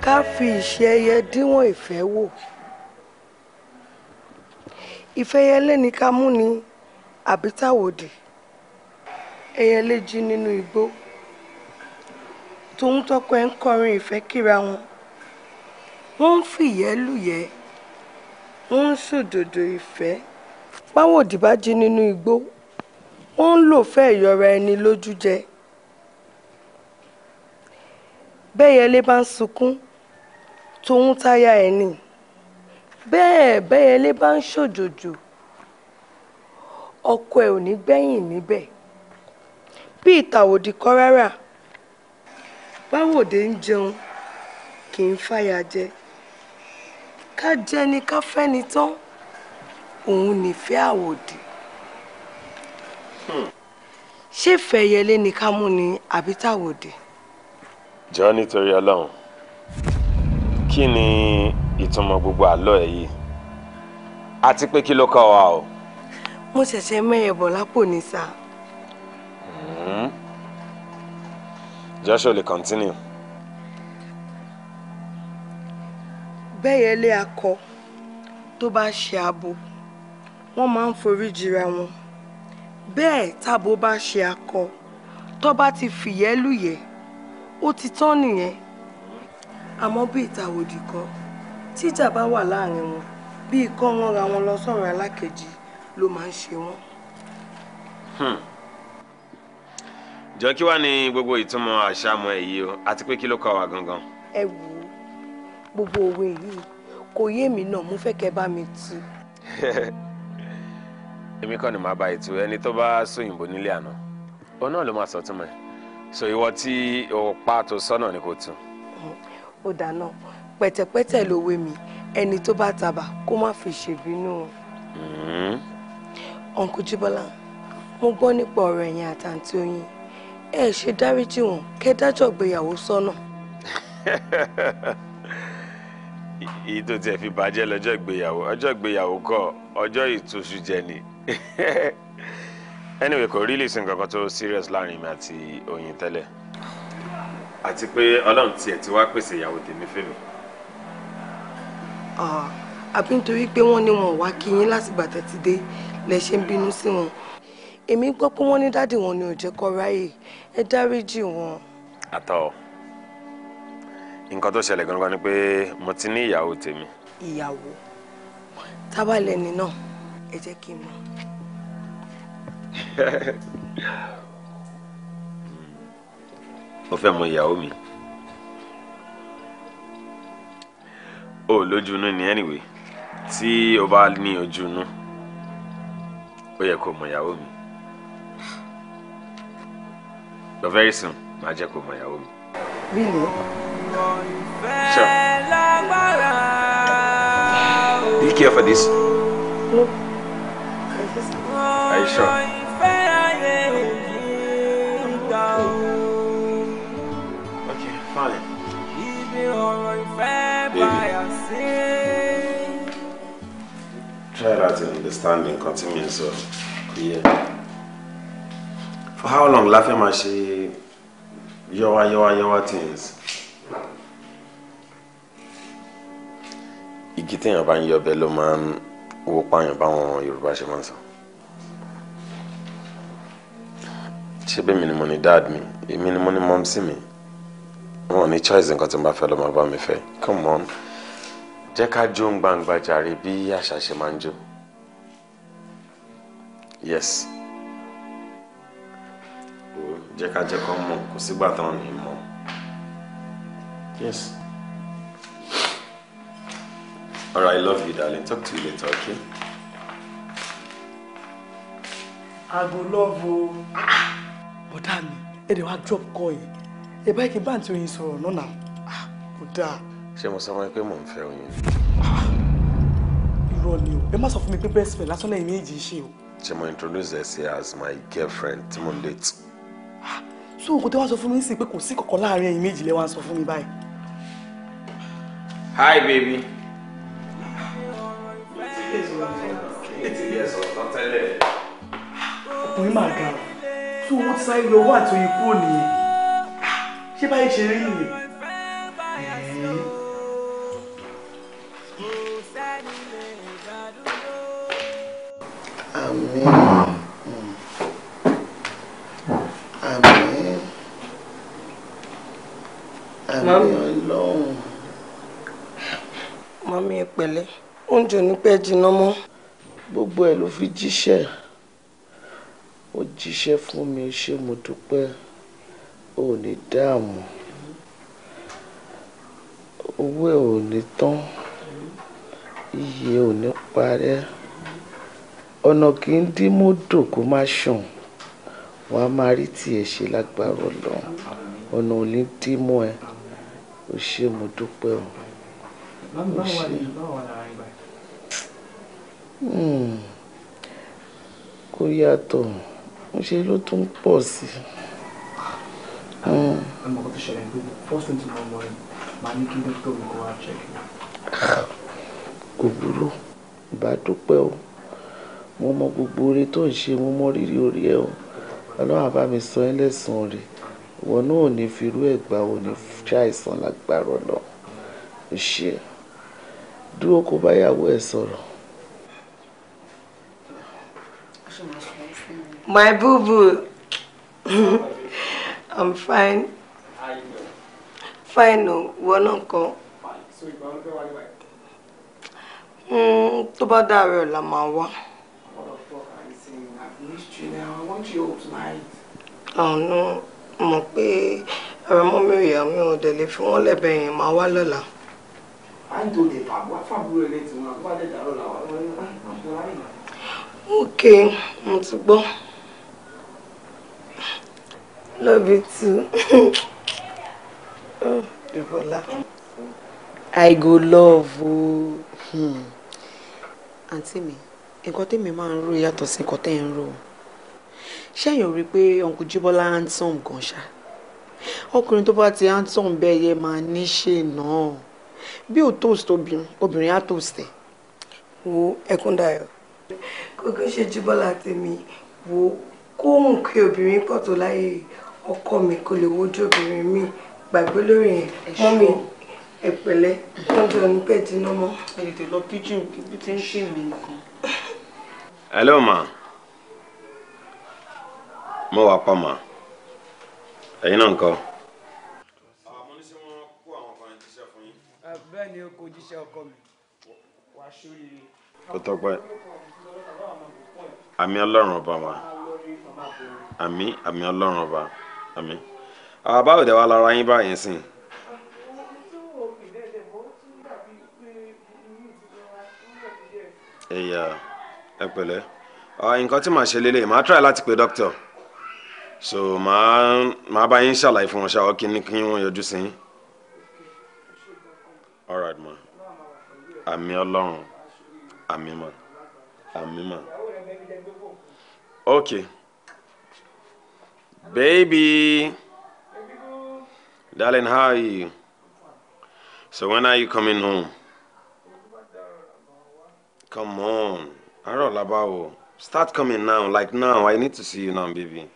S5: ká fi ìṣẹ́yẹ díwọ̀n ìfẹ́ wò ìfẹ́ yẹlé ni ká mú ni àbí tàwòdì ẹyẹlé jí nínú igbó tòun tọkọ ẹ̀ ń kọrin ìfẹ́ kíra wọn wọ́n ń fìyẹ́ lùyẹ́ wọ́n ń ṣòdòdò ìfẹ́ báwọn òdì bá jí nínú igbó wọ́n ń lò fẹ́ ìyọra ẹni lójú jẹ bẹ́yẹlé bá ń sunkún tòun táyà ẹni bẹ́ẹ̀ bẹ́yẹlé bá ń ṣòjòjò ọkọ ẹ̀ ò ní gbẹ̀yìn níbẹ̀ bí ìtàwòdì kọ́ rárá báwòdì ń jẹun kì í fàyà jẹ ká jẹni ká fẹ́ni tán òun nífẹ̀ẹ́ àwòdì ṣé fẹ̀yẹlé ni ká mú ni àbí tàwòdì.
S2: jọ nítorí Ọlọ́run kí ni ìtumọ̀ gbogbo àlọ́ ẹ̀ yìí àti pé kí ló kọ́ wa o.
S5: mo ṣẹ̀ṣẹ̀ mẹ́yẹ̀ bọ̀ lápò ní sá.
S2: Hmm. Joshua lè continue.
S5: bẹ́yẹlé akọ tó bá ṣe abo wọ́n máa ń forí jìra wọn bẹ́ẹ̀ tábo bá ṣe akọ tó bá ti fìyẹ́ lùyẹ́ ó ti tán nìyẹn àmọ́ bí ìtàwòdì kan tíjà bá wà láàrin wọn bí ikọ́ wọn ra wọn lọ sọ̀rọ̀ alákejì ló máa ń ṣe wọ́n.
S2: Hmm. jọ kí wàá ní gbogbo ìtumọ̀ àṣàmọ̀ èyí o àti pé kí ló kọ́ wa gangan.
S5: ẹ wò gbogbo òwe yìí kò yé mi náà mo fẹ́ kẹ́
S1: bá mi tú.
S2: èmi kọ́ ni màá bá ètò ẹni tó bá sóyìnbó nílé àná òun náà ló máa sọ túmọ̀ ẹ̀ so ìwọ tí o pa tó sọ́nà ni kò tún.
S5: ó dáná pẹ̀tẹ̀pẹ̀tẹ̀ ló wé mi ẹni tó bá tabà kó má fi ṣèbínú. ọ̀nkú hmm. jíbọ́lá mo gbọ́ nípa ọ̀rọ̀ ẹ̀yìn àtàǹtí oyin ẹ ṣe dáríjì wọn kẹ́ dájọ́ gbéyàwó sọ́nà.
S2: èyí tó tiẹ̀ fi bàjẹ́ lọ́jọ́ ìgbéyàwó ọjọ́ ìgbéyàwó kọ́ ọjọ́ ìtúsùjẹ ni anyway kò really sí nǹkan kan tó serious láàrin mi àti oyin tẹ́lẹ̀ àti pé ọlọ́run tiẹ̀ ti wá pèsè ìyàwó tèmi fèmí.
S5: Ah, àbí nítorí pé wọ́n ní wọn wá kí yín láti gbàtẹ́ ti dé lẹ ṣe ń bínú sí wọn èmi gbọ́ pé wọ́n ní dáàdì wọn ni ò jẹ́ kó ráyè ẹ dáríjì wọn.
S2: àtọ nǹkan tó ṣẹlẹ̀ gangan ni pé mo ti ní ìyàwó tèmi.
S5: ìyàwó tábàlẹ̀ ni náà ẹ jẹ́ kí n mọ̀.
S2: o fẹ́ mọ ìyàwó mi o lójú inú ni anyway tí o bá ní ojú inú yẹ kó mọ ìyàwó mi but very soon màá jẹ́ kó mọ ìyàwó mi.
S1: Really?
S6: Sure. Do you care for this? No. Are you
S1: sure? fọ̀rọ̀ ìfẹ́ báyà sí.
S2: try that understanding Continue tí clear. for how long la fẹ́ máa ṣe yọwa yọwa yọwa things. igi téèyàn bá ń yọ ọbẹ̀ ló máa ń wó pààyàn báwọn Yorùbá ṣe máa ń sọ. ṣé mi ni mo ní dad mi èmi ni mo ní mọ́mísì mi wọn ò ní choice nǹkan tí mo bá fẹ́ ló bá mi fẹ́ come on jẹ́ ká jó ń gbangba jàre bí àṣà ṣe máa ń jó yes jẹ́ ká jẹ́ kó mọ̀ kò sígbà tán ni mọ̀ yes alright I love you darling talk to you later okay. I go love you. Ah! bọ̀dá mi ẹ̀ wá drop coin? ẹ báyìí kí báǹtì oyin sọ̀rọ̀ lọ́nà ah, kò dáa. ṣé mo sọ wọn pé mò ń fẹ́ oyin. Ah, irọ́ ni o ẹ má sọ fún mi pé best friend lásán lẹ́yìn méjì ṣe o. ṣé mo introduce ẹ sí as my girlfriend tí mo late. Ah, so nǹkan tí wàá sọ fún mi sí pé kò sí kankan láàrin ẹ̀yin méjì lẹ́wọ̀n sọ fún mi báyìí. hi baby. ọkùnrin máa ga ọ tí owó ti sáré yọ owó àti oyin kúrò nìyẹn ṣé báyìí ṣe rí nìyẹn. àmín hmm. àmín àmín Ọlọ́run. mọ́mí ẹ pẹ̀lẹ́ oúnjẹ onípẹ́ jiná mọ́. gbogbo ẹ̀ ló fi jíṣẹ́ ó jíṣẹ́ fún mi ṣé mo dúpẹ́ ò ní dààmú owó ẹ ò ní tán iyì ẹ ò ní parẹ́ ọ̀nà kì í dí mọ́dò kó má ṣàn wà á máa rí tiẹ̀ ṣe lágbára Ọlọ́run ọ̀nà ò ní dí mọ́ ẹ o ṣé mo dúpẹ́ o. o ṣé hmm. kó yàtọ̀ ńṣe ló tún pọ̀ sí i ẹ mọ̀ kó tó ṣẹlẹ̀ pé first thing tomorrow morning màá ní kí dókítà mi kó wá check mi. kò burú ìbá dúpẹ́ o mo mọ gbogbo oore tó ń ṣe mo mọ rírì orí ẹ o ọlọ́run àbá mi san ẹ́ lẹ́sàn-án rẹ̀ ìwọ náà ò ní firú ẹ̀ gbà ò ní ṣàìsàn lágbára ọ̀nà ṣe dúró kó báyàwó ẹ̀ sọ̀rọ̀.
S5: my boo boo. I'm fine. fine o wọ náà kọ. Hmm, tó bá dàrẹ́ la máa wá. àánú oh, mọ̀ pé ara mọ́ mi rèé àwọn èèyàn dẹ̀ lè fi wọ́n lẹ́bẹ̀ yẹn máa wá lọ́la. ok mo ti gbọ́. Love you too. oh, Debola. I go love you. Hmm. Àǹtí me. In kote máa ń rò yàtọ̀ sí nǹkan tẹ́ ń rò. Ṣẹ́yìn rí i pé Ọ̀nkú Jíbọ́lá handsome gan ṣá. Ọkùnrin tó bá ti handsome bẹ́ẹ̀ yẹ
S2: máa níṣe náà. Bí ò toast obìnrin, obìnrin á toast ẹ̀.
S5: Wo Ẹkúndayọ̀. Kókó ṣe Jíbọ́lá tèmi wo kóhùn kí obìnrin pọ̀ tó láyé yìí ọkọ mi kò lè wojú obìnrin mi gbàgbé lórí yẹn mọ́ mi ẹ̀pẹ̀lẹ́ lọ́dọ̀ ní pẹ́ẹ́ tí ná mọ́. ẹ tètè lọ pidgin ibi tí
S2: ń
S6: ṣe mí nǹkan.
S2: hello ma mo wà pa ma ẹ̀yin náà nǹkan.
S1: bẹ́ẹ̀ ni o kò jíṣẹ́ ọkọ mi
S2: wàá ṣóyè. kò tọpẹ́ àmì ọlọ́run ọba wa àmì àmì ọlọ́run ọba àmín àbáwò dẹ̀ wá lára yín báyìí sìn. ẹ̀yà ẹ pẹ̀lẹ́ nǹkan tí màá ṣe lélẹ̀ màá try láti pe doctor so màá màá bá yín ṣàlàyé fún wọn ṣáà kí ni kí wọ́n yọjú sí yín. all right ma àmì ọlọ́run àmì mà àmì mà Okay. Baby. Darling, how are you? So when are you coming home? Come on. Arolabao. Start coming now, like now. I need to see you now, baby.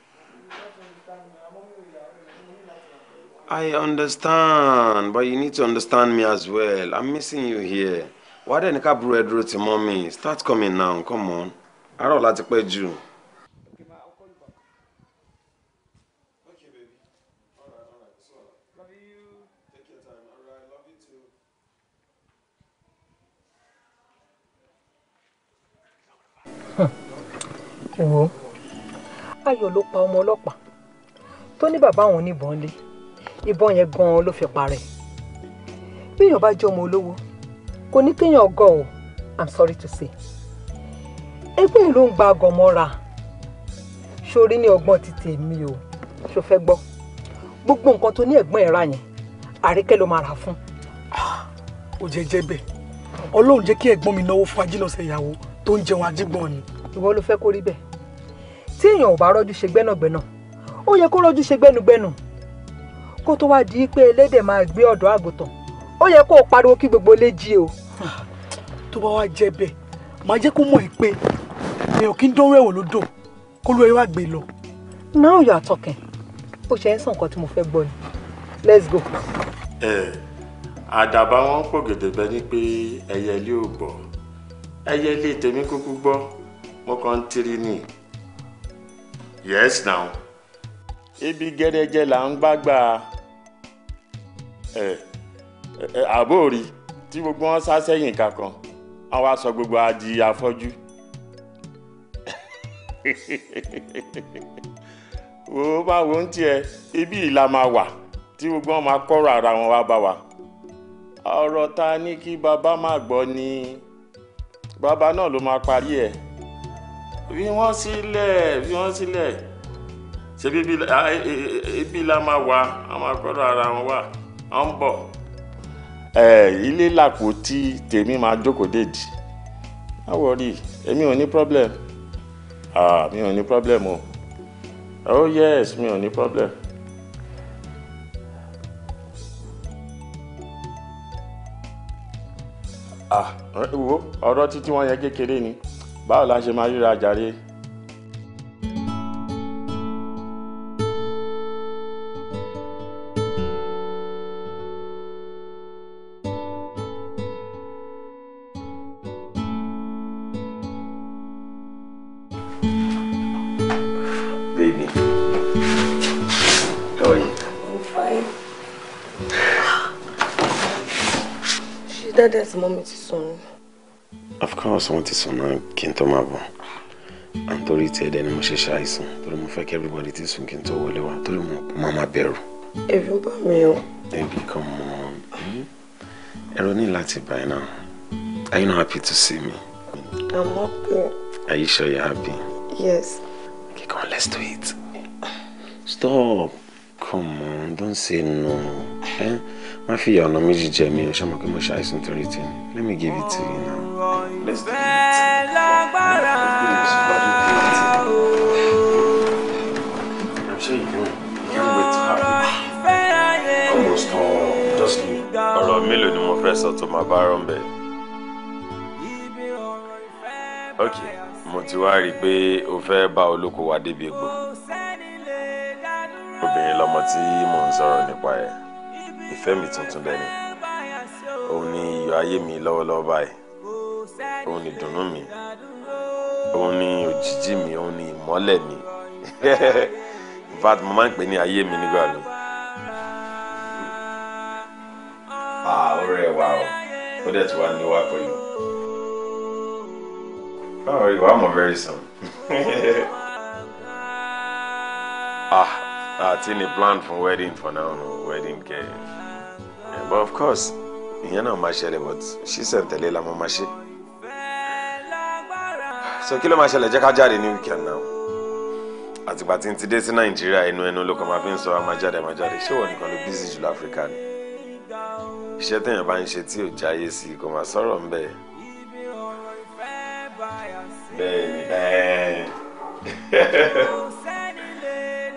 S2: I understand, but you need to understand me as well. I'm missing you here. Why didn't you bro Edro mommy? Start coming now, come on. Arolatipeju.
S5: wo ayọ̀ ló pa ọmọ ọlọ́pàá tó ní bàbá òun níbọn lé ìbọn yẹn gan ló fi parẹ́ béèyàn bá jẹ́ ọmọ olówó kò ní kéèyàn gọ̀ ọ́ i'm sorry to say ẹgbẹ́ ìlú ń gba agọ̀mọ́ra sórí ní ọgbọ́n ti tèmi o ṣó fẹ́ gbọ́ gbogbo nǹkan tó ní ẹ̀gbọ́n ẹ̀ rà yẹn
S2: àríkẹ́ ló máa rà fún. Ah, ó jẹ jẹ bẹ́ẹ̀ Ọlọ́run jẹ́ kí ẹ̀gbọ́n mi náwó fún ajílọsẹ ìyàwó tó ń jẹun ajígbọn ni. ìwọ ló fẹ́ kó rí bẹ́ẹ̀ tí èèyàn ò bá rọ́jú ṣe
S5: gbẹ́nàgbẹ́nà ó yẹ kó rọ́jú ṣe gbẹ́nugbẹ́nu kó tó wáá di pé ẹlẹ́dẹ̀ máa gbé ọ̀dọ̀ àgùntàn ó yẹ kó o pariwo kí gbogbo lè jí o. tó bá wá jẹ bẹ́ẹ̀
S2: màá jẹ́ kó mọ̀ ẹ́ pé èèyàn kì í dánwó ẹ̀wọ̀n lódò kó lóore wá gbé lọ.
S5: now you are talking ó ṣe ń sàn nǹkan tí mo fẹ́ gbọ́ ni let's go.
S2: ẹ àdàbà wọn pọ̀ gẹ̀dẹ̀gbẹ́ ni pé ẹyẹ ilé ò gbọ́ ẹyẹ ilé tèmi kúkú gbọ́ mo kàn ń tiri ni yes now. ibi gẹ́dẹ́jẹ́ là ń gbágbá ẹ̀ ẹ̀ àbóòrí tí gbogbo wọn sá sẹ́yìn kankan wọn wá sọ gbogbo adi afọ́jú. wò ó bá wo ń tiẹ̀ ibi ìlà máa wà tí gbogbo wọn máa kọ́rọ̀ ara wọn wá bá wa. ọ̀rọ̀ ta ni kí bàbá má gbọ́ ni bàbá náà ló máa parí ẹ̀ fi wọ́n sílẹ̀ fi wọ́n sílẹ̀ ṣe bí e, e, e, ibi la máa wà a máa gbọ́dọ̀ ara wọn wà à ń bọ̀. ẹ ilé làpò tí tèmi máa jókòó dèjì má wọrí èmi ò ní problem ah mi ò ní problem o oh yes mi ò ní problem. ah wo ọ̀rọ̀ títí wọn yẹn kékeré ni báwo la ṣe máa ríra jàre ọ̀sán ti sùn náà kí n tó máa bọ̀ àǹtórí tiẹ̀ dẹ̀ ni mo ṣe ṣàìsàn torí mo fẹ́ kí everybody ti sùn kí n tó wọlé wá torí mo máa má bẹ̀rù. bá mi o. ẹbí kan mọ ẹ̀rọ ní láti bá ẹ náà are you not happy to see me. I'm happy. Are you sure you're happy? Yes. Okay, come on, let's do it. Stop. Come on, don't say no. Eh? Má fi ọ̀nà méjì jẹ mi, o ṣe mọ̀ pé mo ṣàìsàn torí tí. Let me give it to you now
S1: bẹ́ẹ̀ lágbára o.
S2: ọ̀rọ̀ mélòó ni mo fẹ́ sọ tó máa bá rọ̀ ń bẹ̀. ok mo ti wá rí i pé o fẹ́ bá olóko wa débi egbò obìnrin lọmọ tí mò ń sọ̀rọ̀ nípa ẹ̀ ìfẹ́ mi tuntun lẹ́nu òun ni iyọ̀ ayé mi lọ́wọ́lọ́wọ́ báyìí òun ni ìdùnnú mi òun ni òjìji mi òun ni ìmọ́lẹ̀ mi in fact mo máa ń pè ní ayé mi nígbà mi. ọ̀rẹ́ ah, wa o ó dẹ̀ ti wá ní wá pẹ̀lú. báwo oh, ni very soon. ah àti the plan for wedding for now no wedding care yeah, but of course ìyẹn náà my ṣẹlẹ̀ but ṣíṣẹ̀ntẹ̀lé la mo máa ṣe so kí ló máa ṣẹlẹ̀ jẹ́ ká jáde ní weekend náà àtìgbà tí n ti dé sí nàìjíríà ẹnu ẹnu ló kàn máa fi ń sọ àmàjáde àmàjáde ṣé wọ́n nìkan ló bísí jù láfíríkà ni iṣẹ́ téèyàn bá ń ṣe tí ò jáyé sí kò máa sọ̀rọ̀ ń bẹ́ẹ̀.
S1: bẹ́ẹ̀ni bẹ́ẹ̀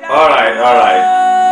S1: all right all right.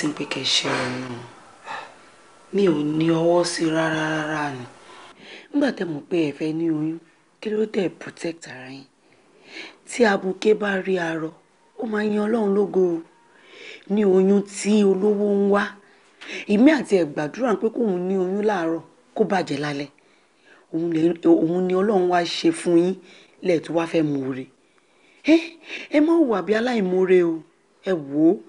S5: sí pé kẹ́ ṣe ọ̀nà mi ò ní ọwọ́ sí rárá rárá ni nígbà tẹ́ mọ̀ pé ẹ fẹ́ ní oyún kí ló dé protect ara yín tí abuké bá rí arọ ó máa yan ọlọ́run lógo ní oyún tí olówó ń wá èmi àti ẹ̀ pé kóun ní oyún láàárọ̀ kó bàjẹ́ lálẹ́ òun ni ọlọ́run wá ṣe fún yín lẹ́ẹ̀tún wá fẹ́ mọ̀ọ́rẹ́ ẹ má wà bí aláìmoore o ẹ wò ó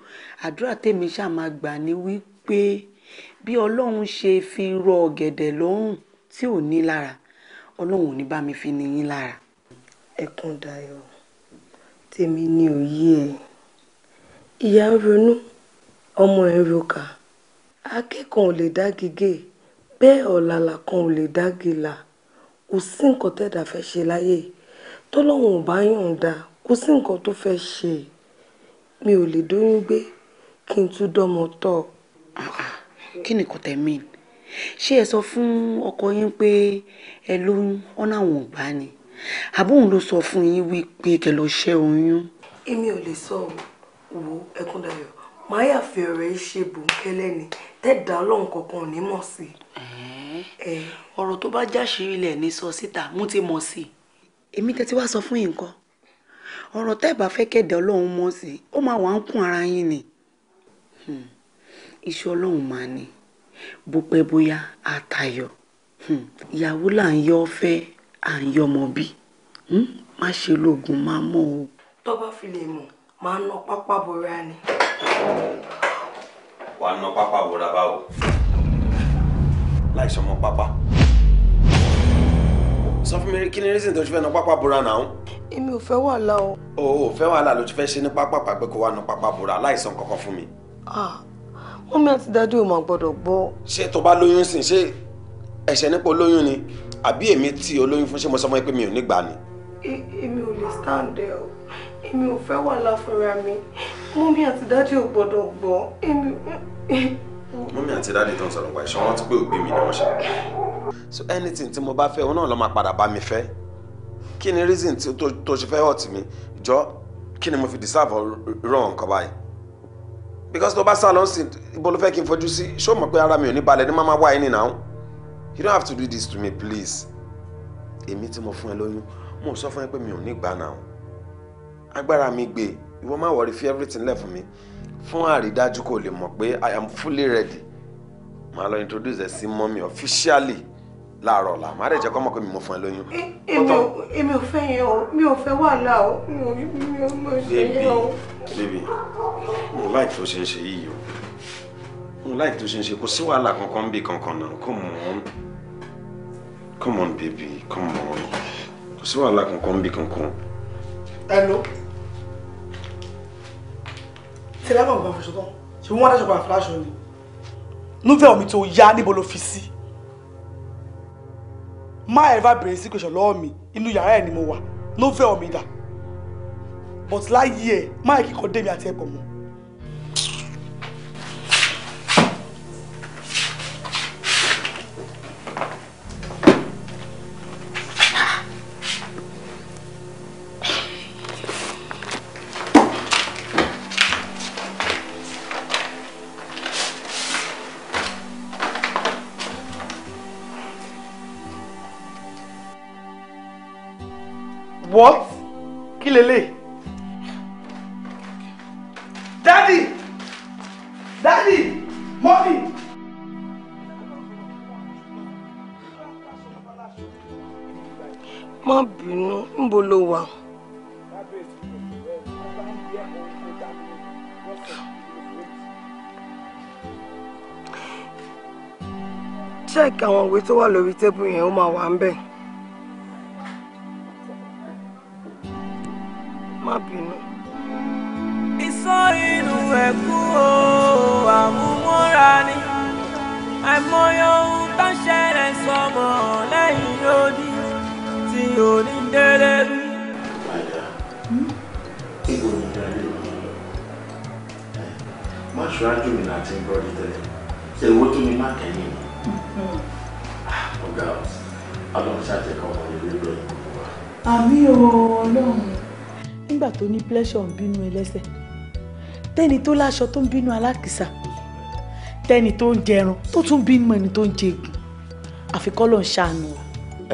S5: àdúrà tèmi ṣáà máa gbà ni wípé bí ọlọ́run ṣe fi rọ ọ̀gẹ̀dẹ̀ lọ́rùn tí ò ní lára ọlọ́run ò ní bá mi fi ní lára. ẹkún dayọ̀ tèmi ni òye ẹ ìyá ń ronú ọmọ ẹ ń roka akẹ́kọ̀ọ́ ò lè dá gígé bẹ́ẹ̀ ọ̀làlà kan ò lè dá gìlà kò sí nǹkan tẹ́dà fẹ́ ṣe láyé tọ́lọ́run ò bá yọ̀ǹda kò sí nǹkan tó fẹ́ ṣe mi ò lè dóyún gbé kí n tún dọ́mọ tọ̀. kí ni kòtẹ́ mean ṣé ẹ sọ fún ọkọ yín pé ẹ lóyún ọ̀nà àwọn ògbà ni àbóhùn ló sọ fún yín wípé kẹ lọ ṣẹ́ oyún. èmi ò lè sọ wo Ẹkúndayọ̀ màá yàfẹ́ ọ̀rẹ́ ṣe bòńkẹ́lẹ́ ni tẹ́ẹ̀dá ọlọ́run kankan ò ní mọ̀ sí i. ọ̀rọ̀ tó bá jáṣírí ilẹ̀ ní sọ síta mú ti mọ̀ sí i. èmi tẹ́tí wá sọ fún yín nǹkan ọ̀rọ̀ tẹ́ẹ̀ bá fẹ́ kẹ̀dẹ̀ ọlọ́run mọ̀ sí i ó máa wà ń kún ara yín ni. Hmm. iṣẹ́ ọlọ́run máa ní bó pẹ́ bóyá á tayọ hmm. ìyàwó là ń yọ fẹ́ à ń yọ ọmọ bí hmm. má ṣe lóògùn má mọ̀ o. tó bá fi lè mọ̀ máa ná pápá bora
S2: ni. wà á ná pápá bora báwo láì sọmọ pápá sọ fún mi rí kí ni reason tó ṣe fẹ́ ná pápá bora náà
S5: èmi ò fẹ́ wàhálà o.
S2: o ò fẹ́ wàhálà ló ti fẹ́ ṣe ní pápá pàgbé kó wá nu pápá bora láìsàn kankan fún mi.
S5: Ah, mọ́mí àti dádì ò máa gbọ́dọ̀ gbọ́.
S2: ṣé tó bá lóyún sìn ṣé ẹ̀ṣẹ̀ nípa olóyún ni àbí èmi tí olóyún fún ṣé mo sọ fún ẹ pé mi ò ní gbà ni.
S5: E, èmi ò lè stand ẹ o èmi ò fẹ́ wà láfúnra mi mọ́mí àti dádì ò gbọ́dọ̀ gbọ́ èmi.
S2: mọ́mí àti dádì tó ń sọ̀rọ̀ pa ìṣọ́ wọn ti pé òbí mi ni wọ́n ṣe. so anything tí mo bá fẹ́ òun náà ló máa padà bá mi fẹ́ kí ni reason tó ṣe fẹ́ hot mi jọ kí ni mo fi deserve wrong nǹkan báyìí because tó bá sá lọ sí ibo ló fẹ́ kí n fojú sí ṣó mọ̀ pé ara mi ò ní balẹ̀ ní mama wá ẹni náà you don't have to do this to me please èmi tí mo fún ẹ lóyún mo sọ fún ẹ pé mi ò ní gbà náà agbára mi gbé ìwọ má wọrí fi everything lẹ̀ fún mi fún àrídájú kó lè mọ̀ pé i am fully ready màá lọ introduce ẹ sí mọ́mi officially láàárọ̀ ọ̀la má dẹ̀ jẹ́ kọ́ mọ̀ pé mi mo fún ẹ lóyún.
S5: èmi ò fẹ́ yẹn o mi ò fẹ́ wàhálà o mi ò mi ò mọ̀ ṣe yẹn o. bébì
S2: mo láì tó ṣe ń ṣe yìí o mo láì tó ṣe ń ṣe kò sí wàhálà kankan bí kankan náà come on come on baby come on kò sí wàhálà kankan bí kankan. hello tẹ́lẹ̀ bá mi bá fọṣọ tán ṣé wọ́n wá dáṣọ pa àfúráṣọ ni. núfẹ̀ẹ́ omi tó yá níbo ló fi sí má ever bèrè sí question lọ́wọ́ mi inú yàrá ẹ̀ ni mo wà ló fẹ́ but láyé ẹ̀ má kíkọ́ dé mi àti ẹ̀ pọ̀ mọ́. kí lélẹ̀ dádì dádì mọ́mì.
S5: má bínú níbo ló wà. check àwọn ìwé tó wà lórí tébù yẹn ó máa wà ń bẹ̀.
S1: má bínú. ìsọ inú ẹ̀kú o àmúmọ́ra ni àìmọye ohun tó ṣẹlẹ̀ sọmọ lẹ́yìn odi tí ò ní délé rí.
S2: má ṣáájú mi láti ń gbọ́dí tẹ́lẹ̀ ṣe owó tó ní má kẹ́yìn mi. Ah, ọ̀gá ọ̀sán ọlọ́run ṣàjẹkọ̀ ọmọ ìlú ìlú ẹ̀kọ́ wa.
S5: àmì ọlọ́run nígbà tó ní pleasure ń bínú ẹlẹ́sẹ̀ tẹ́ni tó láṣọ tó ń bínú alákìsà tẹ́ni tó ń jẹran tó tún bínú ẹni tó ń jẹgùn àfi kọ́ ló ń ṣàánú wa.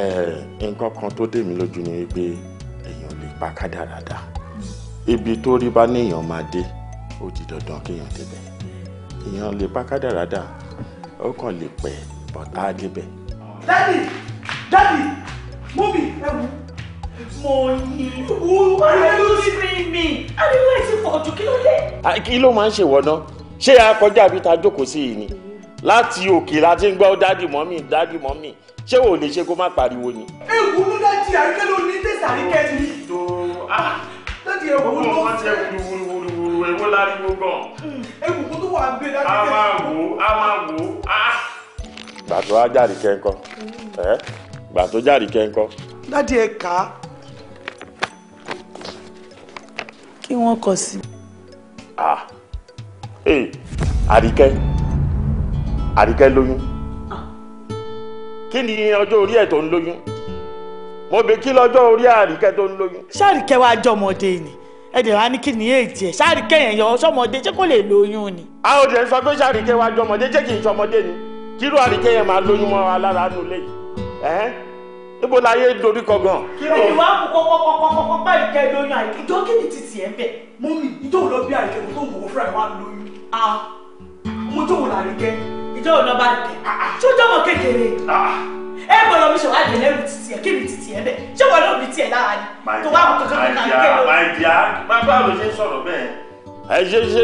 S2: ẹ nǹkan kan tó dé mi lójú ni pé èèyàn lè pa kádàrá dà ibi tó rí bá níyàn máa dé ó di dandan kéèyàn débẹ̀ èèyàn lè pa kádàrá dà ó kàn lè pẹ́ bọ́tá débẹ̀.
S1: dádì dádì mú mi ẹ wù. Mọ̀yì, wo ayé ló ti rí mi, ariwo ẹ̀ ti pọ̀ jù kí ló dé.
S2: Kí ló máa ń ṣèwọ Ṣé a kọjá àbí ta jókòó sí yìí ni? Láti òkè la ti ń gbọ́ dádì mọ́mì dádì mọ́mì. Ṣé o lè ṣe kó má pariwo ni?
S1: Ewu mú dájú àríkẹ́ ló ní tẹ̀sán àríkẹ́ ni. Tó a láti ẹ̀wù ló ń tẹ̀ wùrùwùrùwùrù
S2: ẹ̀wù láriwo gan. Hmm, ewu kó tó wà ń gbé dájú. A máa wò a máa wò a. Gbàtọ́ hmm. á jáde kẹ́ńkọ́. Gbàtọ́ jáde kẹ́ńkọ́. kí wọ́n kọ sí. Ah, àríkẹ́ àríkẹ́ lóyún ah. kí ni ọjọ́ orí ẹ̀ tó ń lóyún mo bẹ̀ kí lọ́jọ́ orí àríkẹ́ tó ń lóyún. jọmọdé ni ẹ̀dẹ̀ wa ní kí ni èjì ẹ̀ yẹn yọ sọmọdé a ò dẹ̀ sọ pé kì sọmọdé ni àríkẹ́ yẹn máa lóyún mọ́ wa níbo la yé dorí kọgàn. èmi wàá
S1: mú kọ́kọ́kọ́kọ́ báyìí kẹ́ ẹ lóyún àìkè ìjọ kí ni títì ẹ̀ ń bẹ̀ mú mi ìjọ òun lọ bí àìkè kò tó wò ó fúra ẹ̀ wá lóyún a mo jọ òun àìkè ìjọ òun lọ bá dẹ̀ tó jọmọ kékeré ẹ gbọ́dọ̀ mi ṣèwádìí ẹlẹ́rù títì ẹ̀ kí ni títì ẹ̀ bẹ̀ ṣé wọn ló bí tiẹ̀ lára
S2: ni tó wà mú kankan kankan àìkè lóyún. máa dìá máa bá àlọ́ ṣe sọ̀rọ̀ bẹ́ẹ̀. ẹ ṣe ṣe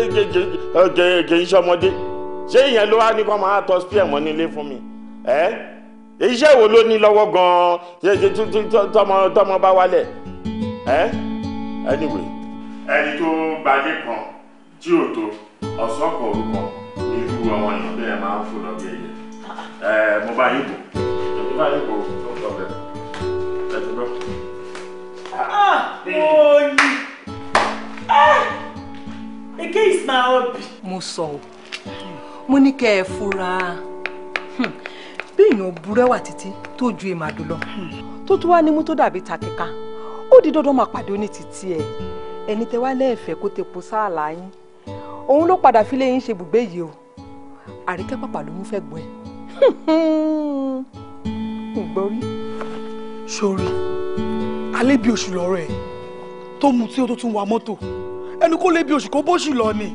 S2: kì í ṣọmọdé ṣé ìyẹn ló wá ní kó máa tọ́ spear mọ́ nílé fún mi ẹ́ iṣẹ́ wo ló ní lọ́wọ́ gan-an tọmọ tọmọ bá wálẹ̀ ẹ́ anyway. ẹni tó gbalé kan tí ò tó ọ̀sán kan orúkọ irú àwọn èèyàn bẹ́ẹ̀ máa ń fò lọ bí ẹyẹ ẹ mo bá yín bò mo bá yín bò tó ń tọ́lẹ̀ ẹ ti
S1: bọ́. oyi eke is my hobby.
S5: mo sọ mo ní kẹ́ ẹ fura. Hmm bí èèyàn burẹ́wà títí tó ju èmàdò lọ. tó tún wá nímú tó dàbí ta kíka ó di dandan máa pàdé oní títí ẹ ẹni tẹ wá lẹ́ẹ̀fẹ́ kó tepo sáàlà yín òun ló padà fi léyìn ṣe bùgbé yìí o àríkẹ́ pàpà ló mú fẹ́ gbọ́ ẹ.
S2: ìgbórí. sori alẹ́ bí oṣù lọ́rọ̀ ẹ̀ tó mu tí ó tó tún wa mọ́tò ẹnu kó lé bí oṣù kó bóṣù lọ ni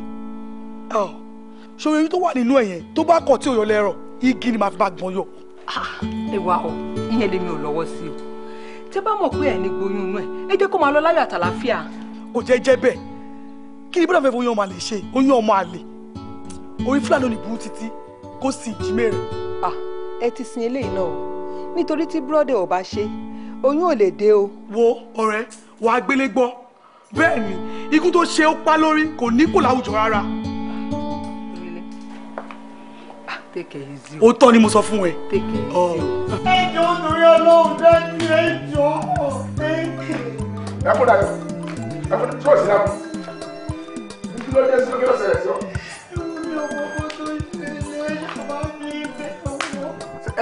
S2: sori eyín tó wà nínú ẹ̀yẹn tó bá kọ̀ tí ò yọ igi ni màá fi bá gbọ́n yọ. Ah, ẹ wá o ìyẹn lèmi ò lọ́wọ́ sí o tẹ bá mọ̀ pé ẹ̀ ní gboyún inú ẹ̀ ẹ jẹ́ kó máa lọ láyọ̀ àtàlàáfíà. kò jẹ́ jẹ́ bẹ́ẹ̀ kí ni bí láfẹ́ fún oyún ọmọ àlè ṣe oyún ọmọ àlè orí fúlàní ò ní burú títí kó sì jí mẹ́rin. Ah,
S5: ẹ ti sin eléyìí náà o nítorí tí búrọ́dẹ̀ ò bá ṣe oyún ò lè dé o. wo
S2: ọ̀rẹ́ wàá gbélé gbọ́ bẹ́ẹ̀ ikú tó ṣe ó pa lórí kò ní kò láwùjọ rárá. Ah, take it ó tọ́ ni mo sọ fún ẹ. ẹjọ́ torí ọlọ́run dání ẹjọ́ ẹkún dayọ ẹkún tí o sì náà kí ló dé sí kí ló ṣẹlẹ̀ sí ọ.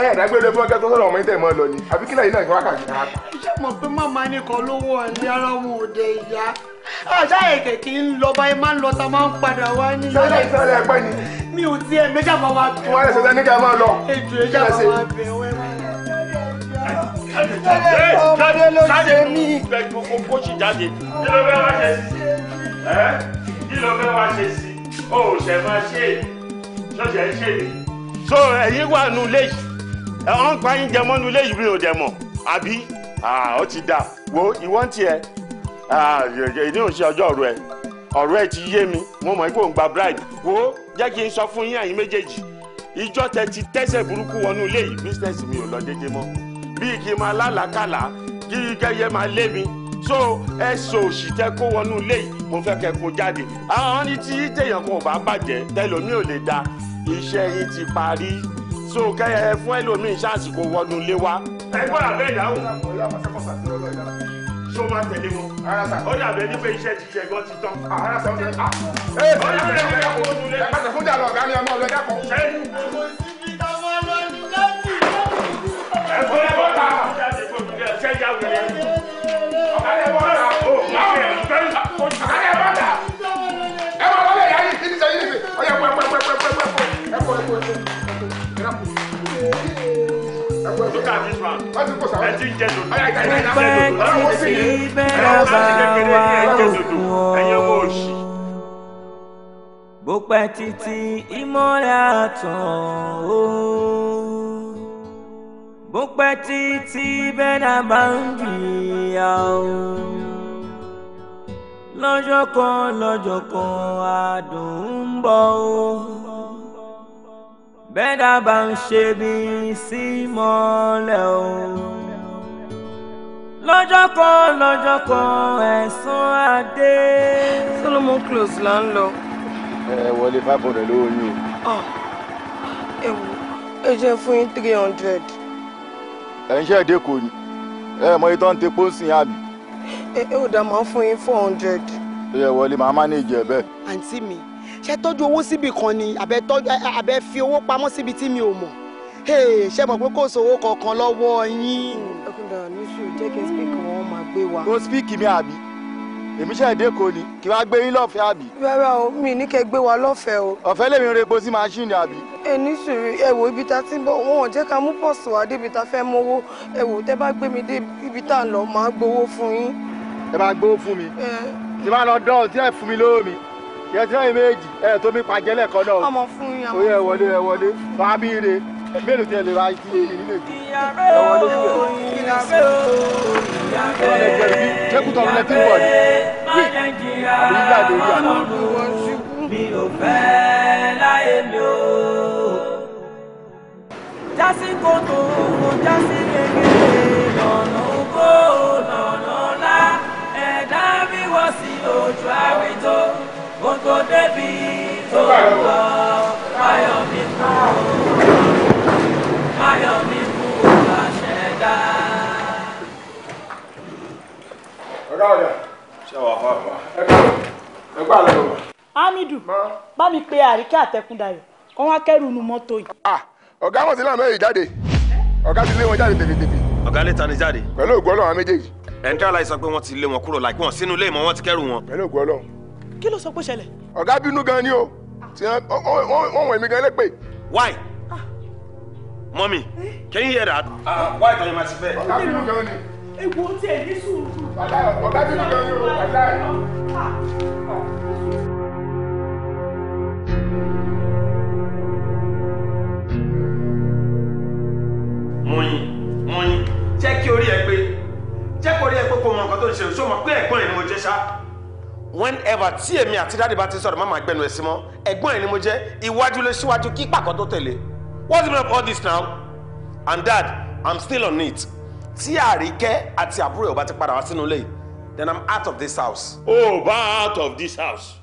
S2: ẹ ẹ dágbére fún ọgá tó sọ̀rọ̀ ọmọ yìí tẹ mọ lọ ni àbí kílẹ̀ yìí náà ìfọwọ́ kàkiri náà. ṣé mo pé màmá ẹni kan lówó ẹni ara wọn ò dé ìyá àṣà èkè kì í lọ báyìí máa ń lọ ta máa ń padà wá nílé. sẹ́lẹ̀ ìsẹ́lẹ̀ ẹ̀pẹ́ ni mi ò tí ẹ méjà máa wá bẹ̀. wọ́n rẹ̀ sọ́jà níjà máa lọ. ètò ẹ̀jà máa wá bẹ̀ wọ́n ẹ̀ jáde ló ṣe mí. gbogbo kó sì jáde. kí ló fẹ́ wá ṣe sí? kí ló fẹ́ wá ṣe sí? o ò ṣẹ̀ máa ṣe é ṣọ̀ṣẹ̀ ń ṣe mí. so ẹ̀yin wà nù léyìí ọ̀ ń pa yín jẹmọ́ nù léyìí mi ò dẹ̀ mọ̀ àbí ó ti dà wo ìwọ́n tiẹ̀ èyí ò ń ṣe ọjọ́ ọ̀rọ̀ ẹ̀ ọ̀rọ̀ ẹ̀ ti yé mi mo mọ̀ pé òun gba bride wo jẹ́ kí n sọ fún yín àyín méjèèjì ìjọ tẹ ti tẹ́sẹ̀ burúkú wọnú ilé yìí business mi ò lọ déédéé mọ́ bíi kí n máa lálàákàlà kí gẹ́yẹ́ máa lé mi so ẹ sọ òṣì tẹ kó wọnú ilé yìí mo fẹ́ kẹ́ kó jáde àwọn ní tí téèyàn kan ò bá bàjẹ́ tẹlomi ò lè da iṣẹ́ yín ti parí so kẹ́yẹ fún ẹlòmíì ṣáàsì kó wọnú ilé wa. ẹ gbọ́dọ̀ bẹ́ẹ̀ dáhùn ṣó máa tẹ̀lé wọn. ó dàbí ẹni pé iṣẹ́ ti ṣe ẹ̀gbọ́n ti tán. ara sọ fún
S1: mi.
S2: ẹ ẹ ọ̀rẹ́ mi lè fẹ́ kó tún lé. ẹ pàṣẹ fún dàlọ́ ọ̀gá ni ọmọ ọ̀lọ́ dà kọ́.
S1: ẹ kò lè bọ́ ta. ṣé ìyá wẹ̀rẹ̀ ọ̀gá lè bọ́ ta. ọ̀gá lè bọ́ ta. ẹ ti ń jẹ dodo.
S2: pípẹ́ tí ìbẹ̀rẹ̀
S1: bá wà títí ìmọ́lẹ̀ àtàn ó bó títí bẹ́ẹ̀ bá ń jìyà ó lọ́jọ́ kan lọ́jọ́ kan àdùn ń bọ̀ ó bẹ́ẹ̀dá bá ń ṣe bí sí mọ́lẹ̀ o. lọ́jọ́ kan lọ́jọ́ kan ẹ̀sùn adé. Solomon close là ń lọ.
S2: ẹ wọlé five hundred lówó yín o.
S1: Ah, ah, ẹ wo ẹ jẹ́ fún yín
S2: three hundred. ẹ̀ ń ṣe èdè kò ní ẹ mọ iye tó ń tepo ń sìn àbí. ẹ ò dá máa fún yín four hundred. ẹ wọlé màá má ní ìjẹ bẹ́ẹ̀. àǹtí mi ṣé tọ́jú owó síbi kan ni àbẹ fi owó pamọ́ síbi tí mi ò mọ̀ ṣé mọ̀ pé kò sówó kankan lọ́wọ́ yín. ọkùnrin ọ̀nà mi àbí èmi ṣe èdè kò ní kí wàá gbé yín lọ́fẹ̀ẹ́ àbí. rárá o mi ní kẹ́ gbé wa lọ́fẹ̀ẹ́ o. ọ̀fẹ́ lèmi repo sí máṣíìnì àbí. ẹ
S5: ní sùúrù ẹ wò ibi tá a ti ń wọn ò ká mú pọ̀sù wá débi tá a fẹ́ mówó ẹ wò tẹ́ bá gbé mi dé ibi tá a lọ máa gbowó fún
S2: yín. ẹ máa gbowó fún mi. ẹ máa lọ dán ọ ẹ fún mi lówó mi yẹtí náà méjì ẹ tó mi pàjẹ́ lẹ́ẹ̀kan náà. ọmọ fún yín ọmọ fún yín. ó wọlé ẹ wọlé máa bí ire mélòó tẹ lè ra
S1: ti èyí lè dùn. ìyàrá ooo ìyàrá ooo ìyàrá ooo. jẹ́kùtọ̀ ọ̀rọ̀ mi ò fẹ́ láyé mi o. jásí kòtò kò jásí gègé lọ́nà ògbó lọ́nà ọ̀la ẹ̀dá mi wọ̀ sí ojú àwìn kò débi tó ń lọ báyọ̀ mi kú
S5: báyọ̀ mi kú àṣẹ dá. ọ̀gá ọ̀dà ṣe wà fún àpá ẹ gbà lọ́wọ́. Hamidu bá mi pe àríkẹ́ àtẹkùndayọ̀ kó wá kẹ́rù nu mọ́tò yìí.
S2: ọ̀gá wọn ti láwọn mẹ́rin jáde ọ̀gá ti lé wọn jáde tètè. ọ̀gá lè ta ni jáde. pẹ̀lú ògbọ́lọ́ àwọn méjèèjì. ẹ̀ńtẹ́ aláìsàn pé wọ́n ti lé wọn kúrò láìpẹ́ wọn sínú ilé ìmọ̀ wọn ti kẹ́rù wọn. pẹ̀lú ògbọ́lọ́ kí ló sọ pé ṣẹlẹ̀. ọ̀gá bínú gan ni
S1: o tí wọ́n wọ̀ mí gan lépè. why
S2: mọ́mí can you hear that. Ah, why tọ́jú ma ti fẹ́. ọ̀gá
S1: bínú gan ni. ewu tí ẹ ní sùúrù. ọ̀gá bínú gan ni o ọ̀gá ẹ̀.
S2: mọyìn mọyìn jẹ́ kí orí ẹ pé jẹ́ kí orí ẹ pé kó mọ nǹkan tó ń ṣe òṣùwọ̀n pé ẹ̀gbọ́n ẹ̀ ni mo jẹ́ ṣá whenever tí èmi àti dáàdì bá ti sọ̀rọ̀ má máa gbẹnu ẹ̀ sí mọ́ ẹ̀gbọ́n ẹ̀ ni mo jẹ́ iwájú lé síwájú kí pàkọ́ tó tẹ̀lé what's the meaning of all this now and dad i'm still on it tí àríkẹ́ àti àbúrò ẹ̀ ò bá ti padà wá sínú ilé then i'm out of this house. oh, bá out of this house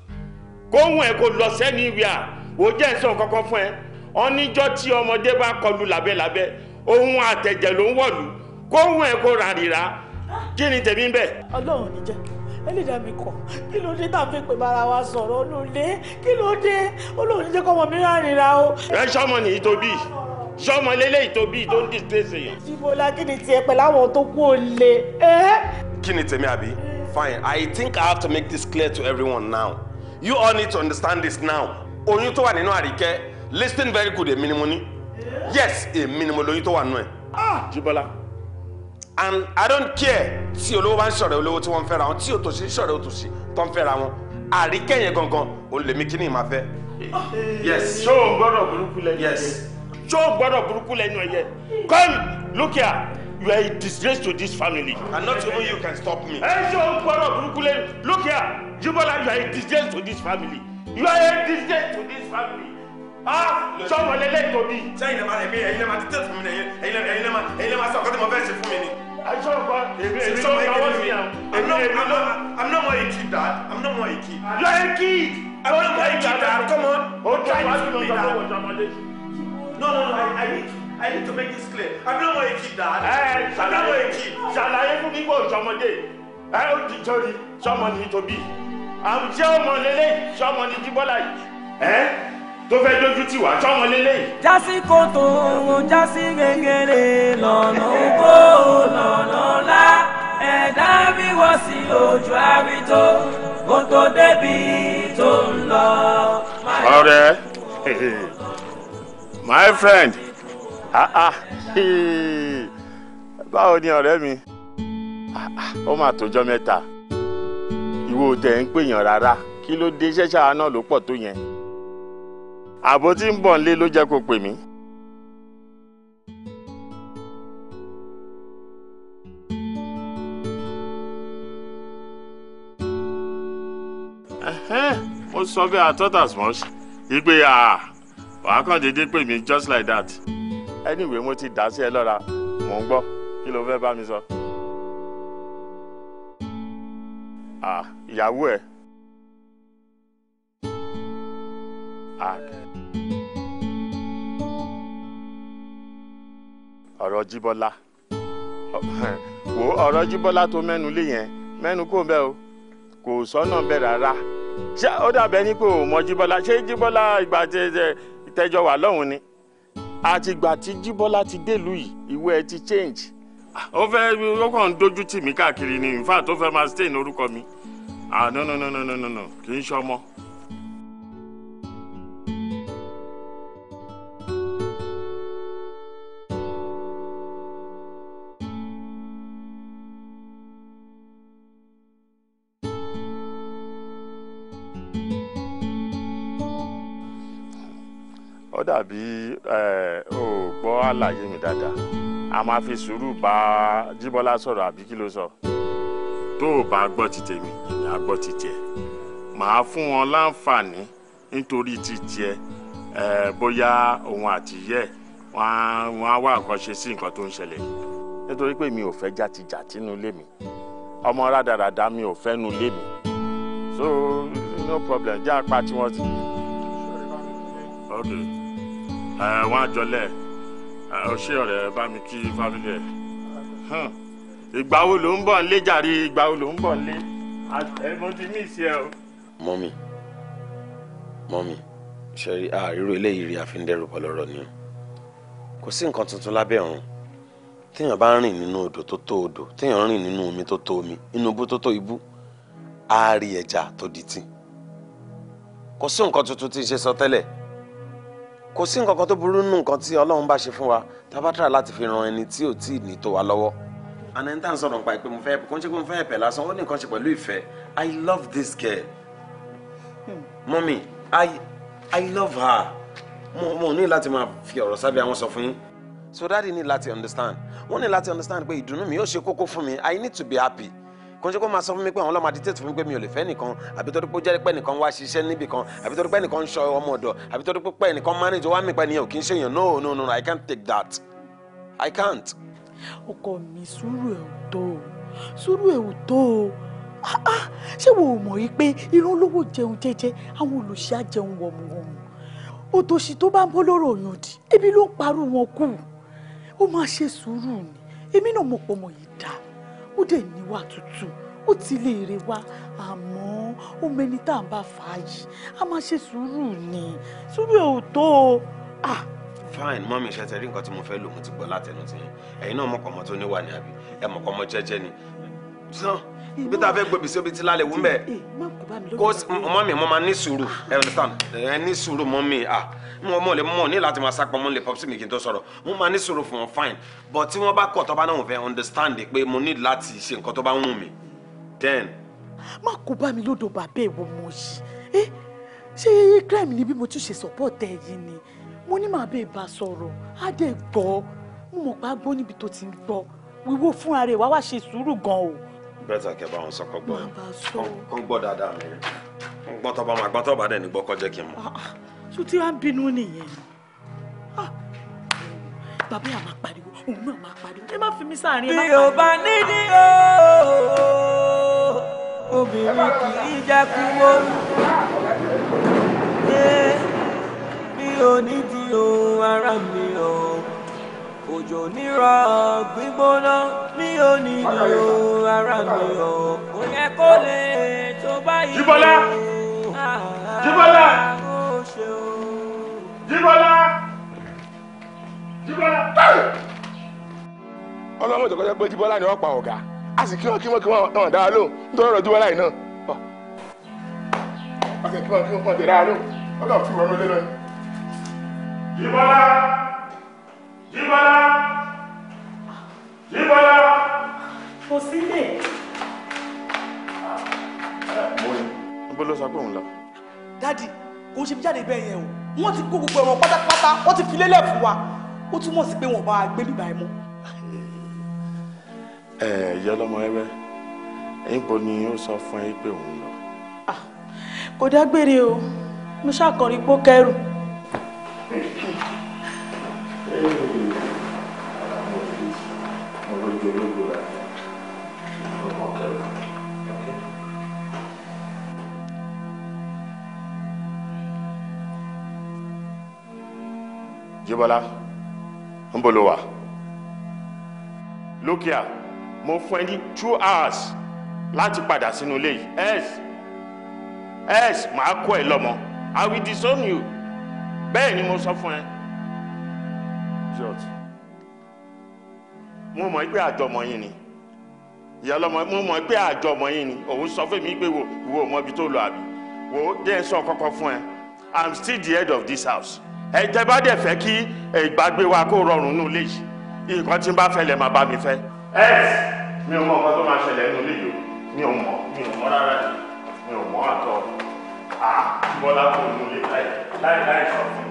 S2: kóhùn ẹ kò lọ sẹ́ni ìwíà ò jẹ́ ìsọ̀ kankan fún ẹ oníjọ́ tí ọmọdé bá kọlu làbẹ́làbẹ́ ohun àtẹ̀jẹ̀ ló ń wọ̀lú kóhùn ẹ kò rà rírà kí ni tèmi ń bẹ̀. ọlọ́run ní jẹ́ ẹlẹ́dàá mi kọ̀ kí ló dé tàbí pé bára wa sọ̀rọ̀ olóòlé kí ló dé olóòlé jẹ́ kọ́mọ mi rárìnra o. ẹ sọmọ nìyí tó bí sọmọ lélẹyìí tó ń disgrace yẹn. jibola kí ni tiẹ̀ pẹ̀lú àwọn tó kú olè. kí ni tèmi àbí fine i think i have to make this clear to everyone now you all need to understand this now oyún tó wà nínú àríkẹ́ listen very good èmi ni mo ní yes èmi ni mo lóyún tó wà nínú ẹ̀ ah! jibola and i don't care tí olówó bá ń ṣọ̀rẹ́ olówó tí wọ́n ń fẹ́ra wọn tí òtòṣì ń ṣọ̀rẹ́ òtòṣì tó ń fẹ́ra wọn àríkẹ́yìn gangan olèmi kìíní máa fẹ́. yes. ṣó o gbọ́dọ̀ burúkú lẹ́nu ẹ̀yẹ. yes. ṣó o gbọ́dọ̀ burúkú lẹ́nu ẹ̀yẹ. come look here you are a disgrace to this family. and not even you can stop me. ẹ ṣó o gbọ́dọ̀ burúkú lẹ́nu look here Jibola you are a disgrace to this family you are a disgrace to this family sọmọ ah, lẹlẹ tóbi. sẹ́yìn lẹẹma rẹ mi ẹ̀yin lẹẹma tètè fún mi ẹ̀yin lẹẹma ẹ̀yin lẹẹma ẹ̀yin lẹẹma sọ kọtẹ mọ fẹẹ ṣe fún mi ni. àjọ nǹkan èmi èmi ló máa wọ́n I'm not my kid dad I'm not my kid. Ah, you are kid. I'm not more kid dad come on. o no no no I I need I need to make this clear I'm not more a kid dad. ẹ ṣàlàyé ṣàlàyé fún mi kó sọmọdé ẹ ó di torí sọmọ ní tóbi àwùjọ ọmọ lélẹ sọmọ ní jíbọlá yìí
S1: tó fẹ́ dójú tì wá sọ́mọ lélẹ́yìí. jásí kòtò òun jásí gègèrè lọ́nà ògbó lọ́nà ńlá ẹ̀dá bí wọ́n sì lójú àrító kó tó débi tó ń lọ.
S2: ọ̀rẹ́ my friend ah ah báwo ni ọ̀rẹ́ mi ó mà tójọ́ mẹ́ta ìwọ tẹ̀ ń pèèyàn rárá kí ló dé ṣẹ́ṣà náà ló pọ̀ tó yẹn àbò tí ń bọ̀ ń lé ló jẹ́ kó pè mí. mo sọ bí i thought as much ìgbé wàá kàn déédéé pè mí just like that anyway mo ti dá sí ẹ lọ́ra mò ń gbọ́ kí ló fẹ́ bá mi sọ. ìyàwó ẹ̀. Ah, ọ̀rọ̀ jíbọ́lá wo ọ̀rọ̀ jíbọ́lá tó mẹ́nu lé yẹn mẹ́nu kò bẹ́ o kò sọ́nà bẹ́ẹ̀ rárá ṣé ó dàbẹ́ ní pé òun mọ jíbọ́lá ṣé jíbọ́lá ìgbà tẹjọ wà lọ́hùn ni àtìgbà tí jíbọ́lá ti délùú yìí ìwé ẹ ti change ó fẹ́ ó kàn ń dojú tì mí káàkiri ni in fact ó fẹ́ máa stay ní orúkọ mi ah no no no no no no kì í ṣọmọ. No ó dàbí ò gbọ́ àlàyé mi dáadáa a máa fi sùúrù bá Jíbọ́lá sọ̀rọ̀ àbí kí ló sọ. tó o bá gbọ́ ti tèmi èmi á gbọ́ ti tiẹ̀ màá fún wọn láǹfààní nítorí ti tiẹ̀ bóyá òun àti yẹ wọn á wá àkànṣe sí nǹkan tó ń ṣẹlẹ̀ nítorí pé mi ò fẹ́ jàtijàti nínú ilé mi ọmọ rádaràda mi ò fẹ́ nu ilé mi so no problem jẹ́ apá tí wọ́n ti. okay wọn àjọlẹ̀ ọṣẹ ọ̀rẹ́ bá mi kí fámílì ẹ̀ ìgbà wo ló ń bọ̀ ń lé jàre ìgbà wo ló ń bọ̀ ń lé ẹ̀mọ́ ti mí ìṣe o. mọ́mì mọ́mì ṣẹ́rí àárírò eléyìí rí àfíndẹ́rù bọ́lọ́rọ́ ni o kò sí nǹkan tuntun lábẹ́ ọ̀run téèyàn bá rìn nínú odò tó tó odò téèyàn rìn nínú omi tó tó omi inú ibú tó tó ibú á rí ẹja tó di tí kò sí nǹkan tuntun tí ń ṣe sọ tẹ́lẹ̀ kò sí nǹkan kan tó burú nù nǹkan tí ọlọ́run bá ṣe fún wa tá láti fi ran ẹni tí ò tí ì ní tó wa lọ́wọ́ àná ẹni tá ń sọ̀rọ̀ nípa ìpè mo fẹ́ kó ń ṣe pé mo fẹ́ ẹ̀pẹ̀ lásán ó ní nǹkan ṣe pẹ̀lú ìfẹ́ i love this girl mọ́mì i i love her mo mo ní láti máa fi ọ̀rọ̀ sábẹ́ àwọn sọ fún yín so dáàdi ní láti understand wọ́n ní láti understand pé ìdùnnú mi yóò ṣe kókó fún mi i need to be happy kò ń kó máa sọ fún mi pé àwọn ọlọ́mọ àdìtẹ́tù fún mi pé mi ò lè fẹ́ nìkan àbí pé ó jẹ́ pé nìkan wá ṣiṣẹ́ níbì kan àbí pé nìkan ń ṣọ ọmọ ọ̀dọ̀ àbí torí pé nìkan manage wá mi pẹ́ nìyẹn ò kì í ṣèyàn no no no I can't take that I can't. ọkọ mi sùúrù ẹ̀ ò tó o sùúrù ẹ̀ ò tó o ah, ah, ṣé wo ò mọ̀ yìí pé irun lówó jẹun jẹ́jẹ́ àwọn olùṣẹ́ àjẹun wọ̀mùwọ̀mù òtòṣì ebi ló ń parú wọn ni èmi náà mọ̀ ó dẹ̀ níwà tútù ó ti lè rè wá àmọ́ ó mẹni tá à ń bá fà á yìí a máa ṣe sùúrù
S1: ni sùúrù ò tó o.
S2: fine mọ́mí iṣẹ́ tẹ rí nǹkan tí mo fẹ́ lò mo ti gbọ́ látẹnu ti yín ẹ̀yin náà mọ̀kànmọ́ tó níwà ní àbí ẹ mọ̀kànmọ́ jẹ́jẹ́ ni sàn ibi tá a fẹ́ gbòbí sí obi tí lálẹ́ wú mẹ́
S6: kó mọ́mí mo máa
S2: ní sùúrù ẹ ní sùúrù mọ́mí ah mo mọ̀ lè mọ̀ ní láti máa sápọ̀ lè pọ́psí mi kí n tó sọ̀rọ̀ mo máa ní sòrò fún wọn fine but tí wọ́n bá kọ̀ tó náà fẹ́ understand pé mo need láti ṣe nǹkan tó bá wù mí then. má kó bá mi lọ́dọ̀ bàbá ẹ̀ wọ́n mọ̀ yìí ṣé crime ni bí mo tún ṣe support ẹ̀ yìí ni mo ní màá bẹ́ẹ̀ bá sọ̀rọ̀ á dẹ̀ gbọ́ mo mọ̀ pé á níbi tó ti ń gbọ́ wíwó fúnra rẹ̀ wá wá ṣe sùúrù gan o. bẹ́ẹ̀ta kẹ́ bá wọn sọ kọ́ gbọ́ kọ́ gbọ́ dáadáa mi kọ́ bá máa gbọ́ bá dẹ̀ ní gbọ́ jẹ́ kí n mọ̀.
S1: Ah, ah tó tí wàá bínú nìyẹn ah! bàbá yà máa pariwo òun náà máa pariwo ẹ má fi mí sáàrin ẹ má pariwo. mi ò bá nídìí ooo obìnrin kì í jẹ́ kú wó mi ò nídìí ooo ara mi ooo òjò nírọ̀ gbígbóná mi ò nídìí ooo ara mi ooo kò yẹ kó lè tó báyìí ooo. Jíbọ́lá
S2: ah, ah, Jíbọ́lá.
S1: Jíbọ́lá! Jíbọ́lá!
S2: Ọlọ́mọ ìtọ́kọ́jọ́ pé Jíbọ́lá ni wọ́n pa ọ̀gá. A sì kí wọ́n kí wọ́n kí wọ́n dára lóhùn nítorí ọ̀rọ̀ Jíbọ́lá yìí náà. A sì kí wọ́n kí wọ́n kí wọ́n dára lóhùn. Wọ́n kàn fún ìrọ̀lẹ́ lọ́yìn. Jíbọ́lá! Jíbọ́lá! Jíbọ́lá! Kò sílé. Mo ní. Níbo ló sọ pé òun lọ? Dádì, kò ṣe mi jáde bẹ́ẹ̀ yẹn o wọ́n ti kó gbogbo ẹ̀wọ̀n pátápátá wọ́n ti fi lélẹ̀ fún wa ó túmọ̀ sí pé wọ́n bá a gbé lùgbà ẹ̀ mọ́. ẹ ìyá ọlọmọ ẹwẹ níbo ni ó sọ fún ẹ pé òun lọ. Ah,
S5: kò dágbére o mo ṣàkọrí pó kẹrù. Thank
S4: you.
S2: Jíbọ́lá ń bolo wa look here mo fún ẹ ní two hours láti padà sínú ilé yìí else else màá kó ẹ lọ́mọ i will disown you bẹ́ẹ̀ ni mo sọ fún ẹ george mo mọ̀ pé àjọmọ̀ yín ni ìyá ọlọ́mọ mo mọ̀ pé àjọmọ̀ yín ni òun sọ fún mi pé wo ìwọ ò mọ ibi tó lọ àbí wo jẹ́ sọ kọ́kọ́ fún ẹ i'm still the head of this house ẹ̀jẹ̀ bá dẹ̀ fẹ́ kí ìgbàgbé wa kó rọrùn nù léyìí nǹkan tí n bá fẹ́ lẹ̀ máa bá mi fẹ́. ẹ mi ò mọ nǹkan tó máa ṣẹlẹ̀ nù léyìí o mi ò mọ mi ò mọ rárá ni mi ò mọ àtọ à bọ́lá kò nù lé láì láì láì sọ fún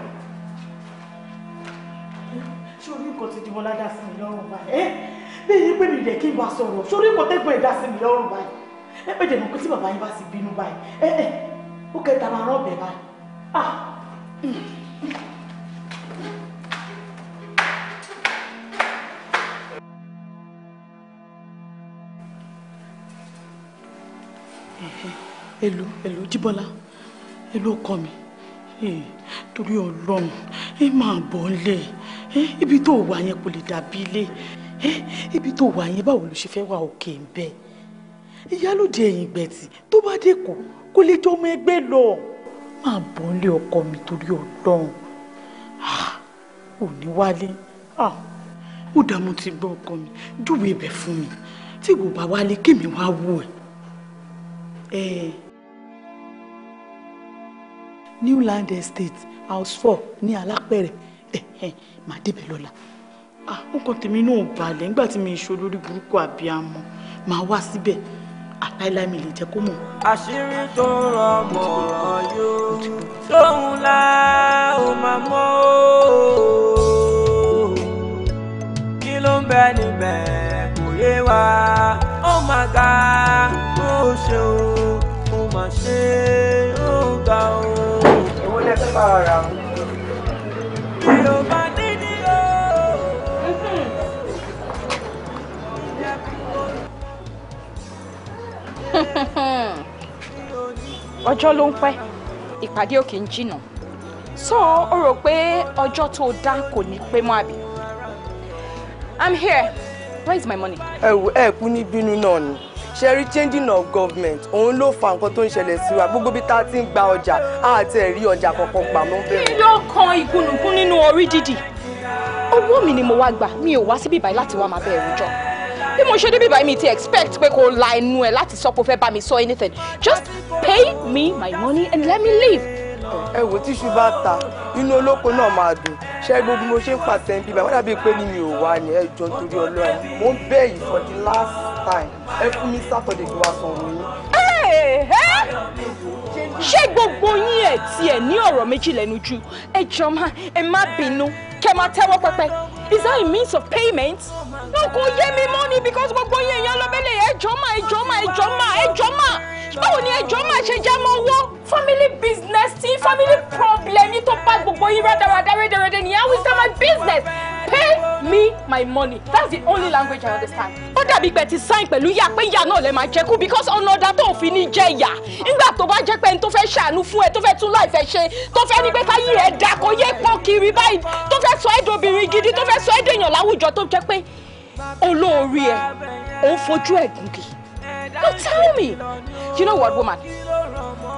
S2: mi. sórí nǹkan ti di wọn
S5: ládàá sí mi lọ́rùn báyìí
S2: bí èyí pé mi lè kí n bá sọ̀rọ̀ sórí nǹkan tẹ́gbọ̀n ẹ̀dá sí mi lọ́rùn báyìí ẹ ẹ dẹ̀mọ̀ pé tí bàbá yín bá sì bínú báyìí ẹ ẹ
S5: èlò èlò jíbọ́lá èlò ọkọ mi
S2: torí ọlọ́run ẹ máa bọ̀ ńlẹ̀ ibi tó wà yẹn kò lè dàbí ilé ibi tó wà yẹn báwo ló ṣe fẹ́ wà òkè ń bẹ ìyálòdì ẹ̀yìn gbẹ̀tì tó bá dé kó kó lè jọ ọmọ ẹgbẹ́ lọ máa bọ̀ ń lé ọkọ mi torí ọlọ́run ah, ò wálé ah, ó dààmú ti gbọ́ ọkọ mi júwe ibẹ̀ fún mi tí kò bá wálé kémi wá wò
S5: ẹ́ Newland Estate house four ní Alápẹ̀rẹ̀ màá débẹ̀ lọ́la ó ah, kàn tèmi náà balẹ̀ nígbà tí mi ń ṣe olórí burúkú àbí amọ̀ màá wá síbẹ̀. Si
S1: láíláí mi lè jẹ́ kó mọ̀. àṣírí tó rọmọ ọ̀rọ̀ yóò tóun la ó máa mọ́ kí ló ń bẹ níbẹ̀ kò yé wa ó máa ga ó ṣeun ó máa ṣe ó ga ó. èwo fẹ́ máa rà ó.
S3: ọjọ́ ló ń pẹ́ ìpàdé òkè ń jìnà so o rò pé ọjọ́ tó dá kò ní pé mọ́ àbí i'm here where is my money.
S2: ẹ wò ẹ kú ní bínú náà ni ṣẹ́rí changing of government òun ló fa nǹkan tó ń ṣẹlẹ̀ sí wa gbogbo bí tá a ti ń gba ọjà á ti rí ọjà kankan gbà mọ́ bẹ́ẹ̀.
S3: kí ló kan ìkùnùkùn nínú
S2: orí dídì owó mi ni mo wá gbà mi
S3: ò wá síbí báyìí láti wá máa bẹ̀rù jọ bí mo ṣe débi báyìí mi ti expect pé kò la ẹnu ẹ láti sọ pé o fẹ́ bá mi sọ anything just pay me my money and let me leave.
S2: ẹ wò tíṣù bá ta inú olóko náà máa dùn ṣé gbogbo mo ṣe ń pàṣẹ níbi báyìí wọ́n dàbí pé ní mi ò wá ni ẹ jọ nítorí ọlọ́run mo ń bẹ̀ yìí for the last time ẹ fún mi sátọ̀dẹ̀ kí wàá
S3: sanwó yín. ṣé gbogbo yín ẹ̀ tiẹ̀ ní ọ̀rọ̀ méjì lẹ́nu jù ẹ jọ máa ẹ má bínú kẹ́ máa tẹ́wọ́ pẹ́pẹ́ is that a means of payment? no kò yé mi mọ́ ni because gbogbo yẹn èèyàn lọ́bẹ̀lẹ̀ ẹjọ́ mà ẹjọ́ mà ẹjọ́ mà ẹjọ́ mà báwo ni ẹjọ́ mà ṣe já mọ́ owó. family business ti family problem ní tó bá gbogbo yín rádaràdà rédèrèdè nìyẹn how is that my business? pay me my money that's the only language I understand. ó dàbí pé ti sign pẹ̀lú ìyá pé ìyá náà lè máa jẹ́kú because ọ̀nà ọ̀dà tó fi ní jẹ́ ìyá nígbà tó bá jẹ́ pé ẹni tó fẹ́ ṣàánú fún ẹ tó fẹ́ tún láìfẹ́ ṣe tó fẹ́ ní pé ká yí ẹ̀ dá kó yé pọ̀ kiri báyìí tó fẹ́ sọ ẹ́ dobìnrin gidi tó fẹ́ sọ ẹ́ dèèyàn láwùjọ tó jẹ́ pé olórí ẹ̀ òun fojú ẹ̀ gùnkì no tell me you know what woman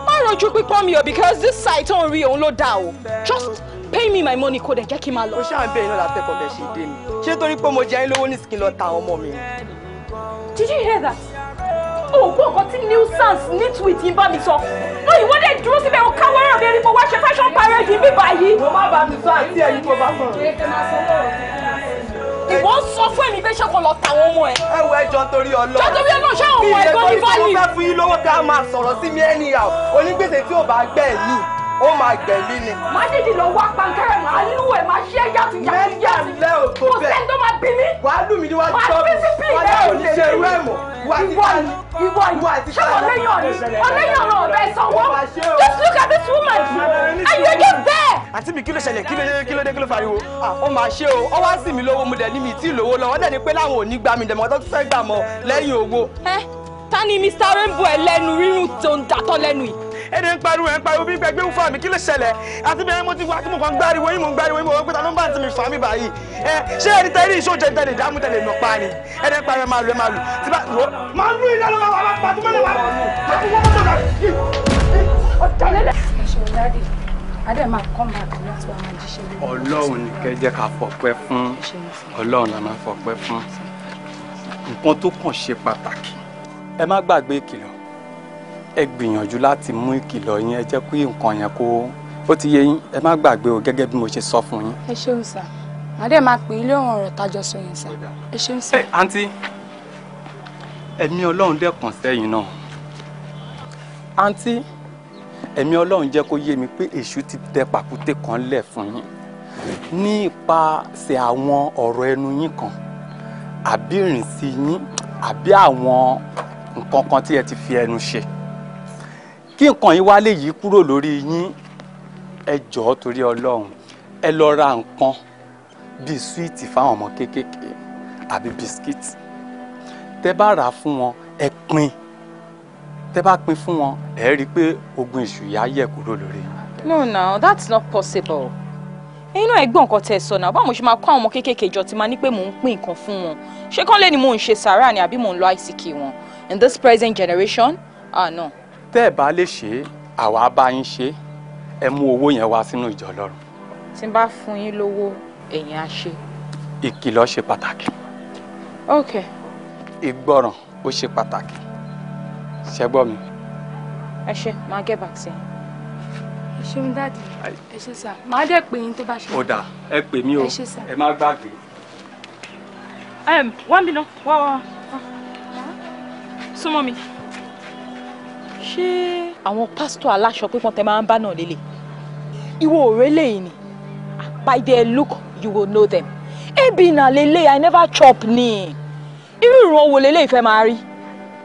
S3: má rojú pípọ́n mi o because this site tó ń rí òun ló dá o just pay me my money kó dẹ̀ jẹ́ kí n máa lọ. ó ṣáà ń bẹ iná látẹ̀kọ̀ bẹ̀ ṣe dé mi ṣé torí
S5: pé mo jẹ́ ayé lówó ní skin lọ ta ọmọ mi.
S3: did you hear that? òògùn ọkọ tí nuisance ní tweet yín bá mi sọ wọn ìwọ dé dúró síbẹ̀ ó káwọ́ ẹ̀rọ mi ẹni mo wá ṣe fashion parade yìí bíbá yìí. mo
S1: má bá mi sọ àti ẹ̀yin mo bá sọ̀rọ̀
S3: ìwọ ń sọ fún èmi pé ṣé kò lọ ta àwọn ọmọ ẹ. ẹ wo ẹjọ nítorí Ọlọ́run jọ torí Ọlọ́run ṣé àwọn ọmọ ẹ̀gbọ́n ní báyìí. bí ìyẹn tó ní tí
S2: mo fẹ́ fún yín lọ́wọ́ ká máa
S1: sọ̀rọ̀ sí mi anyhow onígbèsè tí ò bá gbẹ́ ẹ̀ ní ó máa gbẹ̀mí ni. má dídì lọ wá pankẹ́rẹ́ mọ́ alíwò ẹ̀ máa ṣe yàtú yàtú yàtú mẹ́tẹ̀lẹ́ ò tó bẹ́ẹ̀ kò sẹ́ni tó máa bí mi. wàá lù mí níwájú ṣọ́ọ̀bù wàá dá òní ṣe irú ẹ̀ mọ́. ìwọ ni ìwọ ni ṣé ọlẹ́yìn ọ̀rẹ́ ọlẹ́yìn ọ̀rẹ́ ọ̀rẹ́ sanwó just look at this woman ẹ̀yọ́
S2: jẹ́ bẹ́ẹ̀. àǹtí mi kí ló ṣẹlẹ̀ kí ló dé kí ló dé kí ló fariwo. ó máa ṣe o ó wá sí mi lówó mo dẹ̀ ní mi tí ì lówó lọ́wọ́ dẹ̀ ni pé láwọn ò ní gbà mí dẹ̀ mọ́ tó fẹ́ gbà mọ́ lẹ́yìn owó. ẹ ta ni mr
S1: rainbow ẹ lẹ́nu rírun tó ń dàtọ́ lẹ́nu yìí ẹni ń pariwo ẹ̀ ń pariwo bí ń gbẹgbẹ́ ń fà mí kí ló ṣẹlẹ̀ àti bí ẹni mo ti wá tí mo kàn ń gbáriwo yín mo ń gbáriwo yín mo wọ́n pé ta ló ń bá àti mi fà mí báyìí
S2: ẹ ṣé ẹni tẹ́ rí ìṣòjẹ tẹ́lẹ̀ ìdààmú tẹ́lẹ̀ ìnà pa ni ẹni ń pariwo máa lu ẹ máa lu tí bá wọ́. máa lu iná ló wá pàtó mọ́lẹ̀
S5: wá pàtó mọ́lẹ̀ adẹ́mà kọ́ máa kọ́ láti wá máa jíṣẹ́ lórí. ọlọ́run
S6: ní kẹ́ jẹ́ ká fọpẹ́ fún ọlọ́run la fọpẹ́ fún nǹkan tó kàn ṣe pàtàkì ẹ má gbàgbé ìkìlọ̀ ẹ gbìyànjú láti mú ìkìlọ̀ yín ẹ jẹ́ kí nǹkan yẹn kó ó ti yé yín ẹ má gbàgbé o gẹ́gẹ́ bí mo ṣe sọ fún yín.
S5: ẹ ṣeun sà màá dẹ̀ máa pè é lóhùn ọ̀rọ̀ tájọ sọ
S1: yẹn sà
S6: ẹ ṣeun sà. àǹtí ẹ̀mí ọlọ́run dẹ̀ kàn sẹ́yìn náà àǹtí ẹ̀mí ọlọ́run jẹ́ kó yé mi pé èṣù ti tẹ pàkúté kan lẹ̀ fún yín nípasẹ̀ àwọn ọ̀rọ̀ ẹnu yín kan àbí ìrìnsí yín àbí àwọn nǹkan kan tí ẹ ti fi ẹnu ṣe kí nǹkan yín wá lè yí kúrò lórí yín ẹ jọ̀ọ́ torí ọlọ́run ẹ lọ ra nǹkan bíi súwìtì fáwọn ọmọ kéékèèké àbí bisikíìtì tẹ bá rà fún wọn ẹ pín tẹ bá pín fún wọn ẹ rí i pé ogun ìṣù yá yẹ kúrò lórí yín.
S3: no now that's not possible ẹ̀yin náà ẹ gbọ́ nǹkan tẹ́ ẹ sọ náà báwo mo ṣe máa kó àwọn ọmọ kéékèèké jọ tí máa ní pé mò ń pín nǹkan fún wọn ṣé kán lè ní mò ń ṣe sàárà ni àbí mò ń lọ àìsíkì wọn in this present generation ah no
S6: tẹ́ ẹ̀ bá lè ṣe é àwa bá yín ṣe é ẹ mú owó yẹn wá sínú ìjọ ọlọ́run.
S3: tí n bá fún yín lówó ẹ̀yin á ṣe.
S6: ìkìlọ̀ ṣe pàtàkì. ok. ìgbọràn ó ṣe pàtàkì ṣẹ gbọ́ mi.
S3: ẹ ṣe máa get back sí i. ẹ ṣeun dáàdì ẹ ṣe sá máa dẹ̀ pè yín tó bá ṣe. ó
S6: dà ẹ pè mí o ẹ má gbàgbé.
S3: wọ́n mi náà wá wá súnmọ́ mi ṣé àwọn pásítọ̀ aláṣọ pé wọ́n tẹ máa ń bá náà lélẹ̀ ìwọ òré lẹ́yìn ni ah, by their look you will know them ebi na lele i never chop ni irú ìran wo lélẹ̀ ìfẹ́ máa rí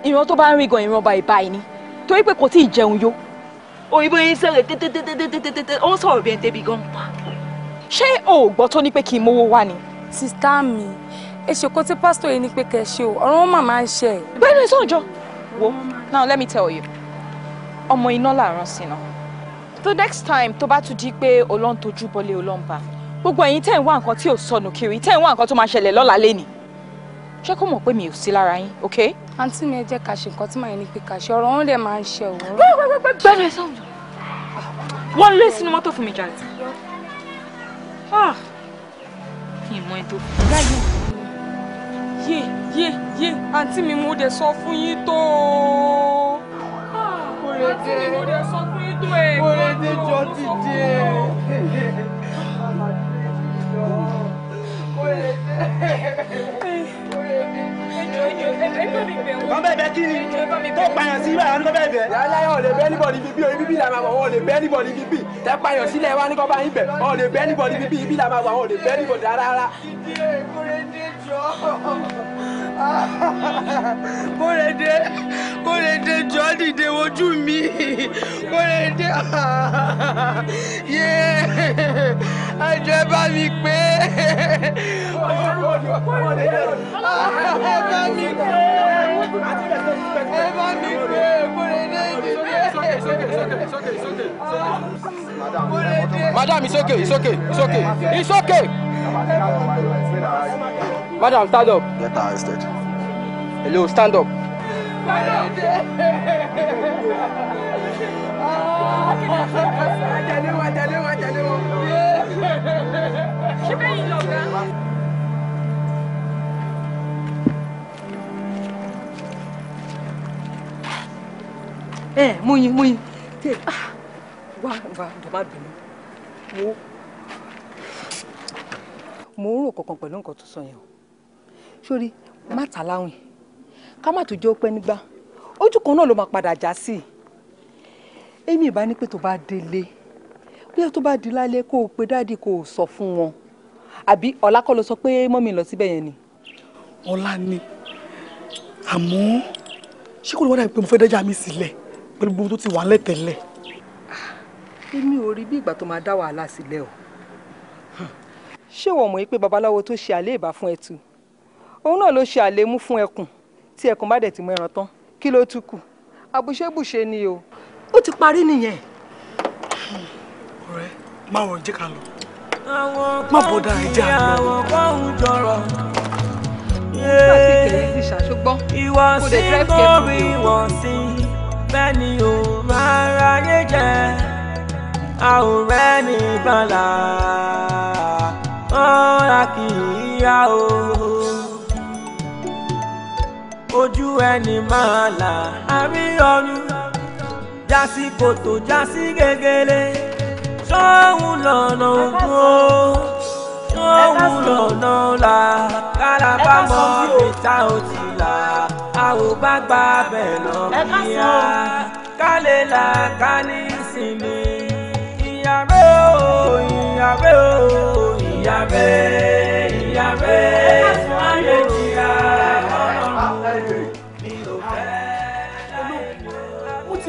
S3: ìran tó bá ń rí gan ìran báyìí báyìí ni torí pé kò tí ì jẹun yó òyìnbó yín sọ̀rọ̀ tètètètètètè ó ń sọ̀rọ̀ bí ẹni tẹ́bi gan pa. ṣé o ò gbọ́ tó ní pé kí n mówó wá ni. sista mi èsì kò tí pásítọ̀ yìí ní pé kẹ́ ẹ ṣe o ọ̀rọ̀ màmá ń ṣe. bẹ́ẹ̀ ni sọ̀njọ́ wo now let me tell you ọmọ iná làárọ̀ sí náà the next time tó bá tún di pé olóhùn tójú bọ́lé olóhùn bá gbogbo ẹ̀yin tẹ́ ń wá nǹkan tí ò sọnù kiri tẹ́ ń wá nǹkan tó máa ṣẹlẹ̀ lọ́la lẹ́nìí ṣé kó mọ̀ pé mi ò sí lára yín ok. àǹtí mi ẹ jẹ́ ká ṣe nǹkan tí màá ní pé ká ṣe ọ̀rọ̀ wọn lè máa ń ṣe òwúrọ̀. gbẹ́nu ẹ sọ̀rọ̀ wọ́n lé sínú mọ́tò fún mi jàre. kí n mọ ẹ tó. yé yé yé àǹtí mi mo dẹ̀ sọ fún yín tó o. wọ́n bẹ̀ bẹ̀ kí ni tó payàn sí ibà ní
S2: kọ́ bẹ̀ bẹ̀. yàrá yóò lè bẹ́ẹ̀ níbọ̀ ní bíbí o bíbí làmà wọ̀ wọ́n lè bẹ́ẹ̀ níbọ̀ ní bíbí tẹ́ payàn sílẹ̀
S1: wá ní kọ́ bá yín bẹ̀ wọ́n lè bẹ́ẹ̀ níbọ̀ ní bíbí ibi làmà wọ̀ wọ́n lè bẹ́ẹ̀ níbọ̀ rárá. Kóredé Kóredé
S2: jọ dìde wojú mi Kóredé yé
S1: ẹjọ bá mi pé ẹ bá mi pé madam it's okay it's okay it's okay it's okay. madam stand up. get her arrested. hello stand up. Kórédé.
S3: ẹ múyin múyin tẹ ah, wá wá dọ̀má bínú
S5: wo mo ń rò kankan pẹ̀lú nǹkan tó sọ yẹn o sórí má tà láwìn ká má tó jẹ́ ó pẹ́ nígbà ojú kan náà
S2: ló máa padà já sí i èmi ìbá ní pé tó bá délé bí tó bá di lálẹ́ kó o pe dáàdi kó o sọ fún wọn àbí ọ̀la kọ́ ló sọ pé mọ́mí lọ síbẹ̀ yẹn ni. ọ̀la ni
S5: àmọ́ ṣé kò lè wá dàbí pé
S2: mo fẹ́ dájà mi sílẹ̀ pẹ̀lú gbogbo tó ti wà lẹ́tẹ̀lẹ̀. èmi ò rí bí ìgbà tó máa dá wàhálà sílẹ̀ o. ṣé wọ́n mọ̀ pé babaláwo tó ṣe àléèbá fún ẹtù òun náà ló ṣe àlémú fún ẹkùn tí ẹkùn bá dẹ̀ ti mọ ẹran tán kí ló tún kù àbùṣebùṣe ni o. ó ti parí nìyẹn.
S1: ọ̀rẹ́ máa wọ̀ jẹ́ ká lọ. má bọ̀dá ẹja lọ. àwọn kan ń jọrọ ìwà sí ń kórìí wọ́n sí bẹ́ẹ̀ o ò máa ráyé jẹ́ a ò rẹ́ni bọ́là ọ̀rá kì í yá o. ojú ẹni máa là àríyànjú jásí kòtò jásí gègèlè sóhun lọ́nà ògùn o wúlò nọ́la kálábà mọ́ ìta òtìlà àwòbá gba bẹ̀ lọ́mìíyá kálẹ̀ là ká ní sinmi ìyàbẹ̀ o ìyàbẹ̀ o ìyàbẹ̀ ìyàbẹ̀ ayé jìyà ọlọ́run mi ò fẹ́ láyé lọ. ó ti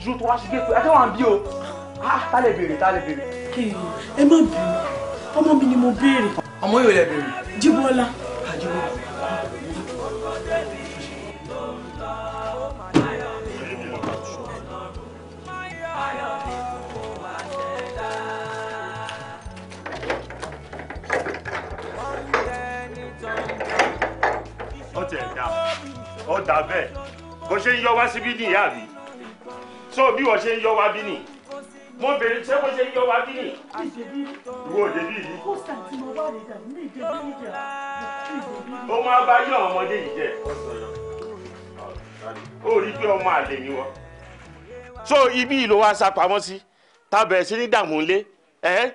S1: dúró tó wá sí gbé pé ẹ̀ka wà ń bí o tá lè béèrè tá lè béèrè. ẹ má bínú ọmọ mi ni mo béèrè. ọmọ yóò lè béèrè. Jíbọ́lá.
S2: ọtẹ ẹdá ọdà bẹ́ẹ̀ bó ṣe ń yọ wá síbí nìyá mi tó bí wọ́n ṣe ń yọ wá bí nìyí mo bèrè ṣé mo ṣe yọ wá bí ni.
S1: ìwọ òde yìí. ó máa bá yí
S2: àwọn ọmọdé yìí jẹ. ó rí pé ọmọ àlè ni wọ́n. so ibi ló wá sá pamọ́ sí tábẹ̀ sí ní dààmú ńlé ẹ̀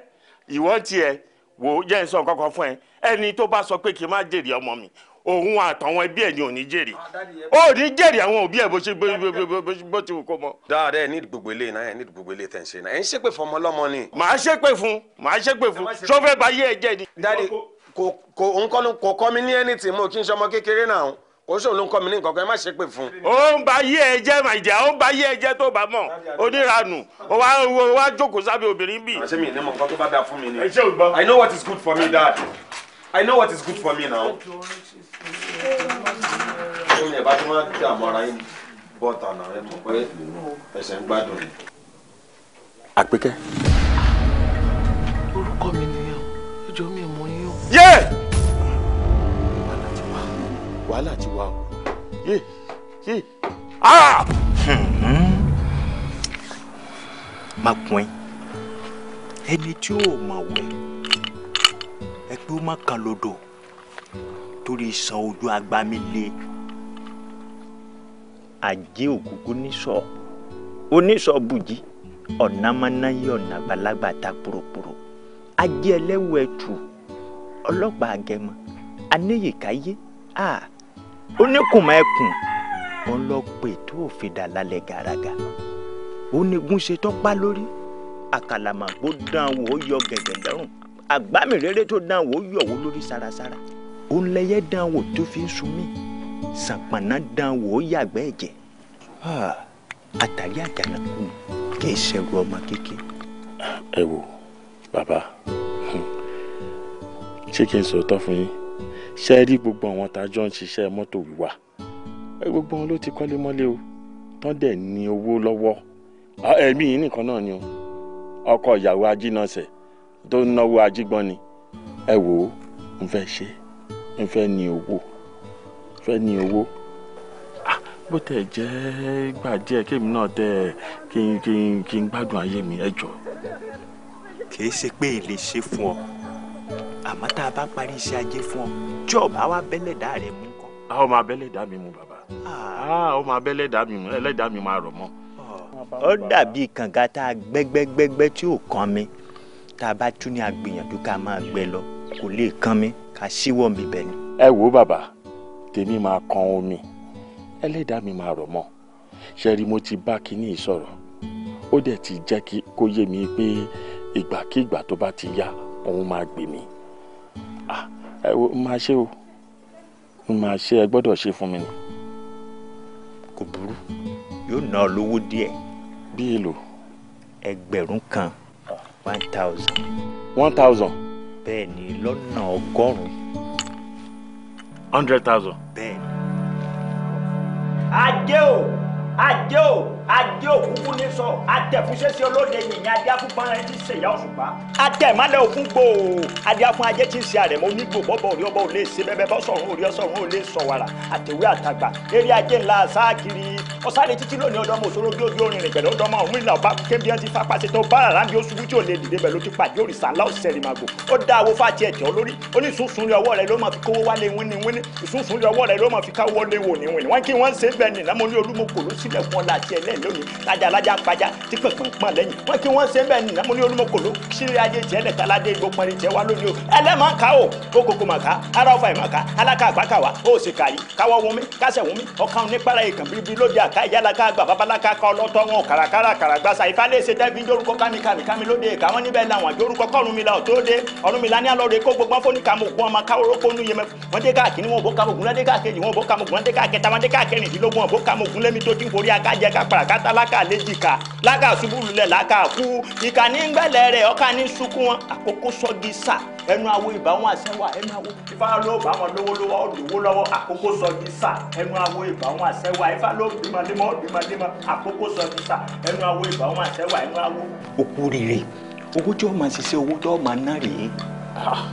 S2: ìwọ́n tiẹ̀ wò jẹ́ ń sọ fún ẹ ẹni tó bá sọ pé kí n má jèrè ọmọ mi òun àtàwọn ẹbí ẹ̀ ni ò ní jèrè ah, ó ní jèrè àwọn òbí ẹ̀ bó ṣe bó ti wù kó mọ. dáadé ẹ nídìí gbogbo eléyìí náà ẹ nídìí gbogbo eléyìí tẹ̀ ń ṣe náà ẹ ń ṣépè fún ọmọ ọlọ́mọ ni. màá ṣépè fún màá ṣépè fún sọfẹ́ bá yé ẹ jẹ́ ni. dáadé kò kò kò kọ́ mi ní anything mo kí n ṣọmọ kékeré náà kò sóun ló ń kọ́ mi ní nǹkan kan ẹ má ṣe pé fún un. ó ń ba yé ẹ jẹ́ mà ìjà ó ń ba yé ẹ jẹ́ tó bá mọ̀ oníranù ó wá ó wá jókòó sábẹ́ obìnrin bì. àṣé mi ìní mọ̀ nǹkan tó bá dáa fún mi ni. ẹ ṣé o gbọ́. I know what is good for me dad. I know what is good for me now ṣé mi ẹ̀ bá ti máa dààmú ara yín bọ́ tànà ẹ mọ̀ pé ẹsẹ̀ ń gbádùn ni. àpèkẹ́. orúkọ mi nìyẹn o ẹjọ́ mi mọ yín o. yé wàhálà ti wá o yé yé ah. ah! Hmm. má pọ́n ẹni tí yóò mọ̀ wẹ̀ ẹgbẹ́ ó má kan lodò torí san ojú agbami le àjẹ òkùnkùn níṣọ oníṣọ bùjí ọ̀nà mọ́náyé ọ̀nà àgbàlagbà ta pòròpòrò ajé ẹlẹ́wọ̀ ẹ̀tù ọlọ́pàá àgẹ̀mọ́ anéyèkáyé a oníkùnmọ́ ẹkùn wọn lọ pè tó òfin dàlálẹ̀ gàràgà onígun ṣe tọ́pá lórí àkàlàmàgbò dán wò ó yọ gẹ̀gẹ̀ lọ́rùn àgbámi rere tó dán wò ó yọ̀ wò lórí sárasára òun lẹyẹ dán wò tó fi ń sun mí sàpànà dán wò ó yàgbẹ́ ẹ̀jẹ̀ àtàrí àjànàkú ni kì í ṣẹrù ọmọ kékeré. ẹ wo bàbá ṣé kí n sòótọ́ fún yín ṣe rí gbogbo àwọn tá a jọ ń ṣiṣẹ́ mọ́tò wíwà gbogbo wọn ló ti kọ́lé mọ́lé o tán dẹ̀ ní owó lọ́wọ́ ẹ̀mí yìí nìkan náà ni o ọkọ ìyàwó ajínàṣẹ tó ń náwó ajígbọ́n ni ẹ wò ó ń fẹ́ ṣe é ń fẹ́ ní owó fẹ́ ní owó ah, bó tẹ̀ jẹ́ gbà díẹ̀ kémi náà tẹ̀ kí n kí n kí n gbádùn ayé mi ẹ jọ. kì í ṣe pé èlé ṣe fún ọ àmọ́ tá a bá parí iṣẹ́ ajé fún ọ jọ̀ọ́ bá wá bẹ́lẹ̀ dá rẹ mú kọ́. a ó máa bẹ́lẹ̀ mi mú bàbá ah. a ó máa bẹ́lẹ̀ mi mú ẹlẹ́dàá mi máa rọ̀ mọ́. ó dàbí kànga tá a gbẹ́gbẹ́gbẹ́gbẹ́ tí ò kàn mi tá a bá tún ní agbìyànjú ká máa gbẹ lọ kò lè kàn mi ká ṣíwọ́ mi bẹ̀ ni. ẹ wo bàbá tèmi máa kan omi ẹlẹ́dàá mi máa rọ̀ mọ́ ṣẹ́rí mo ti bá kinní ìsọ̀rọ̀ ó dẹ̀ ti jẹ́ kó yé mi pé ìgbàkigbà tó bá ti yá òun máa gbè mí ẹ wo máa ṣe o máa ṣe ẹ gbọ́dọ̀ ṣe fún mi ni. kò burú yóò ná lówó díẹ̀. bí èlò. ẹgbẹ̀rún kan one thousand. one thousand bẹ́ẹ̀ ni lọ́nà ọgọ́rùn hundred thousand. bẹ́ẹ̀ ni.
S1: ajé o ajé o ajé òkúkú ní sọ atẹ̀fúnṣẹ́sẹ́ olóde yìnyín adíáfúnpá rẹ ti ṣèyá òṣùpá.
S2: atẹ̀málẹ̀ òkun gbòò adíáfún ajé ti ń ṣe àrẹ̀mọ onígbò bọ́bọ̀ orí ọba ò lè ṣe bẹ́ẹ̀ bẹ́ẹ̀ bọ́ sọ̀rùn orí ọsọ̀rùn ò lè sọ̀wàrà àtẹ̀wé àtàgbà eré ajé ńlá sáà kiri ọ̀sáré títí lónìí ọ̀dọ́mọ òṣòro bí ojú orin rìn pẹ̀lú ọ̀dọ́mọ ọ̀hún ìlà ọba kébí ẹni fapá ṣe tó bá rárá bí ó ṣubú tí ò lè dìde bẹ̀ ló ti pàdé òrìṣà ńlá òṣìṣẹ́ rìn màgò ó dá owó fàtí ẹ̀jẹ̀ olórí ó ní ìsúnsùn lé ọwọ́ rẹ ló máa fi kówó wálé wíní wíní ìsúnsùn lé ọwọ́ rẹ ló máa fi káwọ́ lé wò ní wíní wọ́n kí wọ́n ṣe é bẹ́ẹ̀ nìyẹn mo ní olúmọkò ló sílẹ̀ fún ọlá àti ẹlẹ́ lónìí lájà lájà pàjá tí pẹ̀pẹ̀ pọ̀n lẹ́yìn wọ́n kí wọ́n ṣe é bẹ́ẹ̀ nìyẹn ní olúmọkò ló sílẹ̀ ajé tiẹ̀ lẹ̀ káládé ìgbó pọnrin tiẹ̀ wá lónìí o ẹlẹ́mọ̀ ká o okòkò mà ká ara ọ̀fà ìmọ̀ ká alákàgbà wa ó sì kà ká ìyálaka gbà babalaka ká ọlọ́tọ́ wọn kàràkàrà kàràgbàsà ìfàlẹ́sẹ̀ tẹ́bí jórúkọ kámikàmì kámi lóde káwọn níbẹ̀ làwọn jórúkọ kọ́ọ̀rùn mi la ọ̀tọ́ de ọ̀run mi la ní alọ́ọ̀rẹ́ kó gbogbo fóni kàmú gbọ́n ọmọ káwọ́rọ́ kó nu yẹmẹ wọ́n dé káàkiri wọn bó kàmú gúnlẹ́ dé káàkiri wọn bó kàmú gúnlẹ́ dé káàkẹta wọn dé káàkẹrìndínlógún wọn bó kàmú gúnlẹ́ mi tó ti forí akájẹ kápára kátà láka léjìká láka ṣubú lulẹ̀ láka kú ìkànnì ńgbẹ̀lẹ̀ rẹ̀ ọ̀ka ní sunkún ẹnu awo ìbá wọn àti wà ẹnu awo ifá ló bá wọn lówó lówó olówó lọ́wọ́ àkókò sọ di sà ẹnu awo ìbá wọn àti wà ifá ló bímọ lémọ bímọ lémọ àkókò sọ di sà ẹnu awo ìbá wọn àti wà ẹnu awo.
S6: òkú rere owó tí ó máa ṣiṣẹ́ owó tó máa ná rèé.
S2: Ah,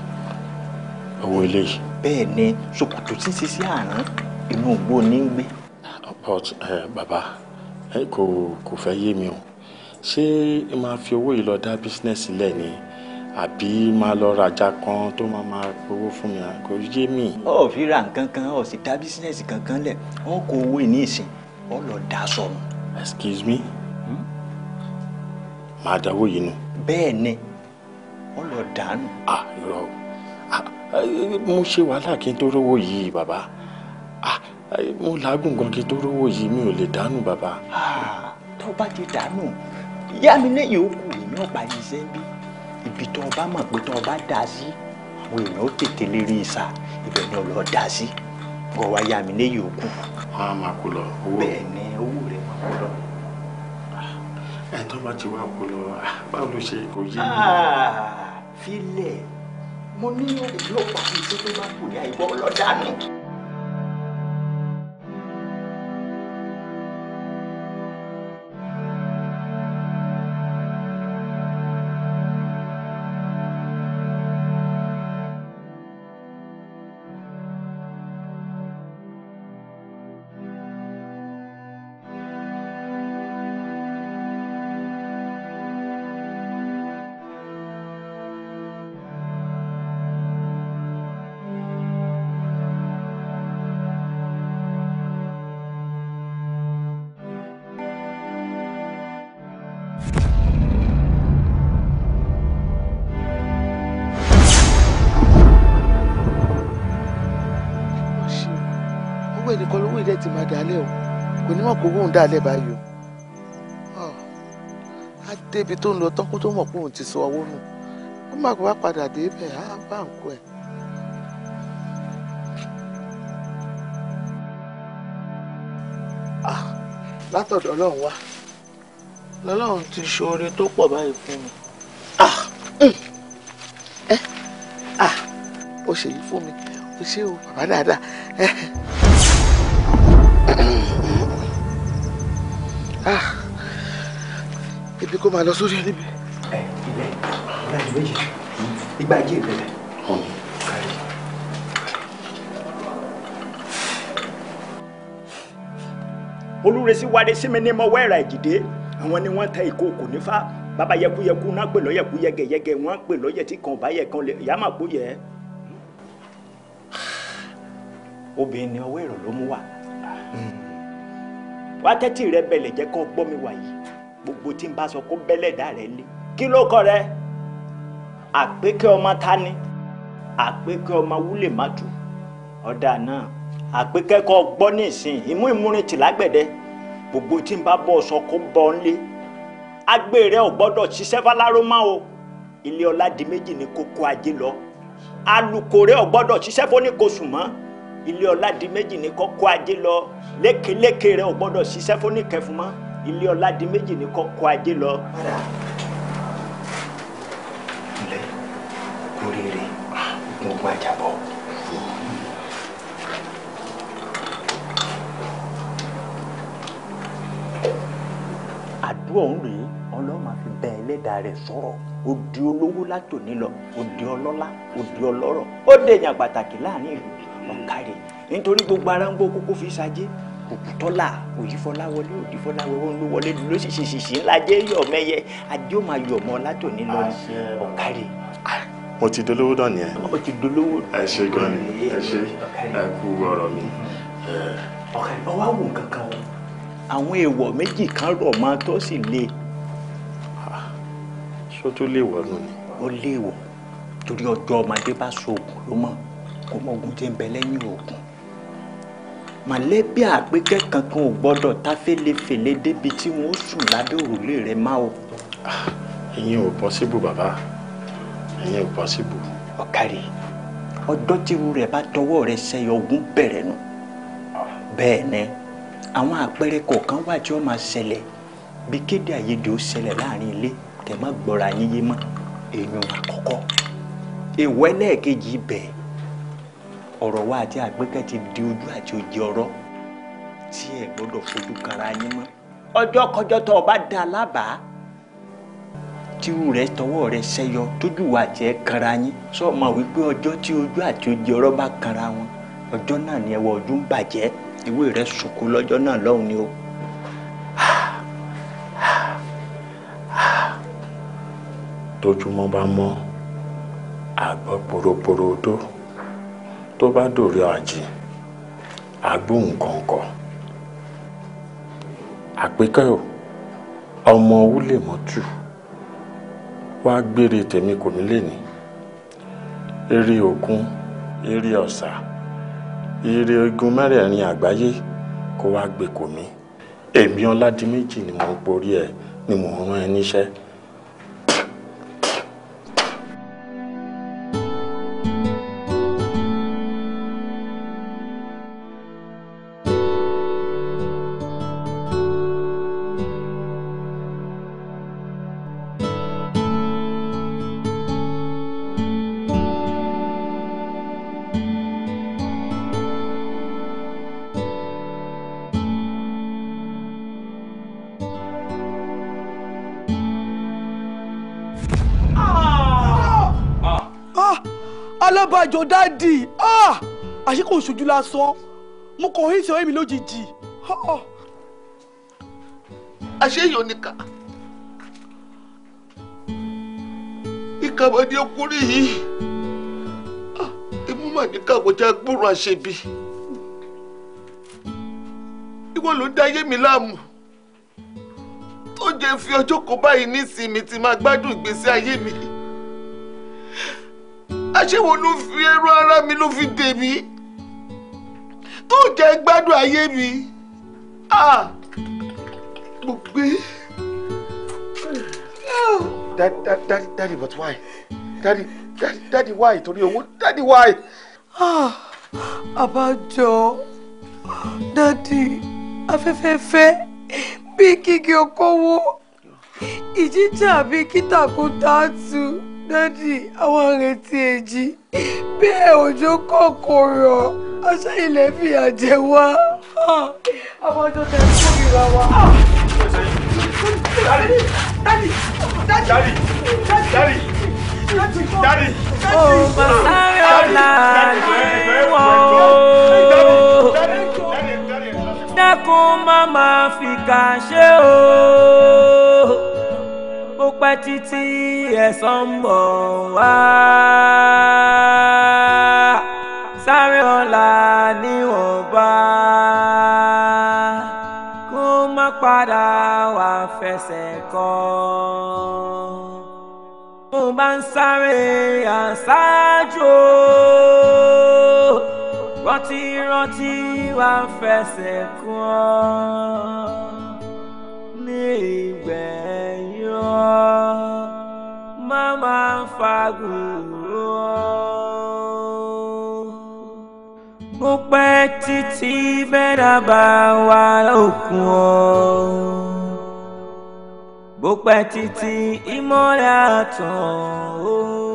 S2: owó ilé yìí. bẹ́ẹ̀ ni ṣòkòtò ṣíṣe sí àárín inú ògbó ní gbé. Ah, but eh, bàbá eh, kò kò fẹ́ yé mi o ṣé máa fi owó yìí lọ dá bísínẹ́sì lẹ̀ àbí máa lọ rajà kan tó máa máa gbowó fún mi kò yé mi. ó fi ra nǹkan kan ó sì dá bísínẹ́sì kankan lẹ̀ wọ́n kó owó ìní ìsìn ó lọ dá sọnù. excuse me màá hmm? dáwó yìí nù. bẹ́ẹ̀ ni ó lọ dànù. ah irọ́ mo ṣe wàhálà kí n tó rówó yìí bàbá mo làágùn gan kí n tó rówó yìí mi ò lè dànù bàbá. tó bá ti dànù ìyá mi lẹ́yìn òkú èmi ọ̀pá yìí ṣe ibi tó o bá mọ̀ pé tó o bá dà sí àwọn èèyàn ó tètè lè rí ìsà ibẹ̀ ni ọlọ́ dà sí kọ́ wa yá mi léyìí òkú. a máa kó lọ owó bẹ́ẹ̀ ni owó rẹ̀ máa kó lọ. Ah, ẹ̀ tó bá ti wá kó lọ ah, báwo ló ṣe kò yé mi. Ah, filẹ̀ mo ní ìlú ọ̀pá mi tó tó bá kù ní àìbọ̀ ọlọ́dà nù. ẹnìkan lówó ìdẹ́ ti máa dálẹ̀ o kò ní mọ̀ kó wóun dálẹ̀ báyìí o á débi tó ń lọ tọ́kú tó mọ̀ pé òun ti sọ owó nù ó má kó bá padà débẹ̀ á bá nǹkan ẹ̀. Ah, látọ̀dọ̀ ọlọ́run wá lọ́lọ́run ti ṣoore tó pọ̀ báyìí fún mi. Ah, mm. eh, ah, ó ṣèyí fún mi ó ṣe o bàbá dáadáa. Eh, Ah, ibi kó máa lọ sórí ẹni bí. ẹ ilẹ̀ ìgbà ìlú méjì ìgbà ajé ìbẹ̀rẹ̀ hàn mí kárí. olùrẹsì wáde sími ní mọwọ́ ẹ̀rà ìjìdé àwọn ni wọ́n ta ìkookò nífà bàbá yẹkuyẹku náà pè lọ́yẹ̀kú yẹgẹyẹgẹ wọ́n pè lọ́yẹ̀ tí kan bá yẹ kan lè yá máa kó
S6: obìnrin ni ọwọ́ èrò ló mú wá. Hmm
S2: wá tẹ́tí rẹ bẹ̀lẹ̀ jẹ́ kó gbọ́ mi wàyí gbogbo tí n bá sọ kó bẹ́lẹ̀ dá rẹ lé kí ló kọ rẹ àpékẹ́ ọmọ tani àpékẹ́ ọmọ wúlè má tu ọ̀dà náà àpékẹ́ kọ́ gbọ́ ní ìsìn ìmú ìmúrin tì lágbẹ̀dẹ gbogbo tí n bá bọ̀ sọ kó bọ̀ ń lé agbèrè ò gbọ́dọ̀ ṣiṣẹ́ fáláró má o ilé ọlá di méjì ní kókó ajé lọ alukore ò gbọ́dọ̀ ṣiṣẹ́ fóníkosùn mọ́ ilé ọlá di méjì ní kọ́kọ́ ajé lọ lékeléke rẹ ò gbọ́dọ̀ ṣiṣẹ́ fún nìkẹ́fún mọ́ ilé ọlá di méjì ní kọ́kọ́ ajé lọ.
S4: ilé kúrèrè gbogbo àjàbọ̀.
S6: àdúrà òun rèé ọlọ́run máa fi bẹ ẹlẹ́dàá
S2: rẹ̀ sọ̀rọ̀ ó di olówó látòní lọ ó di ọlọ́lá ó di ọlọ́rọ̀ ó dèèyàn pàtàkì láàrin ìlú ọ̀nkárẹ̀ nítorí gbogbo ara ń gbó kókó fi ṣajé òkútọ́là òyìfọláwọlé òdìfọláwọlé ló wọlé ló sì sì sì sì ńlá jẹ́ yọ̀mẹ́yẹ ajé ó máa yọ̀mọ́ látòní lọ ọ̀nkárẹ̀. mo ti dolówó dàn ní ẹ. mo ti dolówó. ẹ ṣe gan ni ẹ ṣe ẹ kú ọ̀rọ̀ mi. ọ̀kàrí ọwọ́ àwọn nǹkan kan o àwọn èèwọ̀ méjì kan rọ̀ máa tọ́ sí le. ṣó tó léèwọ̀ nù ni. ó léèwọ̀ torí ọjọ́ ọmọdé bá so oògùn ló mọ̀ kò mọ ogun tí ń bẹ lẹ́yìn oògùn mọ̀lẹ́bí àgbékẹ́ kankan ò gbọ́dọ̀ táfẹ́lẹ́fẹ́lẹ́ débi tí wọ́n sùn lábẹ́ òrùlé rẹ̀ má o. Ah, ẹ̀yin ò pọ́síbù bàbá ẹ̀yin ò pọ́síbù. ọ̀kàrí ọjọ́ tíru rẹ̀ bá tọwọ́ rẹ̀ sẹ́yọ ogun bẹ̀rẹ̀ nù bẹ́ẹ̀ ni àwọn àpẹẹrẹ kọ̀ọ̀kan wà tí ó máa ṣẹlẹ̀ bí kéde àyèdè ó ṣẹlẹ̀ láàrin ilé tẹ̀ má
S6: gbọ́ra yín yé mọ́ èèyàn àkọ́kọ́ èèwọ̀ ẹlẹ́ẹ̀kejì bẹ́ẹ̀ ọ̀rọ̀ wa àti àgbẹ̀kẹ́ ti di ojú àti òjì ọ̀rọ̀ tí ẹ gbọ́dọ̀
S2: fojú kara yín mọ́ ọjọ́ kọjọ́ tó o bá da lábàá tírú rẹ tọwọ́ rẹ sẹ́yọ tójú wa àti ẹ kara yín sọ ma wípé ọjọ́ tí ojú àti òjì ọ̀rọ̀ bá kara wọn ọjọ́ náà ni ẹwọ ọdún bàjẹ́ ìwé rẹ sùkú lọ́jọ́ náà lọ́hùn ni o. tójúmọ́ bá mọ́ àgbọ̀ poroporo tó tó bá dòrí àjì agbóhùn kọ̀ọ̀kọ̀ àpékẹ́ ò ọmọ wúlè mọ́tù wá gbére tèmi kò ní lè ní eré òkun eré ọ̀sà eré igun mẹ́rẹ̀ẹ̀rin àgbáyé kó wá gbé kò mí èmi ọládìméjì ni mo ń porí ẹ ni mo ń rán ẹ níṣẹ́. kò ṣojú lásán mo kàn hí ìṣòro mi lójijì. àṣé yóò níkà ìkàwé ni ọkùnrin yìí imú mà ní kàwọjá gbòòrò àṣebi ìwọ ló ń dá ayé mi láàmú tó jẹ́ fi ọjọ́ kan báyìí nísìmí ti máa gbádùn ìgbésí ayé mi àṣé ló fi ẹrù ara mi ló fi dè mí jẹ́ gbádùn ayé mi ah! mo gbé. Daddy, daddy, daddy, but why? Daddy, daddy, daddy, why? Torí owó, daddy, why?
S1: Ah, àbájọ, daddy, afẹ́fẹ́fẹ́, bí kíkì okòwò, ìjíjà bí kítàkùn tààtù dádì àwọn retí èjì bẹ́ẹ̀ òjò kọ̀ọ̀kan rọ̀ aṣá ilẹ̀ fìyà jẹ wá àwọn ọjọ́ tẹ̀ ń kó ìra wa. dádì dádì dádì dádì dádì. ọmọ sáré ọ̀la lẹ́wọ̀n dákun má máa fìkà ṣe o pẹ́ títí ẹ̀san ń bọ̀ wá. sáré ọ̀la níwọ̀nba kó má padà wá fẹsẹ̀ kọ́. mo bá ń sáré àṣáájú rántí rántí wá fẹsẹ̀ kọ́ ní ìgbẹ́. Mama, má máa fagùrò ọ́. mo pẹ́ títí bẹ́ẹ̀dá bá wà lókun ọ́. bó pẹ́ títí ìmọ̀lẹ́
S4: àtàn ọ́.